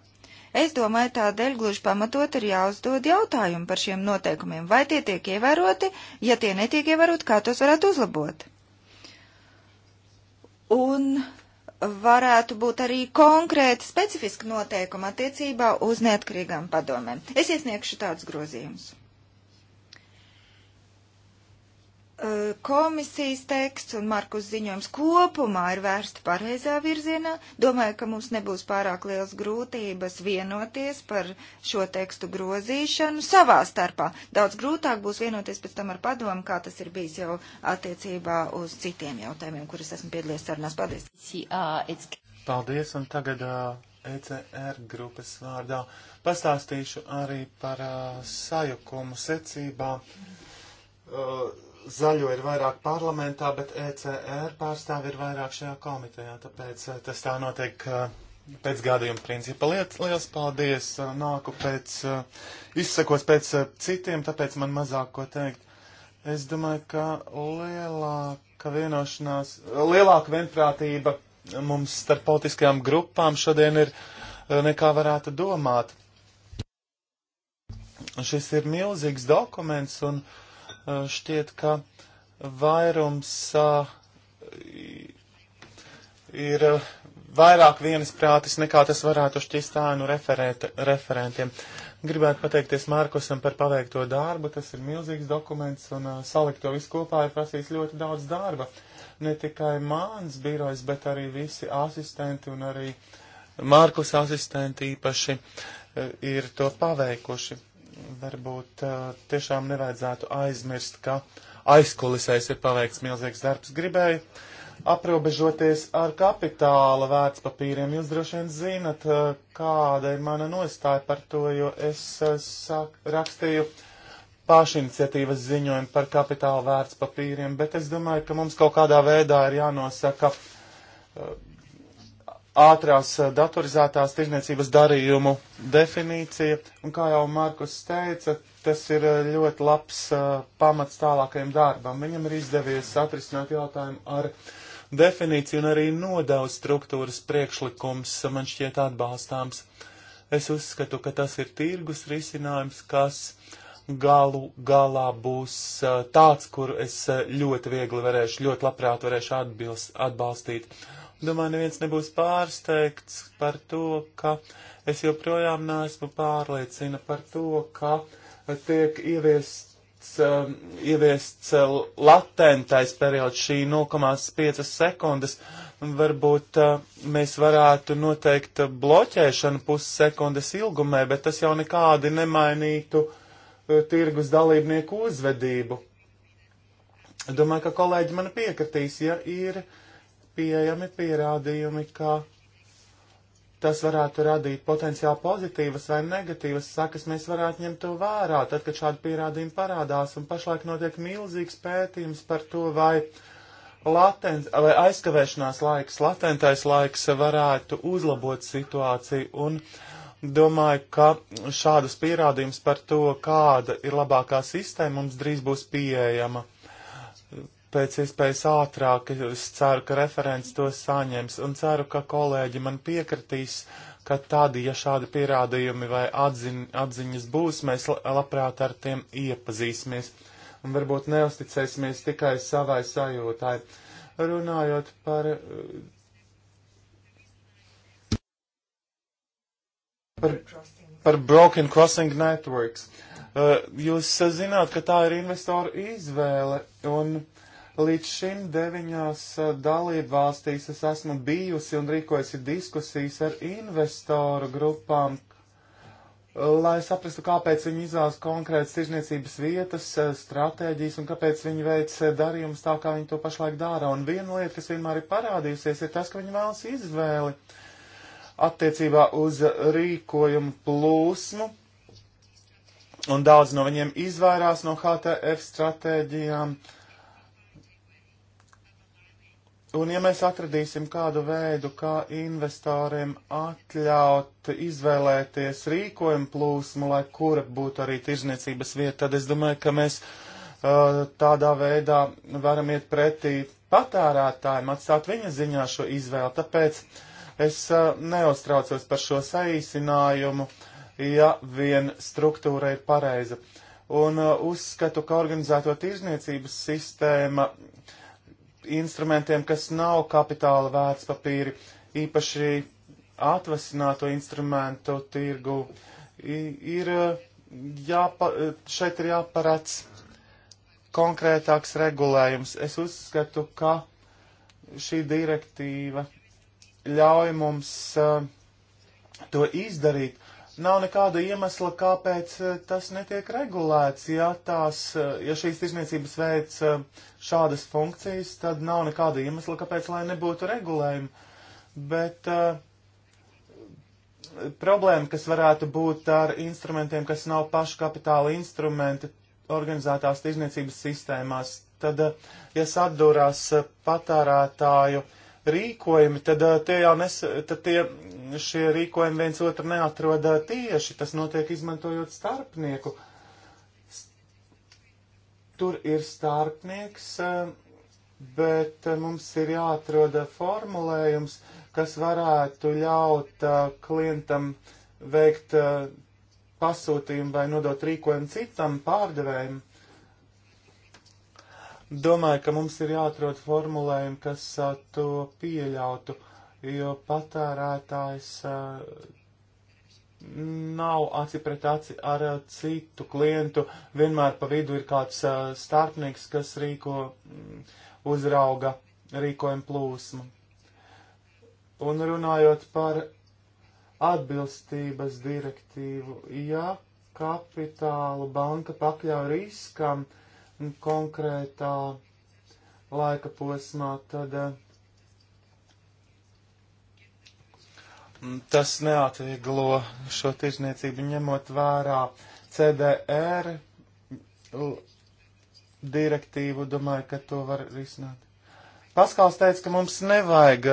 Es domāju, tādēļ gluži pamatot ir jāuzdod jautājumu par šiem noteikumiem, vai tie tiek ievēroti, ja tie netiek ievēroti, kā tos varētu uzlabot. Un varētu būt arī konkrēti specifiski noteikumi attiecībā uz neatkarīgām padomēm. Es iesniegšu tādus grozījumus. Eh, komisijas teksts un Markus ziņojums kopumā ir vērsti pareizā virzienā. Domāju, ka mums nebūs pārāk liels grūtības vienoties par šo tekstu grozīšanu savā starpā. Daudz grūtāk būs vienoties pēc tam ar padomu, kā tas ir bijis jau attiecībā uz citiem jautājumiem, kurus esmu piedalījies sarunās. Paldies! Uh, Paldies, un tagad uh, ECR grupas vārdā pastāstīšu arī par uh, sajukumu secībā. Uh, zaļo ir vairāk parlamentā, bet ECR pārstāvi ir vairāk šajā komitejā, tāpēc eh, tas tā notiek eh, pēc gadījuma principa. Liet, liels paldies, eh, nāku pēc, izsakos pēc citiem, tāpēc man mazāk ko teikt. Es domāju, ka lielāka vienošanās, lielāka vienprātība mums starp politiskajām grupām šodien ir nekā varētu domāt. Šis ir milzīgs dokuments un. Uh, Eh, šķiet, ka vairums eh, ir eh, vairāk vienisprātis nekā tas varētu šķist ēnu referentiem. Gribētu pateikties Mārkusam par paveikto darbu, tas ir milzīgs dokuments un uh, salikt to visu kopā ir prasījis ļoti daudz darba. Ne tikai mans birojs, bet arī visi asistenti un arī Mārkus asistenti īpaši uh, ir to paveikuši varbūt tiešām nevajadzētu aizmirst, ka aizkulisēs ir paveikts milzīgs darbs. Gribēju aprobežoties ar kapitāla vērtspapīriem. Jūs droši vien zinat, kāda ir mana nostāja par to, jo es sāk, rakstīju pašiniciatīvas ziņojumu par kapitāla vērtspapīriem, bet es domāju, ka mums kaut kādā veidā ir jānosaka ātrās eh, datorizētās tirzniecības darījumu definīcija, un kā jau Markus teica, tas ir eh, ļoti labs uh, pamats tālākajam darbam. Viņam ir izdevies atrisināt jautājumu ar definīciju un arī nodevu struktūras priekšlikums man šķiet atbalstāms. Es uzskatu, ka tas ir tirgus risinājums, kas galu galā būs uh, tāds, kur es ļoti viegli varēšu, ļoti labprāt varēšu atbilst, atbalstīt. Uh, Domāju, neviens nebūs pārsteigts par to, ka es joprojām neesmu pārliecina par to, ka tiek ieviests, um, ieviests uh, latentais periods šī 0,5 sekundes. Varbūt uh, mēs varētu noteikt bloķēšanu pussekundes ilgumē, bet tas jau nekādi nemainītu uh, tirgus dalībnieku uzvedību. Domāju, ka kolēģi man piekritīs, ja ir uh, pieejami pierādījumi, ka tas varētu radīt potenciāli pozitīvas vai negatīvas sakas, mēs varētu ņemt to vērā, tad, kad šādi pierādījumi parādās, un pašlaik notiek milzīgs pētījums par to, vai, latent, vai aizkavēšanās laiks, latentais laiks varētu uzlabot situāciju, un domāju, ka šādas pierādījums par to, kāda ir labākā sistēma, mums drīz būs pieejama pēc iespējas ātrāk. Es ceru, ka referents to saņems un ceru, ka kolēģi man piekritīs, ka tādi, ja šādi pierādījumi vai atziņ, atziņas būs, mēs labprāt ar tiem iepazīsimies un varbūt neusticēsimies tikai savai sajūtai. Runājot par par, par Broken Crossing Networks. Uh, jūs zināt, ka tā ir investoru izvēle, un uh, Līdz šim deviņās dalību valstīs es esmu bijusi un rīkojusi diskusijas ar investoru grupām, lai saprastu, kāpēc viņi izvēlas konkrētas tirzniecības vietas, stratēģijas un kāpēc viņi veic darījumus tā, kā viņi to pašlaik dara. Un viena lieta, kas vienmēr ir parādījusies, ir tas, ka viņi vēlas izvēli attiecībā uz rīkojumu plūsmu. Un daudz no viņiem izvairās no HTF stratēģijām. Uh, Un ja mēs atradīsim kādu veidu, kā investoriem atļaut izvēlēties rīkojumu plūsmu, lai kura būtu arī tirzniecības vieta, tad es domāju, ka mēs uh, tādā veidā varam iet pretī patērētājiem, atstāt viņa ziņā šo izvēli. Tāpēc es uh, neuztraucos par šo saīsinājumu, ja vien struktūra ir pareiza. Un uh, uzskatu, ka organizēto tirzniecības sistēma uh, instrumentiem, kas nav kapitāla vērts papīri, īpaši atvasināto instrumentu tirgu, ir eh, jāpa, eh, šeit ir jāparāds konkrētāks regulējums. Es uzskatu, ka šī direktīva ļauj mums uh, to izdarīt. Nav nekāda iemesla, kāpēc tas netiek regulēts, ja, tās, ja šīs tirzniecības veids uh, šādas funkcijas, tad nav nekāda iemesla, kāpēc lai nebūtu regulējumi. Bet uh, problēma, kas varētu būt ar instrumentiem, kas nav pašu kapitāla instrumenti organizētās tirzniecības sistēmās, tad, eh, ja sadūrās eh, patērētāju rīkojumi, tad tie jau nes, tad tie, šie rīkojumi viens otru neatrod tieši, tas notiek izmantojot starpnieku. Uh, tur ir starpnieks, eh, bet eh, mums ir jāatrod eh, formulējums, kas varētu ļaut klientam veikt pasūtījumu vai nodot rīkojumu citam pārdevējiem. Domāju, ka mums ir jāatrod formulējumi, kas to pieļautu, jo patērētājs nav aci pret aci ar eh, citu klientu. Vienmēr pa vidu ir kāds eh, starpnieks, kas rīko, mm, uzrauga rīkojumu plūsmu. Un runājot par atbilstības direktīvu, ja kapitāla banka pakļauj riskam konkrētā laika posmā, tad uh, Tas neatvieglo šo tirzniecību ņemot vērā CDR direktīvu. Domāju, ka to var risināt. Paskals teica, ka mums nevajag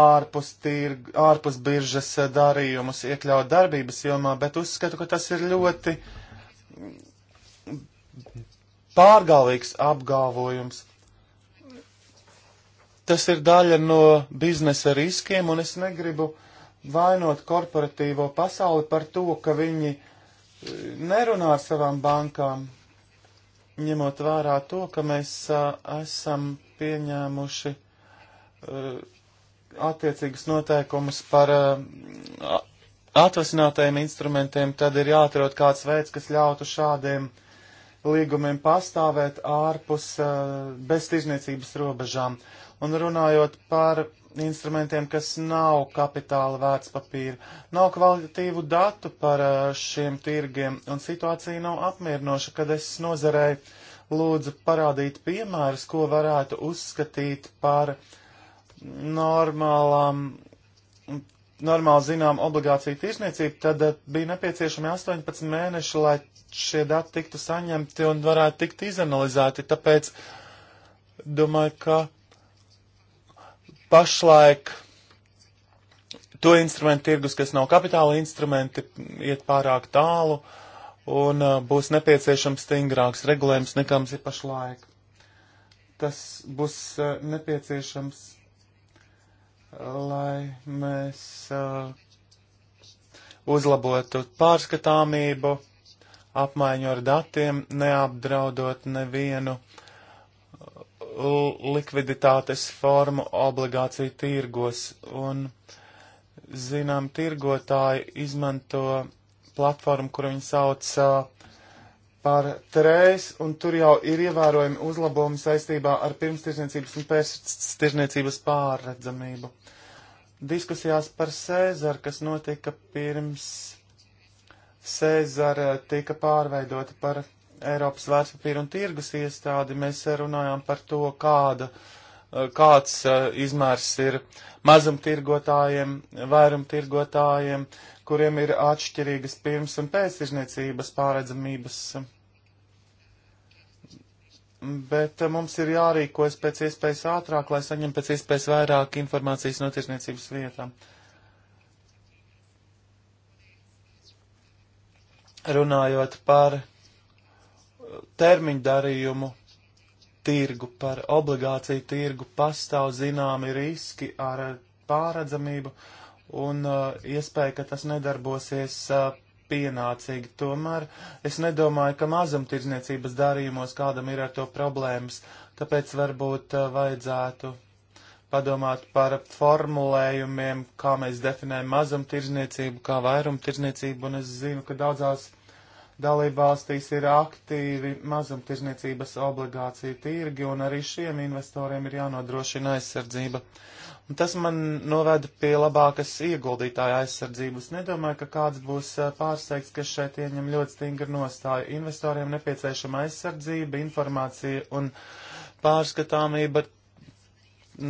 ārpus, tirg, ārpus biržas darījumus iekļaut darbības jomā, bet uzskatu, ka tas ir ļoti pārgalvīgs apgalvojums. Tas ir daļa no biznesa riskiem, un es negribu vainot korporatīvo pasauli par to, ka viņi e, nerunā ar savām bankām, ņemot vērā to, ka mēs a, esam pieņēmuši a, e, attiecīgus noteikumus par a, atvasinātajiem instrumentiem, tad ir jāatrod kāds veids, kas ļautu šādiem līgumiem pastāvēt ārpus bez tirzniecības robežām. Un runājot par instrumentiem, kas nav kapitāla vērtspapīri, nav kvalitatīvu datu par eh, šiem tirgiem, un situācija nav apmierinoša, kad es nozarei lūdzu parādīt piemērus, ko varētu uzskatīt par normālām normāli zinām obligāciju tirsniecību, tad eh, bija nepieciešami 18 mēneši, lai šie dati tiktu saņemti un varētu tikt izanalizēti. Tāpēc domāju, ka Pašlaik to instrumentu tirgus, kas nav kapitāla instrumenti, iet pārāk tālu un uh, būs nepieciešams stingrāks regulējums nekā mums ir pašlaik. Tas būs uh, nepieciešams, uh, lai mēs uh, uzlabotu pārskatāmību, apmaiņu ar datiem, neapdraudot nevienu likviditātes formu obligāciju tirgos, un, zinām, tirgotāji izmanto platformu, kuru viņi sauc par trēs, un tur jau ir ievērojami uzlabojumi saistībā ar pirmstirzniecības un pēcstirzniecības pārredzamību. Diskusijās par Cēzaru, kas notika pirms Cēzara tika pārveidota par Eiropas vērtspapīra un tirgus iestādi, mēs runājām par to, kāda, eh, kāds eh, izmērs ir mazumtirgotājiem, vairumtirgotājiem, kuriem ir atšķirīgas pirms un pēctirzniecības pārredzamības. Bet eh, mums ir jārīkojas pēc iespējas ātrāk, lai saņemtu pēc iespējas vairāk informācijas no tirzniecības vietām. Runājot par termiņu darījumu tirgu, par obligāciju tirgu pastāv zināmi riski ar pāredzamību un uh, iespēja, ka tas nedarbosies uh, pienācīgi. Tomēr es nedomāju, ka mazumtirdzniecības darījumos kādam ir ar to problēmas, tāpēc varbūt uh, vajadzētu padomāt par formulējumiem, kā mēs definējam mazumtirdzniecību, kā vairumtirdzniecību, un es zinu, ka daudzās dalībvalstīs ir aktīvi mazumtirdzniecības obligāciju tirgi, un arī šiem investoriem ir jānodrošina aizsardzība. Un tas man noveda pie labākas ieguldītāja aizsardzības. Nedomāju, ka kāds būs pārsteigts, ka šeit ieņem ļoti stingru nostāju. Investoriem nepieciešama aizsardzība, informācija un pārskatāmība,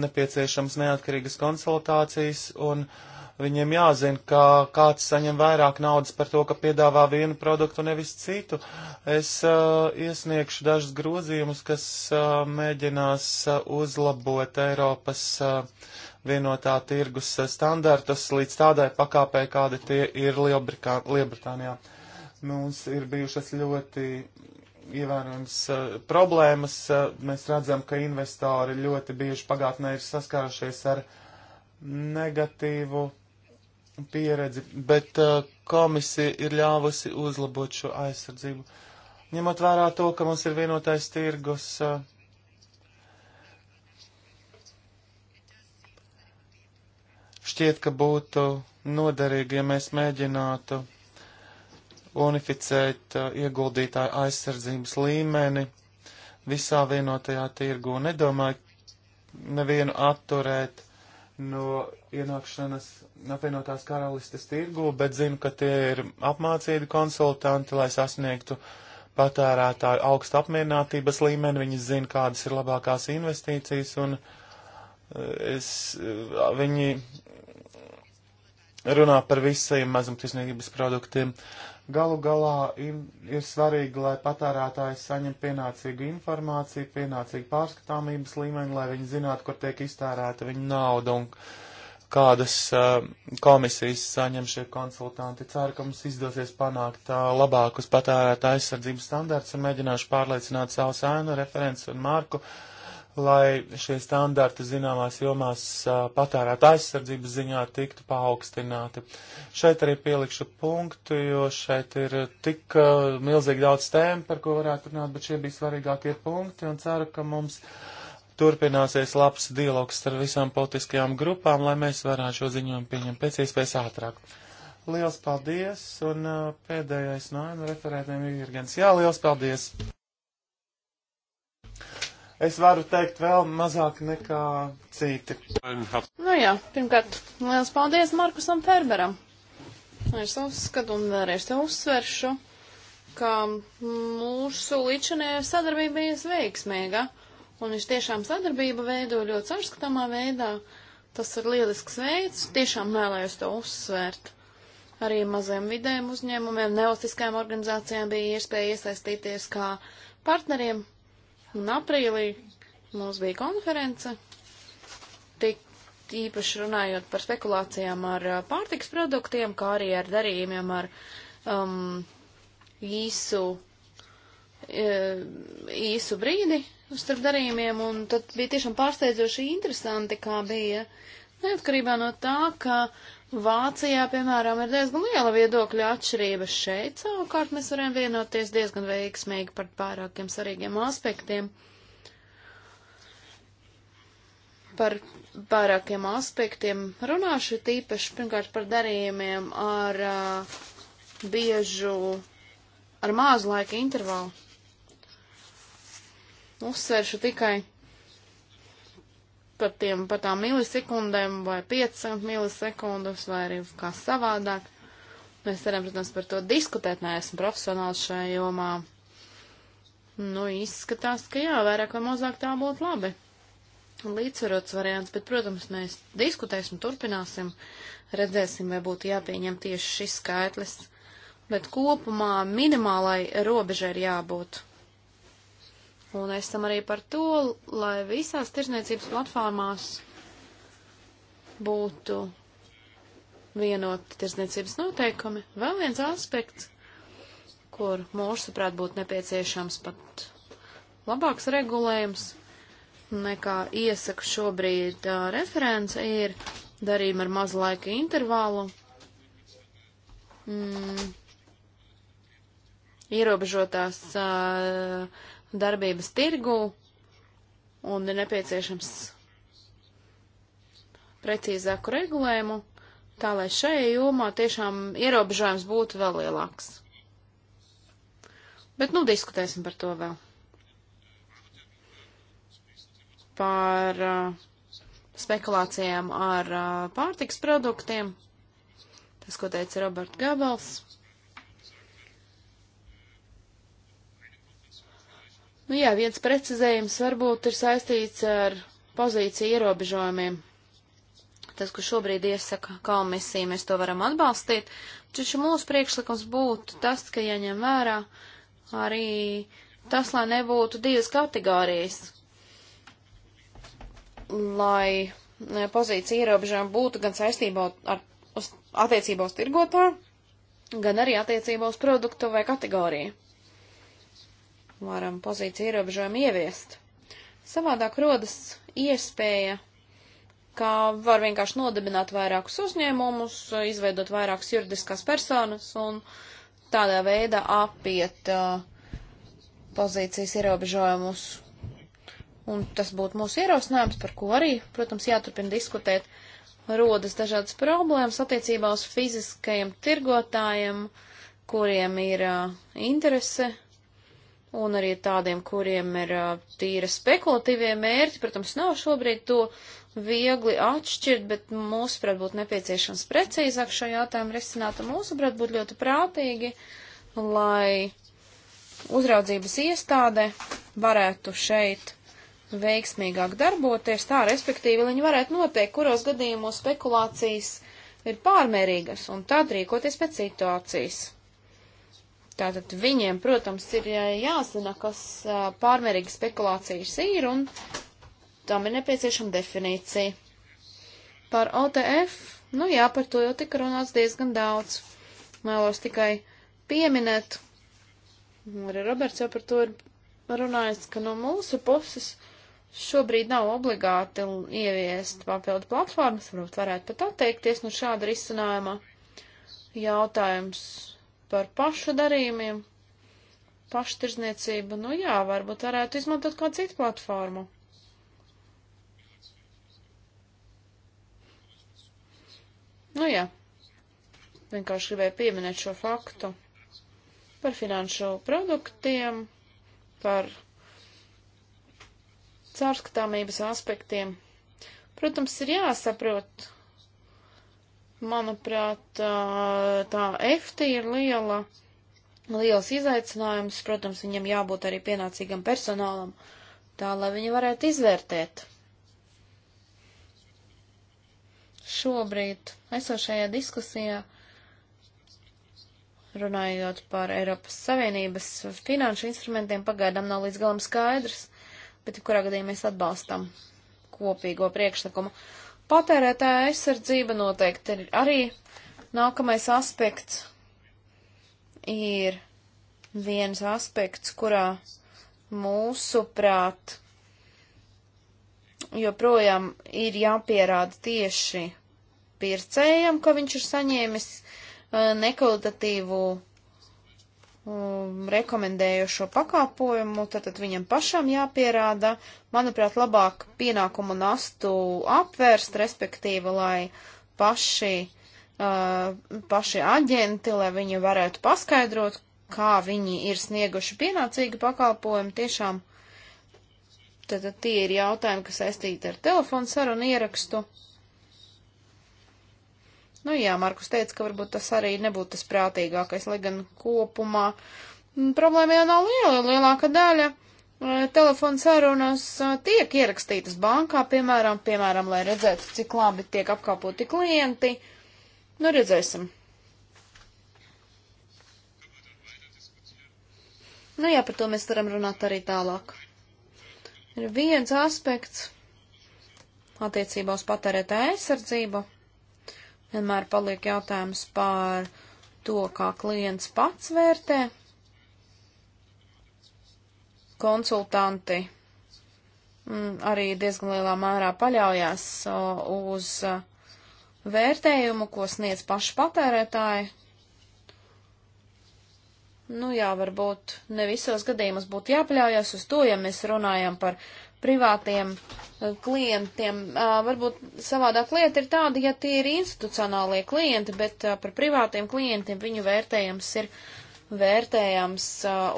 nepieciešams neatkarīgas konsultācijas un uh, Viņiem jāzina, ka kāds saņem vairāk naudas par to, ka piedāvā vienu produktu, nevis citu. Es uh, iesniegšu dažus grozījumus, kas uh, mēģinās uh, uzlabot Eiropas uh, vienotā tirgus uh, standartus līdz tādai pakāpē, kādi tie ir Lielbritānijā. Mums ir bijušas ļoti ievērojams uh, problēmas. Uh, mēs redzam, ka investori ļoti bieži pagātnē ir saskārušies ar negatīvu pieredzi, bet uh, komisija ir ļāvusi uzlabot šo aizsardzību. Ņemot vērā to, ka mums ir vienotais tirgus, uh, šķiet, ka būtu noderīgi, ja mēs mēģinātu unificēt uh, ieguldītāju aizsardzības līmeni visā vienotajā tirgu. Nedomāju nevienu atturēt no ienākšanas apvienotās karalistes tirgu, bet zinu, ka tie ir apmācīti konsultanti, lai sasniegtu patērētāju augstu apmierinātības līmeni. Viņi zina, kādas ir labākās investīcijas, un e, es, e, viņi runā par visiem mazumtirdzniecības produktiem. Uh, Galu galā ir svarīgi, lai patērētājs saņem pienācīgu informāciju, pienācīgu pārskatāmības līmeni, lai viņi zinātu, kur tiek iztērēta viņa nauda un kādas uh, komisijas saņem šie konsultanti. Ceru, ka mums izdosies panākt uh, labākus patērētāju aizsardzības standārts un mēģināšu pārliecināt savu sēnu referents un Marku. Uh, lai šie standarti zināmās jomās patērēta aizsardzības ziņā tiktu paaugstināti. Šeit arī pielikšu punktu, jo šeit ir tik uh, milzīgi daudz tēmu, par ko varētu runāt, bet šie bija svarīgākie punkti un ceru, ka mums turpināsies labs dialogs ar visām politiskajām grupām, lai mēs varētu šo ziņojumu pieņemt pēc iespējas ātrāk. Liels paldies, un uh, pēdējais no referētiem ir Jurgens. Jā, liels paldies! es varu teikt vēl mazāk nekā citi. Nu jā, pirmkārt, liels paldies Markusam Ferberam. Es uzskatu un vēlreiz te uzsveršu, ka mūsu līdšanē sadarbība bijis veiksmīga, un viņš tiešām sadarbību veido ļoti sarskatāmā veidā. Tas ir lielisks veids, tiešām vēlējos to uzsvērt. Arī maziem vidējiem uzņēmumiem, nevalstiskajām organizācijām bija iespēja iesaistīties kā partneriem Un aprīlī mums bija konference, tik īpaši runājot par spekulācijām ar pārtiks produktiem, kā arī ar darījumiem ar um, īsu, īsu brīdi starp darījumiem, un tad bija tiešām pārsteidzoši interesanti, kā bija neatkarībā no tā, ka Vācijā, piemēram, ir diezgan liela viedokļa atšķirība šeit, savukārt mēs varam vienoties diezgan veiksmīgi par pārākiem svarīgiem aspektiem. Par pārākiem aspektiem runāšu tīpaši pirmkārt par darījumiem ar uh, biežu, ar mazu laika intervālu. Uzsveršu tikai par, tiem, par tām milisekundēm vai 500 milisekundes vai arī kā savādāk. Mēs varam, protams, par to diskutēt, neesmu profesionāls šajā jomā. Nu, izskatās, ka jā, vairāk vai mazāk tā būtu labi. Līdzsvarots variants, bet, protams, mēs diskutēsim, turpināsim, redzēsim, vai būtu jāpieņem tieši šis skaitlis. Bet kopumā minimālai robežai ir jābūt. Un esam arī par to, lai visās tirzniecības platformās būtu vienoti tirzniecības noteikumi. Vēl viens aspekts, kur mūsuprāt būtu nepieciešams pat labāks regulējums nekā iesaka šobrīd uh, referents, ir darījumi ar mazu laika intervālu. Mm, ierobežotās uh, darbības tirgū un ir nepieciešams precīzāku regulējumu, tā lai šajā jomā tiešām ierobežojums būtu vēl lielāks. Bet nu diskutēsim par to vēl. Par uh, spekulācijām ar uh, pārtiks produktiem. Tas, ko teica Roberts Gabals. Nu jā, viens precizējums varbūt ir saistīts ar pozīciju ierobežojumiem. Tas, ko šobrīd iesaka kalmisija, mēs to varam atbalstīt, taču mūsu priekšlikums būtu tas, ka jaņem vērā arī tas, lai nebūtu divas kategorijas, lai pozīcija ierobežojumi būtu gan saistībā ar attiecībā uz tirgotāju, gan arī attiecībā uz produktu vai kategoriju varam pozīciju ierobežojumu ieviest. Savādāk rodas iespēja, ka var vienkārši nodibināt vairākus uzņēmumus, izveidot vairākas juridiskās personas un tādā veidā apiet uh, pozīcijas ierobežojumus. Un tas būtu mūsu ierosinājums, par ko arī, protams, jāturpina diskutēt. Rodas dažādas problēmas attiecībā uz fiziskajiem tirgotājiem, kuriem ir uh, interese un arī tādiem, kuriem ir tīra spekulatīvie mērķi. Protams, nav šobrīd to viegli atšķirt, bet mūsuprāt būtu nepieciešams precīzāk šo jautājumu risināt, un mūsuprāt būtu ļoti prātīgi, lai uzraudzības iestāde varētu šeit veiksmīgāk darboties, tā respektīvi, lai viņi varētu noteikt, kuros gadījumos spekulācijas ir pārmērīgas, un tad rīkoties pēc situācijas. Tātad viņiem, protams, ir jāzina, kas pārmērīgi spekulācijas ir, un tam ir nepieciešama definīcija. Par OTF, nu jā, par to jau tika runāts diezgan daudz. Mēlos tikai pieminēt, arī Roberts jau par to ir runājis, ka no mūsu puses šobrīd nav obligāti ieviest papildu platformas, varbūt varētu pat atteikties no šāda risinājuma. Jautājums par pašu darījumiem, paštirzniecību, nu jā, varbūt varētu izmantot kādu citu platformu. Nu jā, vienkārši gribēju pieminēt šo faktu par finanšu produktiem, par caurskatāmības aspektiem. Protams, ir jāsaprot, Manuprāt, tā EFTA ir liela, liels izaicinājums. Protams, viņam jābūt arī pienācīgam personālam, tā lai viņi varētu izvērtēt. Šobrīd esošajā diskusijā, runājot par Eiropas Savienības finanšu instrumentiem, pagaidām nav līdz galam skaidrs, bet jebkurā gadījumā mēs atbalstam kopīgo priekšlikumu. Patērētāja aizsardzība noteikti ir arī nākamais aspekts. Ir viens aspekts, kurā mūsu prāt joprojām ir jāpierāda tieši pircējam, ka viņš ir saņēmis eh, nekvalitatīvu um, rekomendējušo pakāpojumu, tad viņam pašam jāpierāda, manuprāt, labāk pienākumu nastu apvērst, respektīvi, lai paši, uh, paši aģenti, lai viņi varētu paskaidrot, kā viņi ir snieguši pienācīgu pakalpojumu, tiešām tad, tad tie ir jautājumi, kas saistīti ar telefonu sarunu ierakstu. Uh, Nu jā, Markus teica, ka varbūt tas arī nebūtu tas prātīgākais, lai gan kopumā mm, problēma jau nav liela, lielāka daļa e, telefonu sarunas e, tiek ierakstītas bankā, piemēram, piemēram, lai redzētu, cik labi tiek apkalpoti klienti. Nu, redzēsim. Nu, jā, par to mēs varam runāt arī tālāk. Ir viens aspekts attiecībā uz patērētāju aizsardzību. Vienmēr paliek jautājums par to, kā klients pats vērtē. Konsultanti mm, arī diezgan lielā mērā paļaujās uz vērtējumu, ko sniedz paši patērētāji. Nu jā, varbūt ne visos gadījumos būtu jāpaļaujas uz to, ja mēs runājam par privātiem eh, klientiem. Varbūt savādāk lieta ir tāda, ja tie ir institucionālie klienti, bet par privātiem klientiem viņu vērtējums ir vērtējams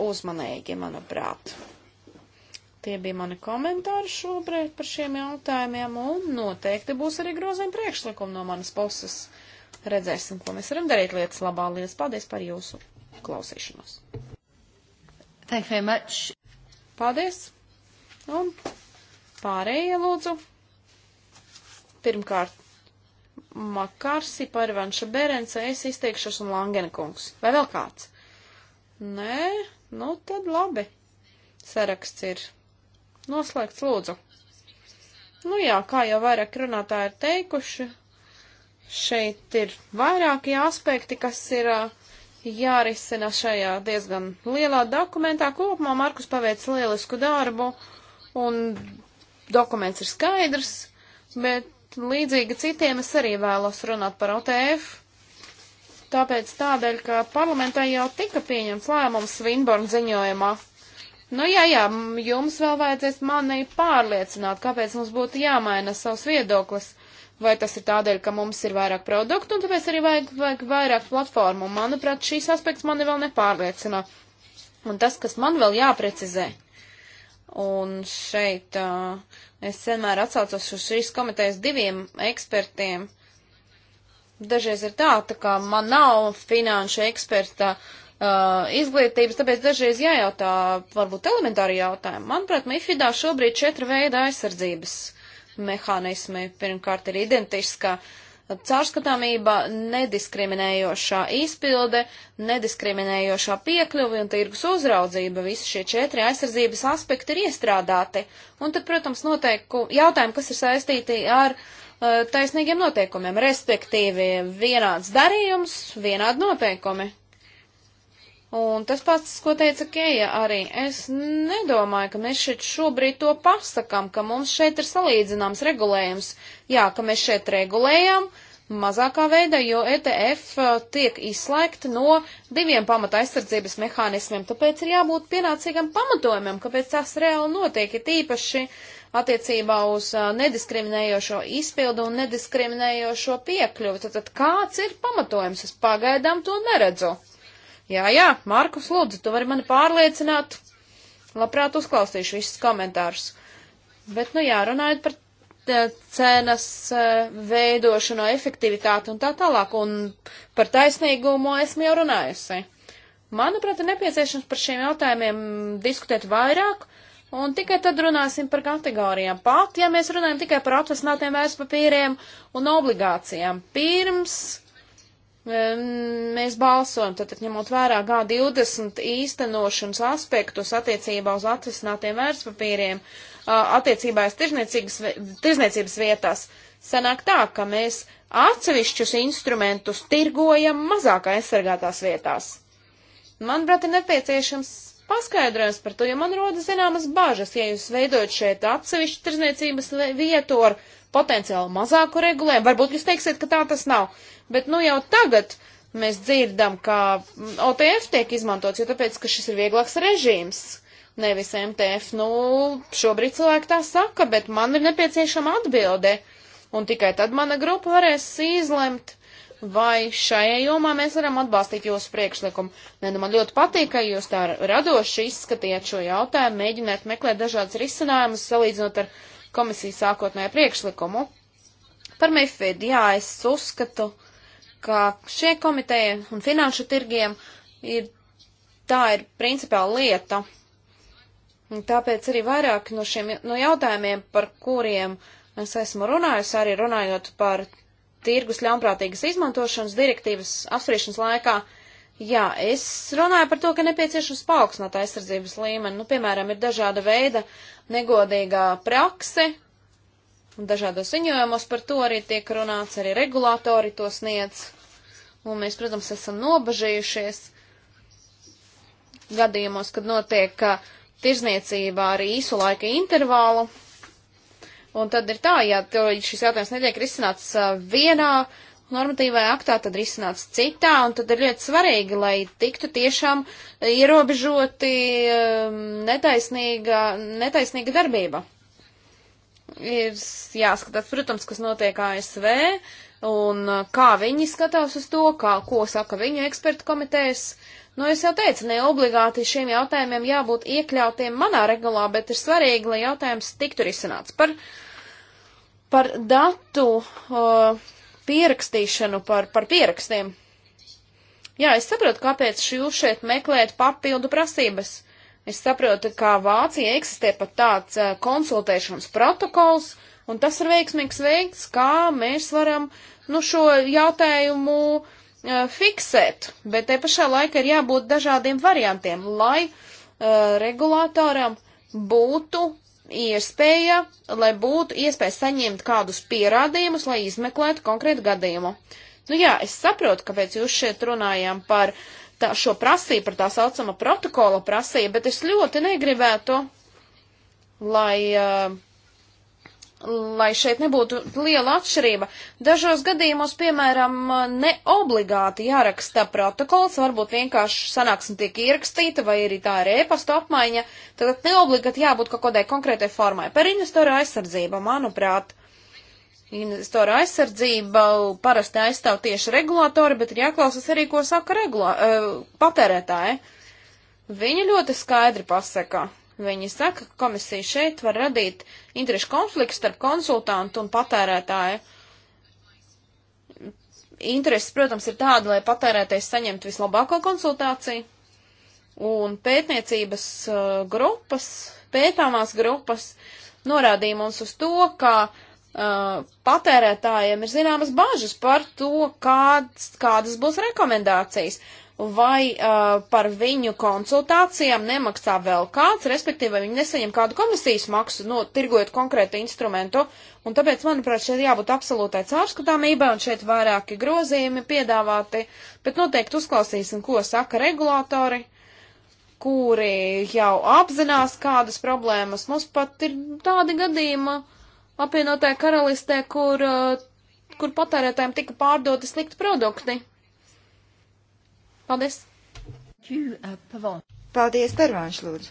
uzmanīgi, manuprāt. Tie bija mani komentāri šobrīd par šiem jautājumiem, un noteikti būs arī grozījuma priekšlikumi no manas puses. Redzēsim, ko mēs varam darīt lietas labā. Lielas paldies par jūsu klausīšanos. Thank you very much. Paldies! Un pārējie lūdzu. Pirmkārt, Makarsi, Parvanša Berence, es izteikšos un Langenkungs. Vai vēl kāds? Nē, nu tad labi. Saraksts ir noslēgts lūdzu. Nu jā, kā jau vairāk runātāji ir teikuši, šeit ir vairākie aspekti, kas ir jārisina šajā diezgan lielā dokumentā. Kopumā Markus paveic lielisku darbu un dokuments ir skaidrs, bet līdzīgi citiem es arī vēlos runāt par OTF. Tāpēc tādēļ, ka parlamentā jau tika pieņemts lēmums Svinborn ziņojumā. Nu jā, jā, jums vēl vajadzēs mani pārliecināt, kāpēc mums būtu jāmaina savs viedoklis. Vai tas ir tādēļ, ka mums ir vairāk produktu un tāpēc arī vajag, vajag vairāk platformu? Manuprāt, šīs aspekts mani vēl nepārliecina. Un tas, kas man vēl jāprecizē. Uh, Un šeit uh, es vienmēr atsaucos uz šīs komitejas diviem ekspertiem. Dažreiz ir tā, tā kā man nav finanšu eksperta uh, izglītības, tāpēc dažreiz jājautā varbūt elementāri jautājumi. Manuprāt, Mifidā šobrīd četri veidi aizsardzības mehānismi. Pirmkārt ir identiskā uh, caurskatāmība, nediskriminējošā izpilde, nediskriminējošā piekļuvi un tirgus uzraudzība. Visi šie četri aizsardzības aspekti ir iestrādāti. Un tad, protams, noteiku, jautājumi, kas ir saistīti ar uh, taisnīgiem noteikumiem, respektīvi vienāds darījums, vienādi noteikumi. Un tas pats, ko teica Keija arī, es nedomāju, ka mēs šeit šobrīd to pasakam, ka mums šeit ir salīdzināms regulējums. Jā, ka mēs šeit regulējam mazākā veidā, jo ETF uh, tiek izslēgta no diviem pamata aizsardzības mehānismiem, tāpēc ir jābūt pienācīgam pamatojumam, kāpēc tas reāli notiek, ir tīpaši attiecībā uz uh, nediskriminējošo izpildu un nediskriminējošo piekļuvu. Tad, tad kāds ir pamatojums? Es pagaidām to neredzu. Jā, jā, Markus, lūdzu, tu vari mani pārliecināt. Labprāt uzklausīšu visus komentārus. Bet, nu jā, runājot par e, cenas e, veidošanu, efektivitāti un tā tālāk, un par taisnīgumu esmu jau runājusi. Manuprāt, ir nepieciešams par šiem jautājumiem diskutēt vairāk, un tikai tad runāsim par kategorijām. Pat, ja mēs runājam tikai par atvasinātiem vērtspapīriem un obligācijām, pirms mēs balsojam, tātad ņemot vērā G20 īstenošanas aspektus attiecībā uz atrisinātiem vērtspapīriem, attiecībās tirzniecības vietās, sanāk tā, ka mēs atsevišķus instrumentus tirgojam mazāk aizsargātās vietās. Manuprāt, ir nepieciešams paskaidrojums par to, jo man rodas zināmas bažas, ja jūs veidojat šeit atsevišķu tirzniecības vietu ar potenciāli mazāku regulējumu. Varbūt jūs teiksiet, ka tā tas nav, bet nu jau tagad mēs dzirdam, ka mm, OTF tiek izmantots, jo tāpēc, ka šis ir vieglāks režīms, nevis MTF. Nu, šobrīd cilvēki tā saka, bet man ir nepieciešama atbilde, un tikai tad mana grupa varēs izlemt. Vai šajā jomā mēs varam atbalstīt jūsu priekšlikumu? Nē, nu man ļoti patīk, ka jūs tā radoši izskatījāt šo jautājumu, mēģināt meklēt dažādas risinājumus, salīdzinot ar uh, komisijas sākotnējo priekšlikumu. Par MIFID, jā, es uzskatu, ka šie komiteja un finanšu tirgiem ir, tā ir principāla lieta. Un tāpēc arī vairāk no šiem no jautājumiem, par kuriem es esmu runājusi, arī runājot par tirgus ļaunprātīgas izmantošanas direktīvas apspriešanas laikā, jā, es runāju par to, ka nepieciešams paaugstināt aizsardzības līmeni. Nu, piemēram, ir dažāda veida uh, negodīgā prakse, un dažādos ziņojumos par to arī tiek runāts, arī regulātori to sniedz, un mēs, protams, esam nobažījušies gadījumos, kad notiek tirzniecībā arī īsu laika intervālu, un tad ir tā, ja šis jautājums netiek risināts uh, vienā, uh, normatīvajā aktā, tad risināts citā, un tad ir ļoti svarīgi, lai tiktu tiešām ierobežoti um, netaisnīga, netaisnīga darbība. Ir jāskatās, protams, kas notiek ASV, un uh, kā viņi skatās uz to, kā, ko saka viņu ekspertu komitejas. Nu, es jau teicu, ne obligāti šiem jautājumiem jābūt iekļautiem manā regulā, bet ir svarīgi, lai jautājums tiktu risināts par, par datu uh, pierakstīšanu par, par pierakstiem. Jā, es saprotu, kāpēc jūs šeit meklējat papildu prasības. Es saprotu, ka Vācija eksistē pat tāds eh, konsultēšanas protokols, un tas ir veiksmīgs veids, kā mēs varam nu, šo jautājumu uh, fiksēt, bet te pašā laikā ir jābūt dažādiem variantiem, lai uh, regulātoram būtu iespēja, lai būtu iespēja saņemt kādus pierādījumus, lai izmeklētu konkrētu gadījumu. Nu jā, es saprotu, kāpēc jūs šeit runājām par tā, šo prasību, par tā saucamo protokola prasību, bet es ļoti negribētu, lai uh, lai šeit nebūtu liela atšķirība. Dažos gadījumos, piemēram, ne obligāti jāraksta protokols, varbūt vienkārši sanāksme tiek ierakstīta vai arī tā ir ēpasta apmaiņa, tad ne obligāti jābūt kaut kādai konkrētai formai. Par investoru aizsardzību, manuprāt, investoru aizsardzība parasti aizstāv tieši regulātori, bet ir jāklausās arī, ko saka regulā, eh, patērētāji. Viņi ļoti skaidri pasaka, Viņi saka, ka komisija šeit var radīt interešu konfliktu starp konsultantu un patērētāju. Intereses, protams, ir tāda, lai patērētais saņemtu vislabāko konsultāciju, un pētniecības uh, grupas, pētāmās grupas norādīja mums uz to, ka uh, patērētājiem ir zināmas bažas par to, kāds, kādas būs rekomendācijas vai uh, par viņu konsultācijām nemaksā vēl kāds, respektīvi viņi nesaņem kādu komisijas maksu, no, tirgojot konkrētu instrumentu, un tāpēc, manuprāt, šeit jābūt absolūtai caurskatāmībai, un šeit vairāki grozījumi piedāvāti, bet noteikti uzklausīsim, ko saka regulātori, kuri jau apzinās kādas problēmas. Mums pat ir tādi gadījumi apvienotajā karalistē, kur, uh, kur patērētājiem tika pārdoti slikti produkti Paldies! Uh, Paldies, Pervānš, lūdzu!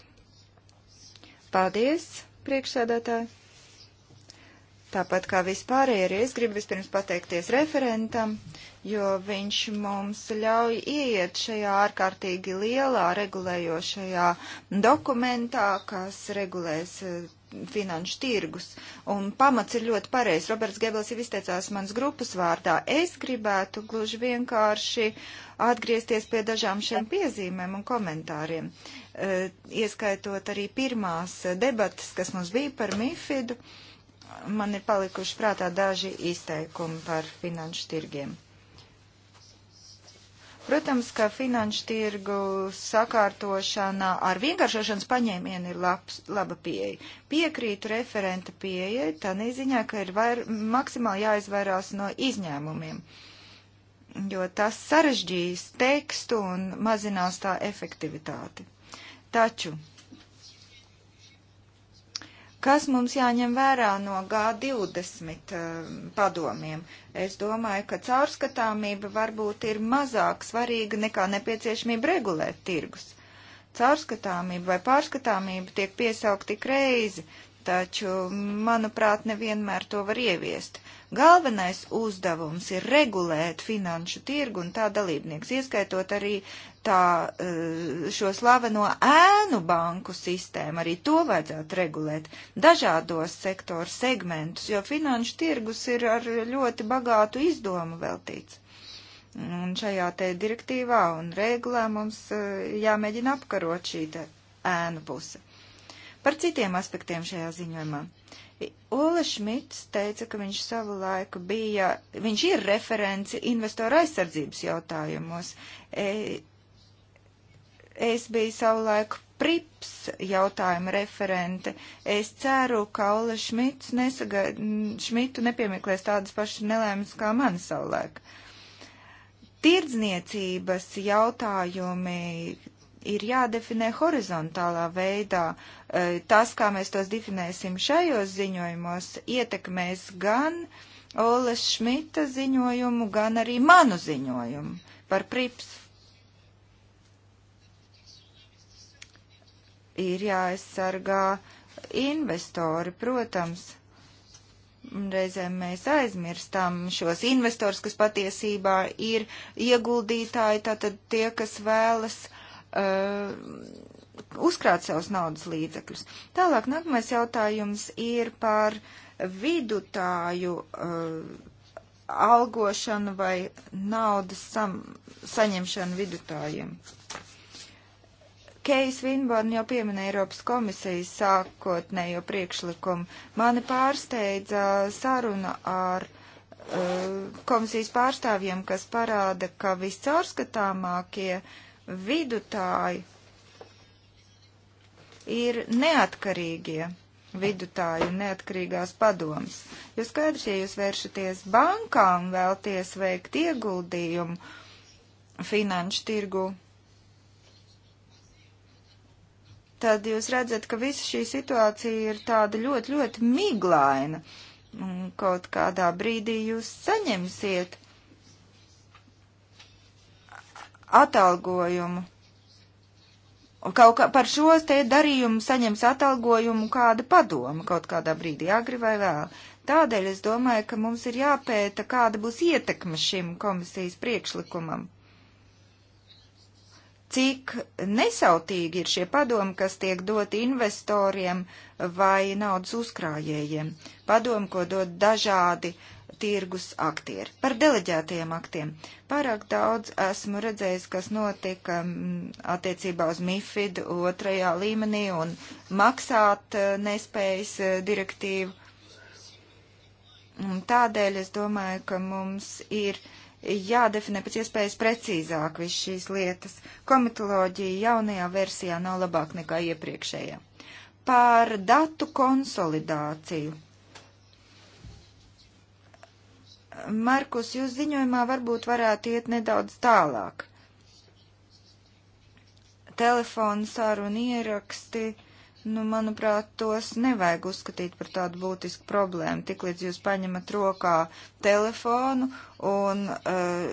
Paldies, priekšsēdētāji! Tāpat kā vispārējie, arī es gribu vispirms pateikties referentam, jo viņš mums ļauj ieiet šajā ārkārtīgi lielā regulējošajā dokumentā, kas regulēs eh, finanšu tirgus. Un pamats ir ļoti pareizs. Roberts Gebels jau izteicās mans grupas vārdā. Es gribētu gluži vienkārši atgriezties pie dažām šiem piezīmēm un komentāriem, e, ieskaitot arī pirmās debatas, kas mums bija par Mifidu. Man ir palikuši prātā daži izteikumi par finanšu tirgiem. Protams, ka finanšu tirgu sakārtošana ar vienkāršošanas paņēmienu ir labs, laba pieeja. Piekrītu referenta pieeja, tā neziņā, ka ir vair, maksimāli jāizvairās no izņēmumiem, jo tas sarežģīs tekstu un mazinās tā efektivitāti. Taču Kas mums jāņem vērā no G20 eh, padomiem? Es domāju, ka caurskatāmība varbūt ir mazāk svarīga nekā nepieciešamība regulēt tirgus. Caurskatāmība vai pārskatāmība tiek piesaukt tik reizi, taču, manuprāt, nevienmēr to var ieviest. Galvenais uzdevums ir regulēt finanšu tirgu un tā dalībnieks, ieskaitot arī tā, eh, šo slaveno ēnu banku sistēmu, arī to vajadzētu regulēt dažādos sektoru segmentus, jo finanšu tirgus ir ar ļoti bagātu izdomu veltīts. Un šajā te direktīvā un regulā mums eh, jāmēģina apkarot šī ēnu puse. Par citiem aspektiem šajā ziņojumā. Ola Šmits teica, ka viņš savu laiku bija, viņš ir referenci investoru aizsardzības jautājumos. E, es biju savu laiku prips jautājuma referente. Es ceru, ka Ola Šmits nesaga, Šmitu nepiemeklēs tādas pašas nelēmas kā man savu laiku. Tirdzniecības jautājumi ir jādefinē horizontālā veidā. E, tas, kā mēs tos definēsim šajos ziņojumos, ietekmēs gan Ola Šmita ziņojumu, gan arī manu ziņojumu par prips. Ir jāaizsargā investori, protams. Reizēm mēs aizmirstam šos investors, kas patiesībā ir ieguldītāji, tātad tie, kas vēlas uh, Uh, uzkrāt savus naudas līdzekļus. Tālāk nākamais jautājums ir par vidutāju uh, algošanu vai naudas sam, saņemšanu vidutājiem. Keis Vinborn jau pieminēja Eiropas komisijas sākotnējo priekšlikumu. Mani pārsteidza saruna ar uh, komisijas pārstāvjiem, kas parāda, ka viscaurskatāmākie uh, Vidutāji ir neatkarīgie vidutāju neatkarīgās padomas. Jo skaidrs, ja jūs vēršaties bankā un vēlties veikt ieguldījumu finanšu tirgu, tad jūs redzat, ka visa šī situācija ir tāda ļoti, ļoti miglaina. Un kaut kādā brīdī jūs saņemsiet atalgojumu. Kaut kā par šos te darījumu saņems atalgojumu kāda padoma kaut kādā brīdī, agri vai vēl. Tādēļ es domāju, ka mums ir jāpēta, kāda būs ietekme šim komisijas priekšlikumam. Cik nesautīgi ir šie padomi, kas tiek doti investoriem vai naudas uzkrājējiem. Padomi, ko dod dažādi uh, tirgus aktieri. Par deleģētajiem aktiem. Pārāk daudz esmu redzējis, kas notika mm, attiecībā uz MIFID otrajā līmenī un maksāt eh, nespējas eh, direktīvu. Un tādēļ es domāju, ka mums ir jādefinē pēc iespējas precīzāk viss šīs lietas. Komitoloģija jaunajā versijā nav labāk nekā iepriekšējā. Par datu konsolidāciju Markus, jūs ziņojumā varbūt varētu iet nedaudz tālāk. Telefonu sarunu ieraksti, nu, manuprāt, tos nevajag uzskatīt par tādu būtisku problēmu. Tiklīdz jūs paņemat rokā telefonu un uh,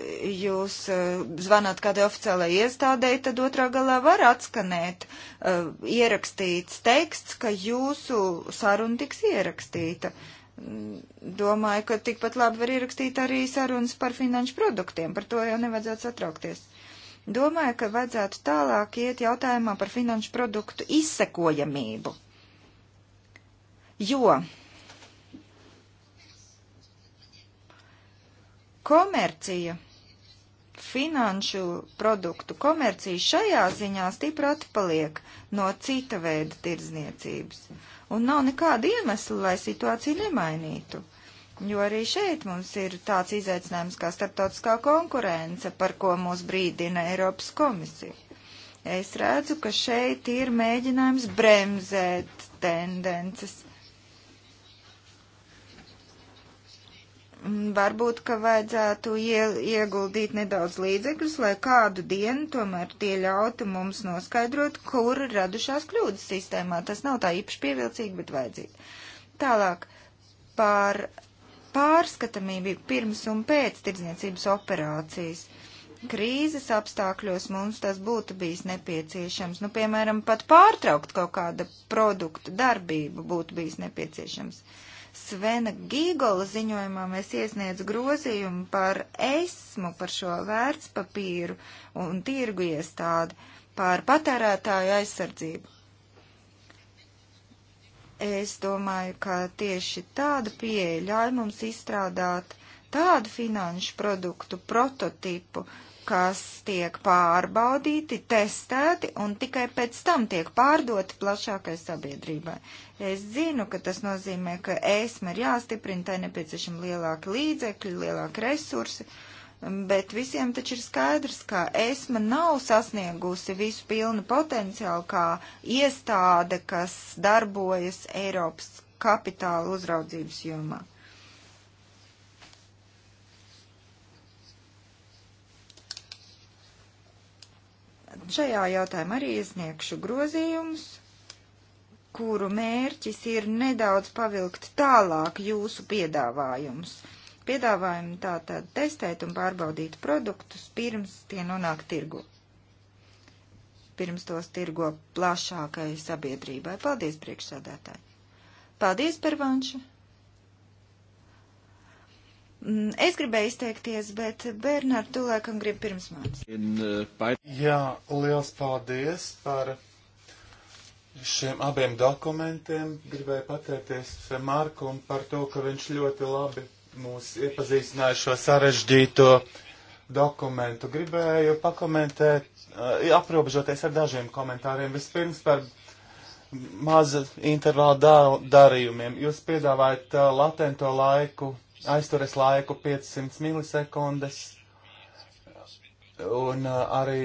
jūs uh, zvanāt kādai oficiālai iestādēji, tad otrā galā var atskanēt uh, ierakstīts teksts, ka jūsu saruna tiks ierakstīta. Uh, domāju, ka tikpat labi var ierakstīt arī sarunas par finanšu produktiem, par to jau nevajadzētu satraukties. Domāju, ka vajadzētu tālāk iet jautājumā par finanšu produktu izsekojamību. Jo komercija, finanšu produktu komercija šajā ziņā stipri atpaliek no cita veida tirdzniecības un nav nekāda iemesla, lai situāciju nemainītu. Jo arī šeit mums ir tāds izaicinājums kā starptautiskā konkurence, par ko mūs brīdina Eiropas komisija. Es redzu, ka šeit ir mēģinājums bremzēt tendences Mm, varbūt, ka vajadzētu ieguldīt nedaudz līdzekļus, lai kādu dienu tomēr tie ļautu mums noskaidrot, kur radušās kļūdas sistēmā. Tas nav tā īpaši pievilcīgi, bet vajadzīgi. Tālāk par pārskatamību pirms un pēc tirdzniecības operācijas. Krīzes apstākļos mums tas būtu bijis nepieciešams. Nu, piemēram, pat pārtraukt kaut kāda produktu darbību būtu bijis nepieciešams. Uh, Svena Gīgola ziņojumā mēs iesniedzu grozījumu par esmu, par šo vērtspapīru un tirgu iestādi, par patērētāju aizsardzību. Es domāju, ka tieši tāda pieeja ļauj mums izstrādāt tādu finanšu produktu prototipu, uh, kas tiek pārbaudīti, testēti un tikai pēc tam tiek pārdoti plašākai sabiedrībai. Es zinu, ka tas nozīmē, ka ēsma ir jāstiprina, tai nepieciešami lielāki līdzekļi, lielāki resursi, bet visiem taču ir skaidrs, ka ēsma nav sasniegusi visu pilnu potenciālu kā iestāde, kas darbojas Eiropas kapitāla uzraudzības jomā. šajā jautājumā arī iesniegšu grozījumus, kuru mērķis ir nedaudz pavilkt tālāk jūsu piedāvājumus. Piedāvājumi tātad testēt un pārbaudīt produktus pirms tie nonāk tirgu. Pirms tos tirgo plašākai sabiedrībai. Paldies, priekšsādātāji! Paldies, Pervanša! Mm, es gribēju izteikties, bet Bernārds, tu laikam gribi pirms manis. Uh, Jā, liels paldies par šiem abiem dokumentiem. Gribēju pateikties Markum par to, ka viņš ļoti labi mūs iepazīstināja šo sarežģīto dokumentu. Gribēju pakomentēt, uh, aprobežoties ar dažiem komentāriem. Vispirms par maza intervāla darījumiem. Jūs piedāvājat uh, latento laiku aizturas laiku 500 milisekundes un uh, arī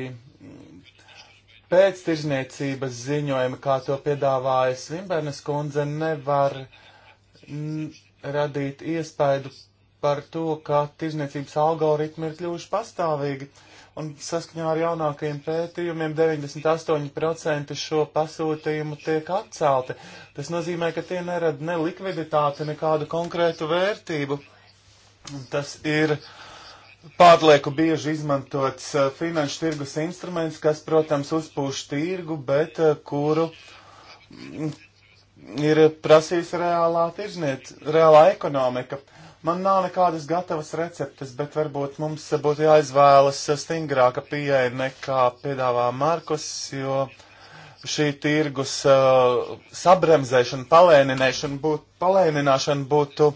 pēctirzniecības ziņojumi, kā to piedāvāja Svimbernes kundze, nevar radīt iespaidu par to, ka tirzniecības algoritmi ir kļuvuši pastāvīgi. Uh, Un saskaņā ar jaunākajiem pētījumiem 98% šo pasūtījumu tiek atcelti. Tas nozīmē, ka tie nerada ne likviditāti, nekādu konkrētu vērtību. Tas ir pārlieku bieži izmantots uh, finanšu tirgus instruments, kas, protams, uzpūš tirgu, bet uh, kuru mm, ir prasījis reālā tirzniec, reālā ekonomika. Uh, Man nav nekādas gatavas receptes, bet varbūt mums būtu jāizvēlas stingrāka pieeja nekā piedāvā Markus, jo šī tirgus uh, sabremzēšana, palēnināšana būtu, palēnināšana būtu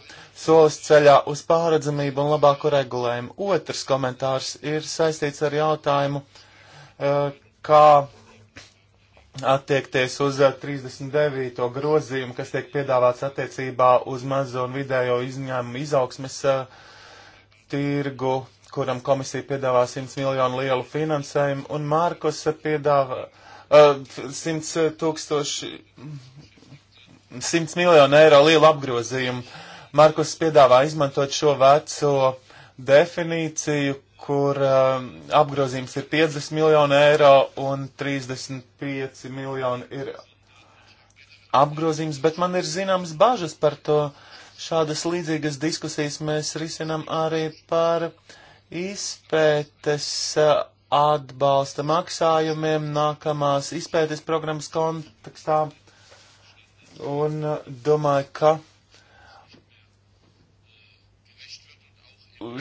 solis ceļā uz pārredzamību un labāku regulējumu. Otrs komentārs ir saistīts ar jautājumu, uh, kā attiekties uz 39. Eh, grozījumu, kas tiek piedāvāts attiecībā uz mazo un vidējo izņēmumu izaugsmes eh, tirgu, kuram komisija piedāvā 100 miljonu lielu finansējumu, un Mārkus piedāvā uh, eh, 100 tūkstoši, 100 miljonu eiro lielu apgrozījumu. Mārkus piedāvā izmantot šo veco definīciju, kur uh, apgrozījums ir 50 miljoni eiro un 35 miljoni ir apgrozījums, bet man ir zināms bažas par to. Šādas līdzīgas diskusijas mēs risinam arī par izpētes uh, atbalsta maksājumiem nākamās izpētes programmas kontekstā. Un uh, domāju, ka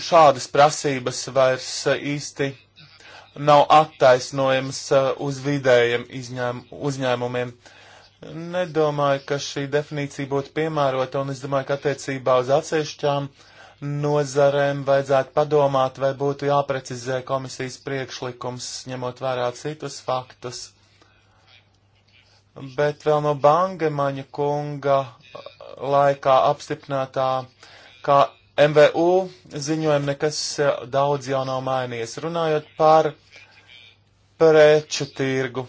šādas prasības vairs e, īsti nav attaisnojamas e, uz vidējiem izņēm, uzņēmumiem. Nedomāju, ka šī definīcija būtu piemērota, un es domāju, ka attiecībā uz atsevišķām nozarēm vajadzētu padomāt, vai būtu jāprecizē komisijas priekšlikums, ņemot vērā citus faktus. Bet vēl no Bangemaņa kunga laikā apstiprinātā kā MVU ziņojumu nekas e, daudz jau nav mainījies. Runājot par preču tirgu,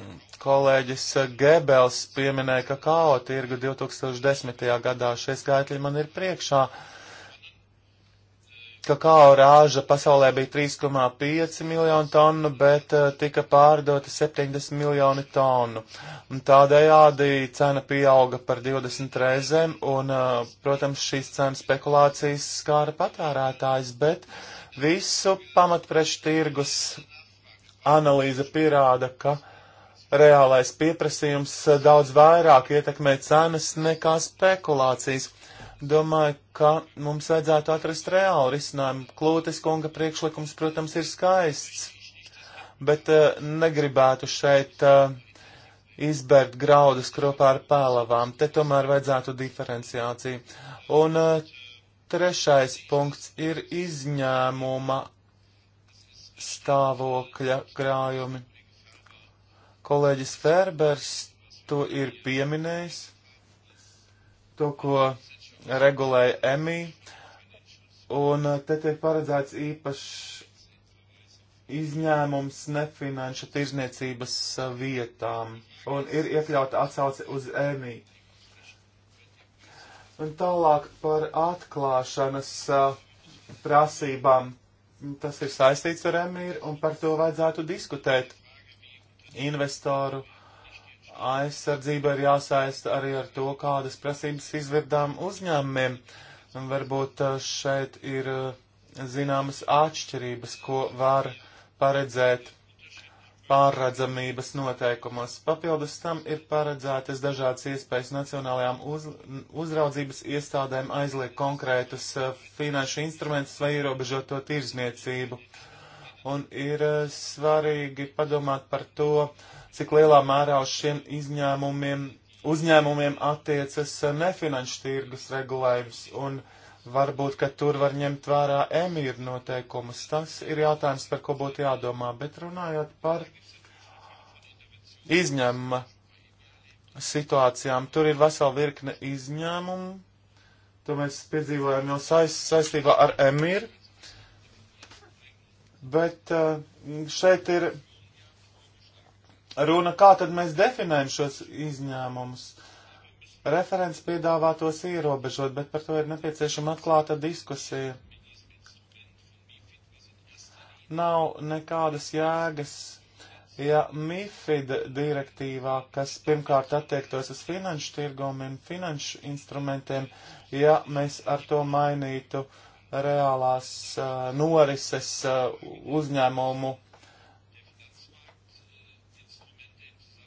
mm, kolēģis e, Gebels pieminēja kakao tirgu 2010. gadā. Šie skaitļi man ir priekšā. Uh, kakao rāža pasaulē bija 3,5 miljonu tonu, bet uh, tika pārdota 70 miljoni tonu. Un tādējādi cena pieauga par 20 reizēm, un, uh, protams, šīs cenas spekulācijas skāra patērētājs, bet visu pamatprešu tirgus analīze pierāda, ka reālais pieprasījums eh, daudz vairāk ietekmē cenas nekā spekulācijas Domāju, ka mums vajadzētu atrast reālu risinājumu. Klūtes kunga priekšlikums, protams, ir skaists, bet uh, negribētu šeit uh, izbērt graudus kropā ar pēlavām. Te tomēr vajadzētu diferenciāciju. Un uh, trešais punkts ir izņēmuma stāvokļa krājumi. Kolēģis Ferbers to ir pieminējis. To, ko regulēja EMI, un uh, te tiek paredzēts īpašs izņēmums nefinanšu tirzniecības uh, vietām, un ir iekļauta atsauce uz EMI. Un tālāk par atklāšanas uh, prasībām. Tas ir saistīts ar emīru, un par to vajadzētu diskutēt investoru uh, aizsardzība ir jāsaista arī ar to, kādas prasības izvirdām uzņēmumiem. Varbūt uh, šeit ir uh, zināmas atšķirības, ko var paredzēt pārredzamības noteikumos. Papildus tam ir paredzētas dažādas iespējas nacionālajām uz, uzraudzības iestādēm aizliegt konkrētus uh, finanšu instrumentus vai ierobežot to tirzniecību. Un ir uh, svarīgi padomāt par to, uh, cik lielā mērā uz šiem izņēmumiem, uzņēmumiem attiecas eh, nefinanšu tirgus regulējums un varbūt, ka tur var ņemt vērā emīru noteikumus. Tas ir jautājums, par ko būtu jādomā, bet runājot par izņēmuma situācijām, tur ir vesela virkne izņēmumu. To mēs piedzīvojam jau saist, saistībā ar emīru. Bet eh, šeit ir Runa, kā tad mēs definējam šos izņēmumus? Referents piedāvā tos ierobežot, bet par to ir nepieciešama atklāta diskusija. Nav nekādas jēgas, ja MIFID direktīvā, kas pirmkārt attiektos uz finanšu tirgumu un finanšu instrumentiem, ja mēs ar to mainītu reālās uh, norises uh, uzņēmumu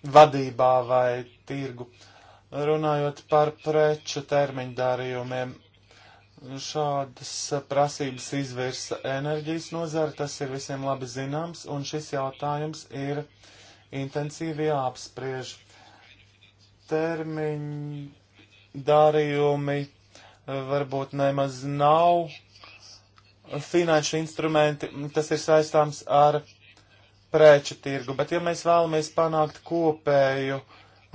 vadībā vai tirgu. Runājot par preču termiņu darījumiem, šādas prasības izvirsa enerģijas nozara, tas ir visiem labi zināms, un šis jautājums ir intensīvi jāapspriež. Termiņu darījumi varbūt nemaz nav finanšu instrumenti, tas ir saistāms ar preču tirgu, bet ja mēs vēlamies panākt kopēju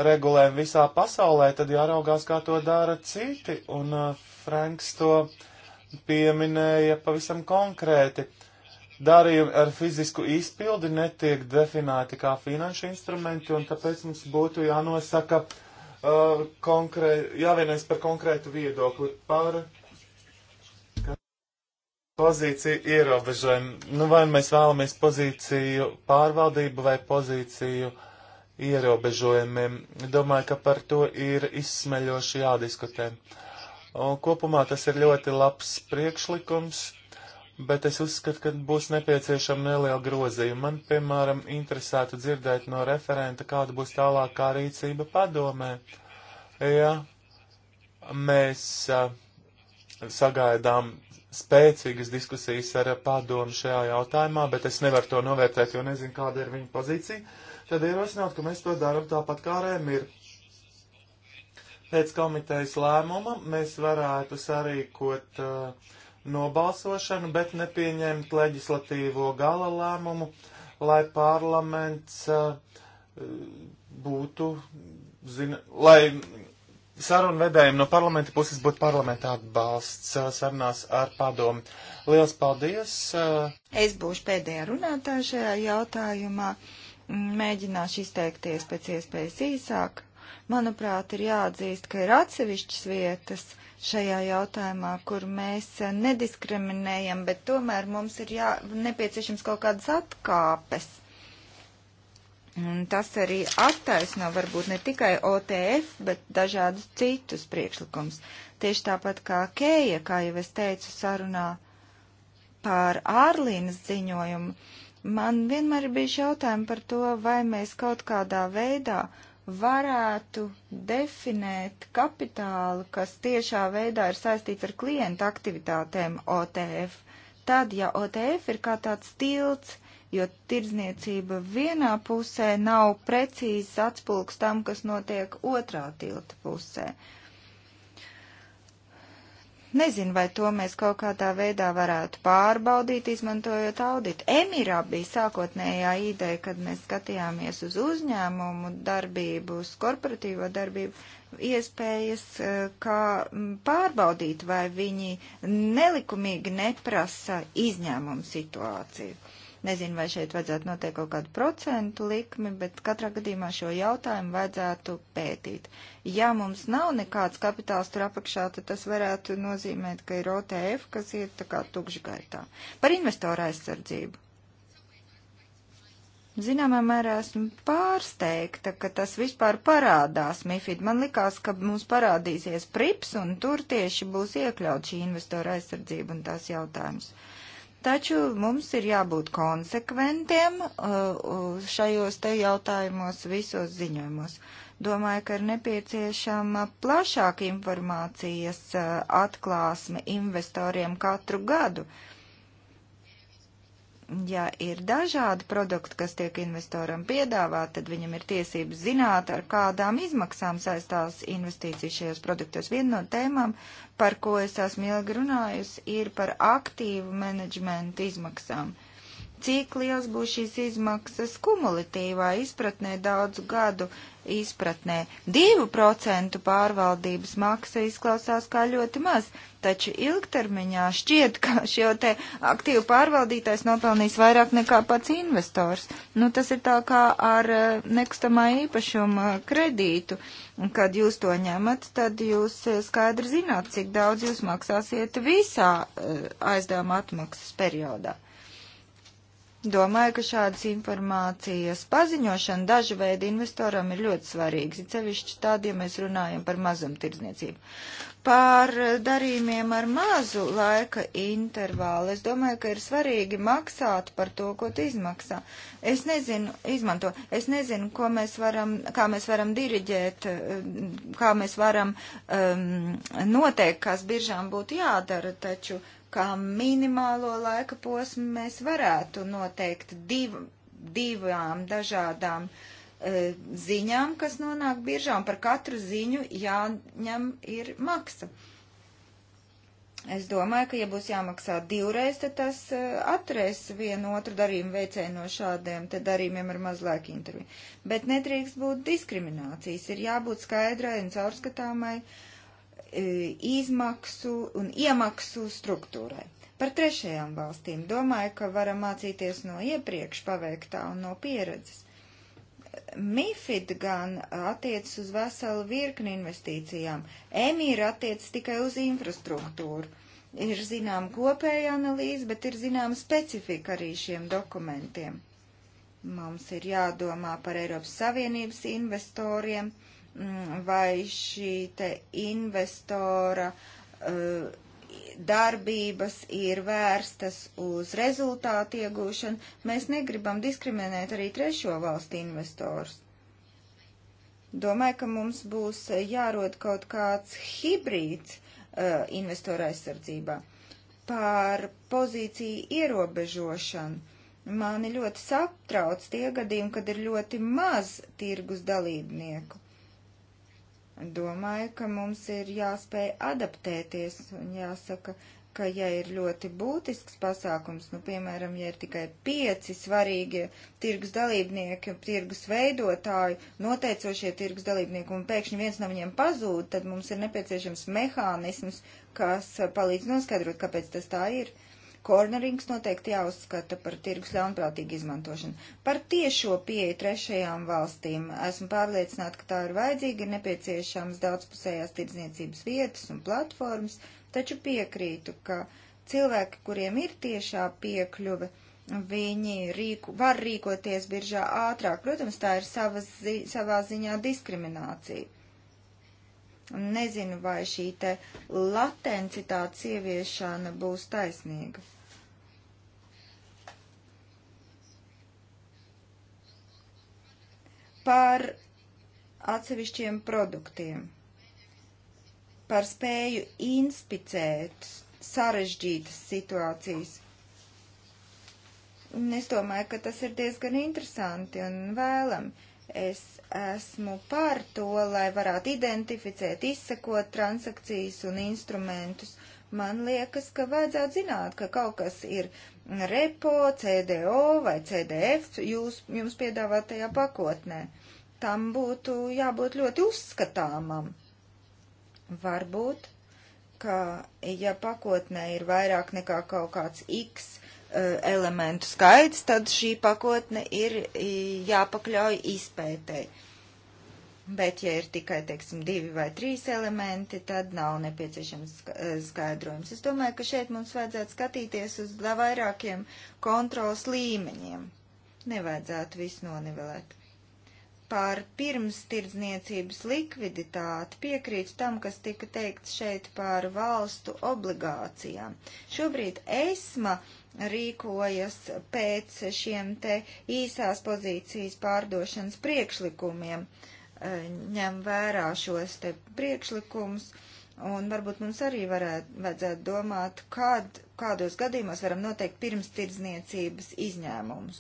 regulējumu visā pasaulē, tad jāraugās, kā to dara citi, un uh, Franks to pieminēja pavisam konkrēti. Darījumi ar fizisku izpildi netiek definēti kā finanšu instrumenti, un tāpēc mums būtu jānosaka uh, konkrē, jāvienojas par konkrētu viedokli par pozīciju ierobežojumu. Nu, vai mēs vēlamies pozīciju pārvaldību vai pozīciju ierobežojumiem. Domāju, ka par to ir izsmeļoši jādiskutē. Un kopumā tas ir ļoti labs priekšlikums, bet es uzskatu, ka būs nepieciešama neliela grozījuma. Man, piemēram, interesētu dzirdēt no referenta, kāda būs tālākā rīcība padomē. Ja mēs a, sagaidām spēcīgas diskusijas ar padomu šajā jautājumā, bet es nevaru to novērtēt, jo nezinu, kāda ir viņa pozīcija, tad ierosināt, ka mēs to darām tāpat kā Rēmīr. Pēc komitejas lēmuma mēs varētu sarīkot uh, nobalsošanu, bet nepieņemt leģislatīvo gala lēmumu, lai parlaments uh, būtu, zina, lai sarunvedējiem no parlamenta puses būtu parlamenta atbalsts sarunās ar padomu. Liels paldies! Es būšu pēdējā runātāja šajā jautājumā. Mēģināšu izteikties pēc iespējas īsāk. Manuprāt, ir jāatzīst, ka ir atsevišķas vietas šajā jautājumā, kur mēs nediskriminējam, bet tomēr mums ir jā, nepieciešams kaut kādas atkāpes. Uh, Un tas arī attaisno varbūt ne tikai OTF, bet dažādus citus priekšlikums. Tieši tāpat kā Kēja, kā jau es teicu sarunā pār Ārlīnas ziņojumu, man vienmēr ir bijuši jautājumi par to, vai mēs kaut kādā veidā varētu definēt kapitālu, kas tiešā veidā ir saistīts ar klientu aktivitātēm OTF. Tad, ja OTF ir kā tāds tilts, jo tirdzniecība vienā pusē nav precīzs atspulgs tam, kas notiek otrā tilta pusē. Nezinu, vai to mēs kaut kādā veidā varētu pārbaudīt, izmantojot auditu. Emirā bija sākotnējā ideja, kad mēs skatījāmies uz uzņēmumu darbību, uz korporatīvo darbību, iespējas, eh, kā pārbaudīt, vai viņi nelikumīgi neprasa izņēmumu situāciju. Nezinu, vai šeit vajadzētu noteikt kaut kādu procentu likmi, bet katrā gadījumā šo jautājumu vajadzētu pētīt. Ja mums nav nekāds kapitāls tur apakšā, tad tas varētu nozīmēt, ka ir OTF, kas ir tā kā tukšgaitā. Par investoru aizsardzību. Zināmā mērā esmu pārsteigta, ka tas vispār parādās MIFID. Man likās, ka mums parādīsies prips un tur tieši būs iekļaut šī investora aizsardzība un tās jautājums. Uh, taču mums ir jābūt konsekventiem uh, uh, šajos te jautājumos visos ziņojumos. Domāju, ka ir nepieciešama plašāka informācijas uh, atklāsme investoriem katru gadu. Uh, ja ir dažādi produkti, kas tiek investoram piedāvāti, tad viņam ir tiesības zināt, ar kādām izmaksām saistās investīcijas šajos produktos. Viena no tēmām, par ko es esmu ilgi runājusi, ir par aktīvu menedžmentu izmaksām. Cik liels būs šīs izmaksas kumulatīvā izpratnē daudzu gadu izpratnē. 2% pārvaldības maksa izklausās kā ļoti maz, taču ilgtermiņā šķiet, ka šo te aktīvu pārvaldītājs nopelnīs vairāk nekā pats investors. Nu, tas ir tā kā ar eh, nekustamā īpašuma kredītu. Un, kad jūs to ņemat, tad jūs eh, skaidri zināt, cik daudz jūs maksāsiet visā eh, aizdevuma atmaksas periodā. Domāju, ka šādas informācijas paziņošana dažu veidu investoram ir ļoti svarīgs, ir cevišķi tad, ja mēs runājam par mazumtirdzniecību. Par darījumiem ar mazu laika intervālu es domāju, ka ir svarīgi maksāt par to, ko tu izmaksā. Es nezinu, izmanto, es nezinu, ko mēs varam, kā mēs varam diriģēt, kā mēs varam um, noteikt, kas biržām būtu jādara, taču uh, kā minimālo laika posmu mēs varētu noteikt div, divām dažādām e, ziņām, kas nonāk biržā, un par katru ziņu jāņem ir maksa. Es domāju, ka ja būs jāmaksā divreiz, tad tas e, atturēs vienu otru darījumu veicēju no šādiem te darījumiem ar mazlaiku interviju. Bet nedrīkst būt diskriminācijas, ir jābūt skaidrai un caurskatāmai uh, E, izmaksu un iemaksu struktūrai. Par trešajām valstīm domāju, ka varam mācīties no iepriekš paveiktā un no pieredzes. MIFID gan attiec uz veselu virkni investīcijām, EMIR attiec tikai uz infrastruktūru. Ir zinām kopēja analīze, bet ir zinām specifika arī šiem dokumentiem. Mums ir jādomā par Eiropas Savienības investoriem vai šī te investora uh, darbības ir vērstas uz rezultātu iegūšanu, mēs negribam diskriminēt arī trešo valstu investors. Domāju, ka mums būs jārod kaut kāds hibrīds uh, investora aizsardzībā par pozīciju ierobežošanu. Mani ļoti satrauc tie gadījumi, kad ir ļoti maz tirgus dalībnieku Domāju, ka mums ir jāspēj adaptēties un jāsaka, ka ja ir ļoti būtisks pasākums, nu, piemēram, ja ir tikai pieci svarīgi tirgus dalībnieki, tirgus veidotāji, noteicošie tirgus dalībnieki, un pēkšņi viens no viņiem pazūd, tad mums ir nepieciešams mehānisms, kas palīdz noskaidrot, kāpēc tas tā ir. Uh, Kornerings noteikti jāuzskata par tirgus ļaunprātīgu izmantošanu. Par tiešo pieeju trešajām valstīm esmu pārliecināta, ka tā ir vajadzīga, ir nepieciešams daudzpusējās tirdzniecības vietas un platformas, taču piekrītu, ka cilvēki, kuriem ir tiešā piekļuve, viņi rīku, var rīkoties biržā ātrāk. Protams, tā ir savas, zi, savā ziņā diskriminācija. Un nezinu, vai šī te latencitātes ieviešana būs taisnīga. par atsevišķiem produktiem, par spēju inspicēt sarežģītas situācijas. Un es domāju, ka tas ir diezgan interesanti un vēlam. Es esmu par to, lai varētu identificēt, izsekot transakcijas un instrumentus Man liekas, ka vajadzētu zināt, ka kaut kas ir repo, CDO vai CDF jūs, jums piedāvātajā pakotnē. Tam būtu jābūt ļoti uzskatāmam. Varbūt, ka ja pakotnē ir vairāk nekā kaut kāds X, eh, elementu skaits, tad šī pakotne ir eh, jāpakļauj izpētēji. Bet, ja ir tikai, teiksim, divi vai trīs elementi, tad nav nepieciešams e, skaidrojums. Es domāju, ka šeit mums vajadzētu skatīties uz vairākiem kontrols līmeņiem. Nevajadzētu visu nonivelēt. Par pirmstirdzniecības likviditāti piekrītu tam, kas tika teikts šeit par valstu obligācijām. Šobrīd ESMA rīkojas pēc šiem te īsās pozīcijas pārdošanas priekšlikumiem. Uh, E, ņem vērā šos te priekšlikumus. Un varbūt mums arī varētu, vajadzētu domāt, kād, kādos gadījumos varam noteikt pirms tirdzniecības izņēmumus.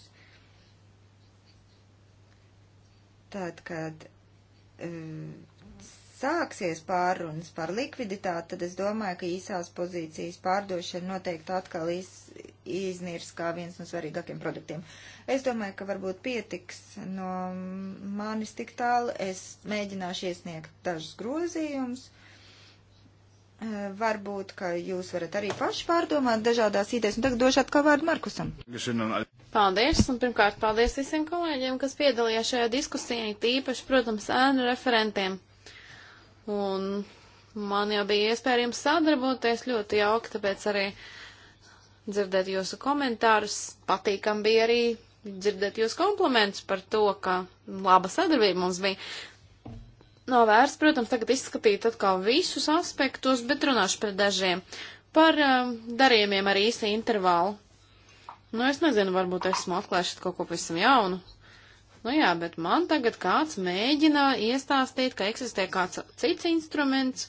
Tad, kad um, sāksies pārunas par likviditāti, tad es domāju, ka īsās pozīcijas pārdošana noteikti atkal iz, iznirs kā viens no svarīgākiem produktiem. Es domāju, ka varbūt pietiks no manis tik tālu. Es mēģināšu iesniegt dažus grozījumus. Eh, varbūt, ka jūs varat arī paši pārdomāt dažādās idejas, un tagad došu atkal vārdu Markusam. Paldies, un pirmkārt paldies visiem kolēģiem, kas piedalījās šajā diskusijā, tīpaši, protams, ēnu referentiem. Un man jau bija iespēja ar jums sadarboties ļoti jauki, tāpēc arī dzirdēt jūsu komentārus. Patīkam bija arī dzirdēt jūsu komplimentus par to, ka laba sadarbība mums bija. Nav vērts, protams, tagad izskatīt atkal visus aspektus, bet runāšu par dažiem. Par uh, darījumiem ar īsu intervālu. Nu, es nezinu, varbūt esmu atklājuši kaut ko pavisam jaunu. Nu jā, bet man tagad kāds mēģina iestāstīt, ka eksistē kāds cits instruments,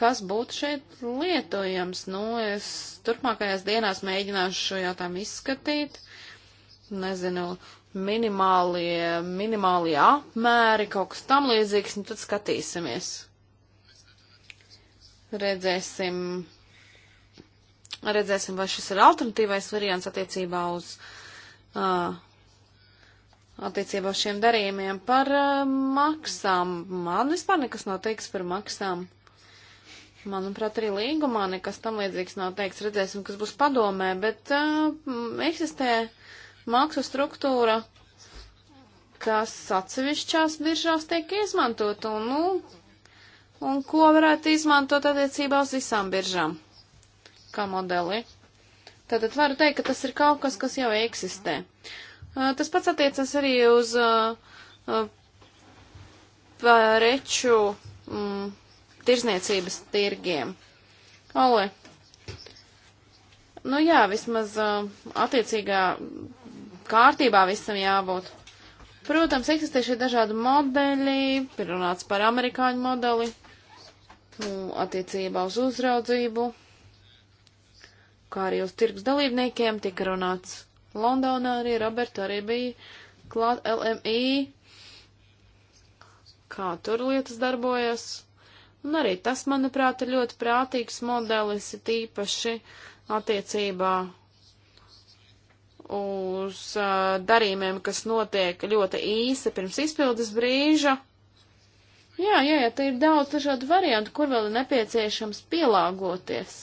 kas būtu šeit lietojams. Nu, es turpmākajās dienās mēģināšu šo jautājumu izskatīt. Nezinu, minimālie, minimālie apmēri, kaut kas tam līdzīgs, un nu, tad skatīsimies. Redzēsim, redzēsim, vai šis ir alternatīvais variants attiecībā uz uh, attiecībā uz šiem darījumiem par uh, maksām. Man vispār nekas nav teiks par maksām. Manuprāt, arī līgumā nekas tam līdzīgs nav teiks. Redzēsim, kas būs padomē, bet uh, eksistē maksu struktūra, kas atsevišķās biržās tiek izmantot un, nu, un ko varētu izmantot attiecībā uz visām biržām kā modeli. Tātad varu teikt, ka tas ir kaut kas, kas jau eksistē. Uh, Tas pats attiecas arī uz preču mm, tirzniecības tirgiem. Ole, nu jā, vismaz attiecīgā kārtībā visam jābūt. Protams, eksistē šie dažādi modeļi, ir runāts par amerikāņu modeli, nu, attiecībā uz uzraudzību, kā arī uz tirgus dalībniekiem tika runāts Londonā arī Roberta arī bija klāt LMI, kā tur lietas darbojas. Un arī tas, manuprāt, ir ļoti prātīgs modelis, tīpaši attiecībā uz uh, darījumiem, kas notiek ļoti īsi pirms izpildes brīža. Jā, jā, jā, te ir daudz dažādu variantu, kur vēl ir nepieciešams pielāgoties.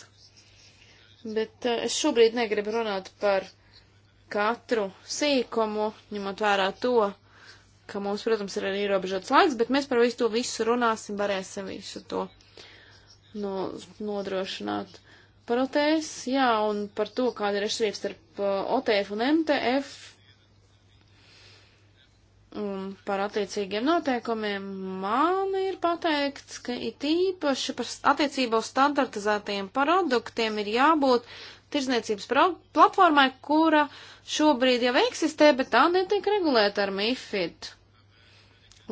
Bet uh, es šobrīd negribu runāt par katru sīkumu, ņemot vērā to, ka mums, protams, ir arī ierobežots laiks, bet mēs par visu to visu runāsim, varēsim visu to no, nodrošināt. Par OTS, jā, un par to, kāda ir atšķirība starp uh, OTF un MTF, un par attiecīgiem noteikumiem man ir pateikts, ka it īpaši par attiecībā uz standartizētajiem produktiem ir jābūt tirzniecības platformai, kura šobrīd jau eksistē, bet tā netiek regulēta ar MIFID.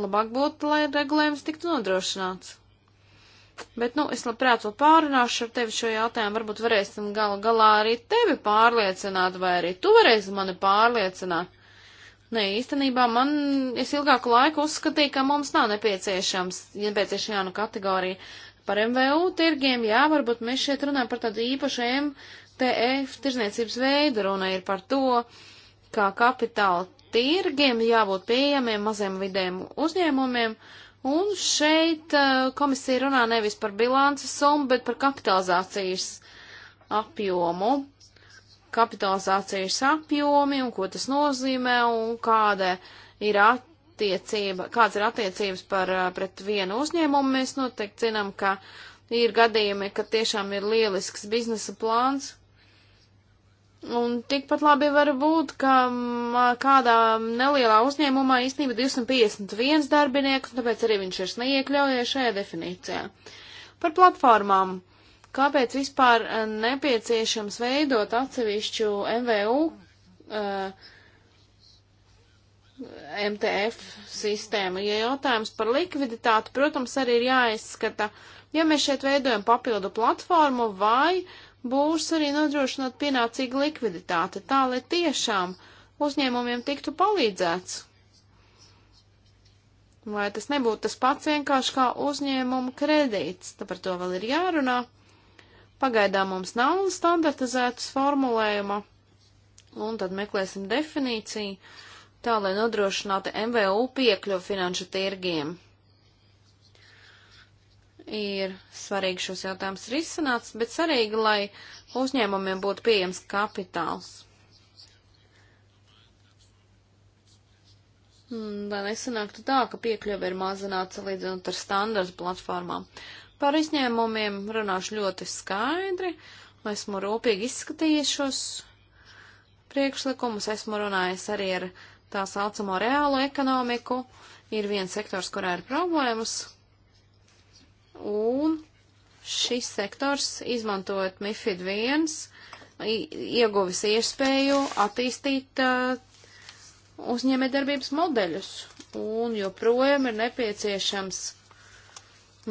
Labāk būtu, lai regulējums tiktu nodrošināts. Bet, nu, es labprāt vēl pārunāšu ar tevi šo jautājumu, varbūt varēsim gala galā arī tevi pārliecināt, vai arī tu varēsi mani pārliecināt. Nē, īstenībā man, es ilgāku laiku uzskatīju, ka mums nav nepieciešams, nepieciešama jauna kategorija par MVU tirgiem, jā, varbūt mēs šeit runājam par tādu īpašu TF tirzniecības veidu runa ir par to, kā kapitāla tirgiem jābūt pieejamiem maziem vidējiem uzņēmumiem, un šeit uh, komisija runā nevis par bilances summu, bet par kapitalizācijas apjomu. Kapitalizācijas apjomi un ko tas nozīmē un kāda ir attiecība, kāds ir attiecības par, uh, pret vienu uzņēmumu, mēs noteikti zinām, ka ir gadījumi, ka tiešām ir lielisks biznesa plāns, Un tikpat labi var būt, ka kādā nelielā uzņēmumā īstenībā 251 darbinieks, un tāpēc arī viņš vairs neiekļauja šajā definīcijā. Par platformām. Kāpēc vispār eh, nepieciešams veidot atsevišķu MVU uh, eh, MTF sistēmu? Ja jautājums par likviditāti, protams, arī ir jāizskata, ja mēs šeit veidojam papildu platformu vai uh, būs arī nodrošināt pienācīgu likviditāti, tā lai tiešām uzņēmumiem tiktu palīdzēts. Vai tas nebūtu tas pats vienkārši kā uzņēmuma kredīts, tā par to vēl ir jārunā. Pagaidām mums nav standartizētas formulējuma, un tad meklēsim definīciju, tā lai nodrošinātu MVU piekļuvu finanšu tirgiem ir svarīgi šos jautājumus risināt, bet svarīgi, lai uzņēmumiem būtu pieejams kapitāls. Mm, lai nesanāktu tā, ka piekļuve ir mazināta salīdzinot ar standarta platformām. Par izņēmumiem runāšu ļoti skaidri. Esmu rūpīgi izskatījis šos priekšlikumus, esmu runājis arī ar tā saucamo reālo ekonomiku. Ir viens sektors, kurā ir problēmas, Un šis sektors, izmantojot MIFID 1, ieguvis iespēju attīstīt uh, uzņēmējdarbības modeļus, un joprojām ir nepieciešams,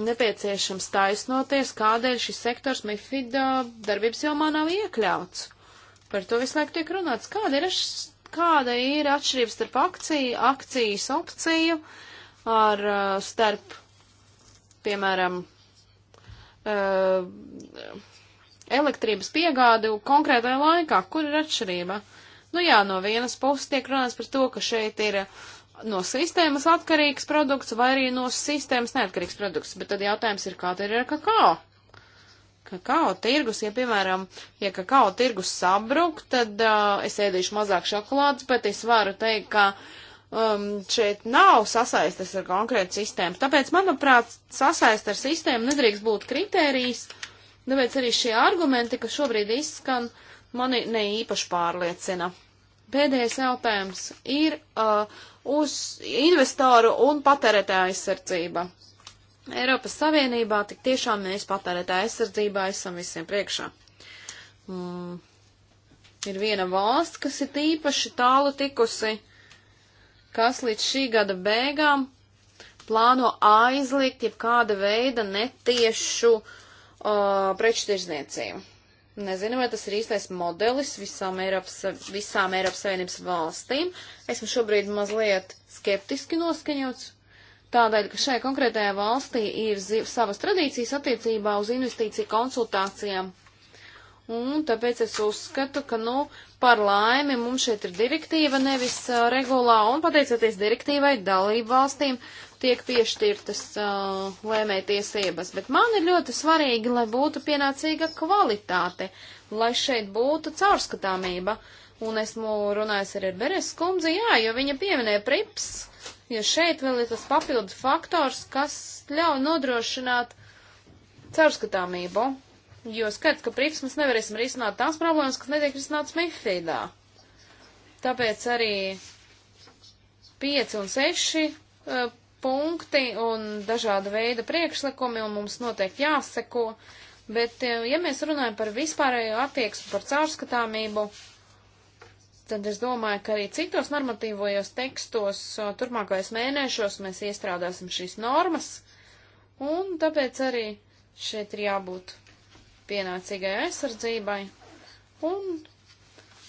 nepieciešams taisnoties, kādēļ šis sektors MIFID uh, darbības jomā nav iekļauts. Par to visu laiku tiek runāts, kāda ir, kāda ir atšķirība starp akciju, akcijas opciju ar uh, starp piemēram, eh, elektrības piegādi konkrētajā laikā, kur ir atšķirība. Nu jā, no vienas puses tiek runāts par to, ka šeit ir no sistēmas atkarīgs produkts vai arī no sistēmas neatkarīgs produkts, bet tad jautājums ir, kā tad ir ar kakao? Kakao tirgus, ja piemēram, ja kakao tirgus sabruk, tad uh, es ēdīšu mazāk šokolādes, bet es varu teikt, ka uh, um, šeit nav sasaistes ar konkrētu sistēmu. Tāpēc, manuprāt, sasaiste ar sistēmu nedrīkst būt kritērijs, tāpēc arī šie argumenti, kas šobrīd izskan, mani ne īpaši pārliecina. Pēdējais jautājums ir uh, uz investoru un patērētāju aizsardzība. Eiropas Savienībā tik tiešām mēs patērētāju aizsardzībā esam visiem priekšā. Mm. Ir viena valsts, kas ir īpaši tālu tikusi uh, kas līdz šī gada beigām plāno aizliegt jebkāda veida netiešu uh, preču tirzniecību. Nezinu, vai tas ir īstais modelis visām Eiropas, visām Eiropas Savienības valstīm. Esmu šobrīd mazliet skeptiski noskaņots, tādēļ, ka šai konkrētajā valstī ir savas tradīcijas attiecībā uz investīciju konsultācijām. Un tāpēc es uzskatu, ka, nu, Par laimi mums šeit ir direktīva, nevis uh, regulā, un pateicoties direktīvai dalību valstīm tiek piešķirtas uh, lēmētiesības. Bet man ir ļoti svarīgi, lai būtu pienācīga kvalitāte, lai šeit būtu caurskatāmība. Un esmu runājis arī ar Beres kundzi, jā, jo viņa pieminēja prips, jo šeit vēl ir tas papildu faktors, kas ļauj nodrošināt caurskatāmību jo skaidrs, ka priekš mēs nevarēsim risināt tās problēmas, kas netiek risinātas Mifīdā. Tāpēc arī 5 un 6 uh, e, punkti un dažāda veida priekšlikumi un mums noteikti jāseko, bet uh, ja mēs runājam par vispārējo attieksmi, par caurskatāmību, tad es domāju, ka arī citos normatīvojos tekstos e, turpmākajos mēnešos mēs iestrādāsim šīs normas, un tāpēc arī šeit ir jābūt pienācīgai aizsardzībai un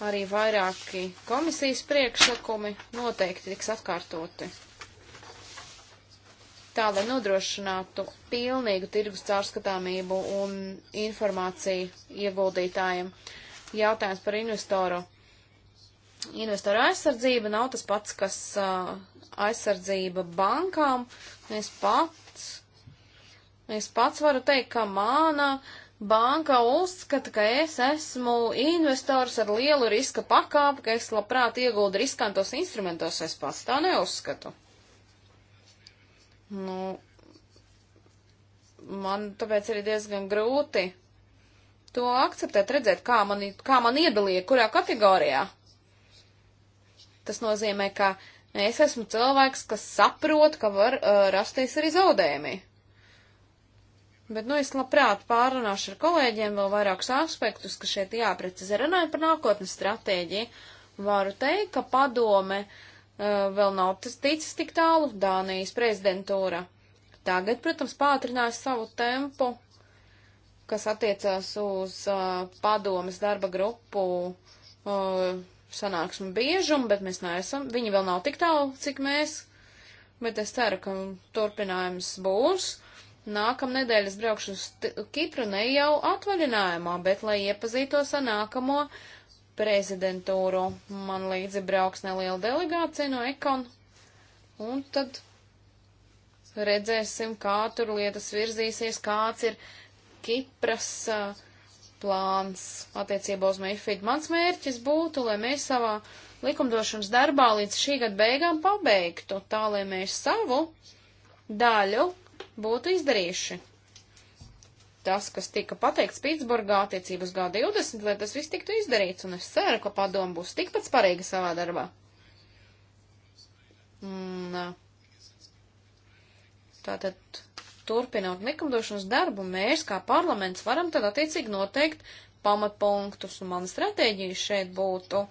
arī vairāki komisijas priekšlikumi noteikti tiks atkārtoti. Tā, lai nodrošinātu pilnīgu tirgus caurskatāmību un informāciju ieguldītājiem. Jautājums par investoru. Investoru aizsardzība nav tas pats, kas uh, aizsardzība bankām. Es pats, es pats varu teikt, ka mana uh, banka uzskata, ka es esmu investors ar lielu riska pakāpi, ka es labprāt ieguldu riskantos instrumentos, es pats tā neuzskatu. Nu, man tāpēc arī diezgan grūti to akceptēt, redzēt, kā man, kā man iedalīja, kurā kategorijā. Tas nozīmē, ka es esmu cilvēks, kas saprot, ka var uh, rasties arī zaudējumi. Bet, nu, es labprāt pārunāšu ar kolēģiem vēl vairākus aspektus, ka šeit jāprecizē runājot par nākotnes stratēģiju. Varu teikt, ka padome uh, vēl nav tas ticis tik tālu, Dānijas prezidentūra. Tagad, protams, pātrinās savu tempu, kas attiecās uz uh, padomes darba grupu uh, sanāksmu biežumu, bet mēs neesam, viņi vēl nav tik tālu, cik mēs, bet es ceru, ka turpinājums būs. Nākamnedēļ es braukšu uz Kipru ne jau atvaļinājumā, bet lai iepazītos ar nākamo prezidentūru. Man līdzi brauks neliela delegācija no Ekon. Un tad redzēsim, kā tur lietas virzīsies, kāds ir Kipras uh, plāns attiecībā uz MIFID. Mans mērķis būtu, lai mēs savā likumdošanas darbā līdz šī gada beigām pabeigtu, tā lai mēs savu daļu būtu izdarījuši. Tas, kas tika pateikts Pitsburgā attiecības G20, lai tas viss tiktu izdarīts, un es ceru, ka padomu būs tikpat sparīga savā darbā. Un, tātad, turpinot likumdošanas darbu, mēs kā parlaments varam tad attiecīgi noteikt pamatpunktus, un mana stratēģija šeit būtu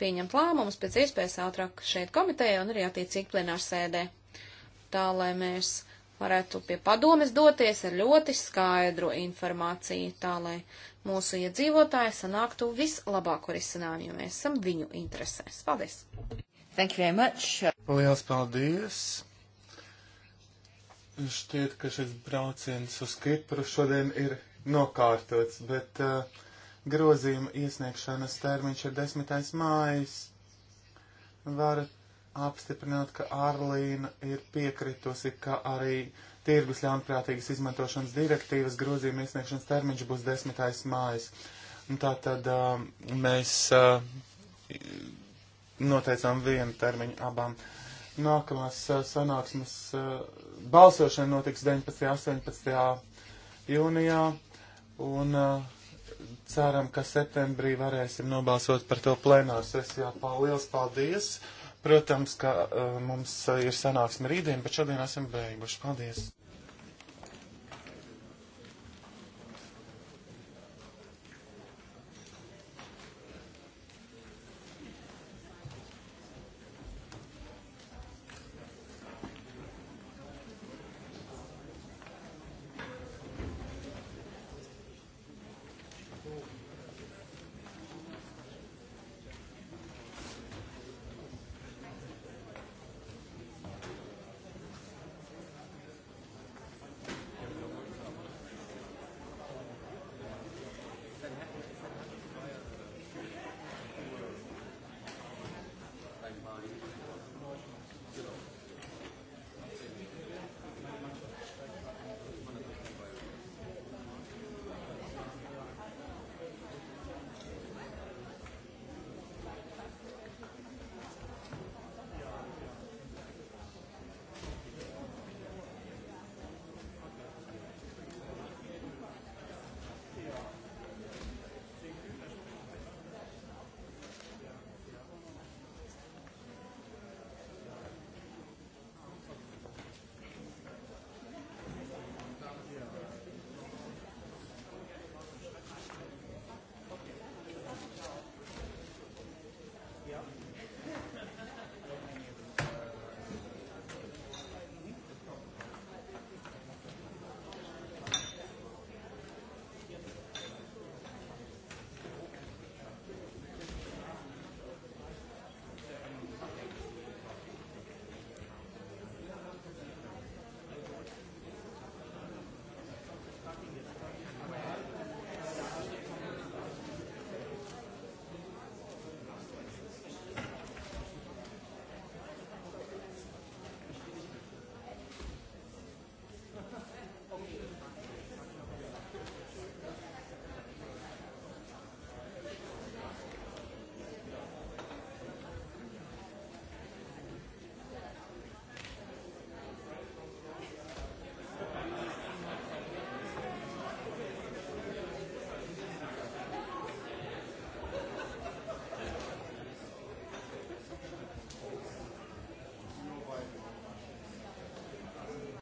pieņemt lēmumus pēc iespējas ātrāk šeit komiteja un arī attiecīgi plenārsēdē. Tā, lai mēs varētu pie padomes doties ar ļoti skaidru informāciju, tā lai mūsu iedzīvotāji sanāktu vislabāko risinājumu, jo mēs esam viņu interesēs. Paldies! Thank you very much! Lielas paldies! Šķiet, ka šis brauciens uz Kipru šodien ir nokārtots, bet uh, grozījuma iesniegšanas termiņš ir 10. mājas. Varat apstiprināt, ka Arlīna ir piekritusi, ka arī tirgus ļaunprātīgas izmantošanas direktīvas grozījuma iesniegšanas termiņš būs 10. mājas. Tātad uh, um, mēs uh, noteicām vienu termiņu abām. Nākamās uh, sanāksmes uh, balsošana notiks 19. 18. jūnijā un uh, ceram, ka septembrī varēsim nobalsot par to plenāru sesijā. Paldies, paldies! Protams, ka uh, mums uh, ir sanāksme rītdien, bet šodien esam beiguši. Paldies!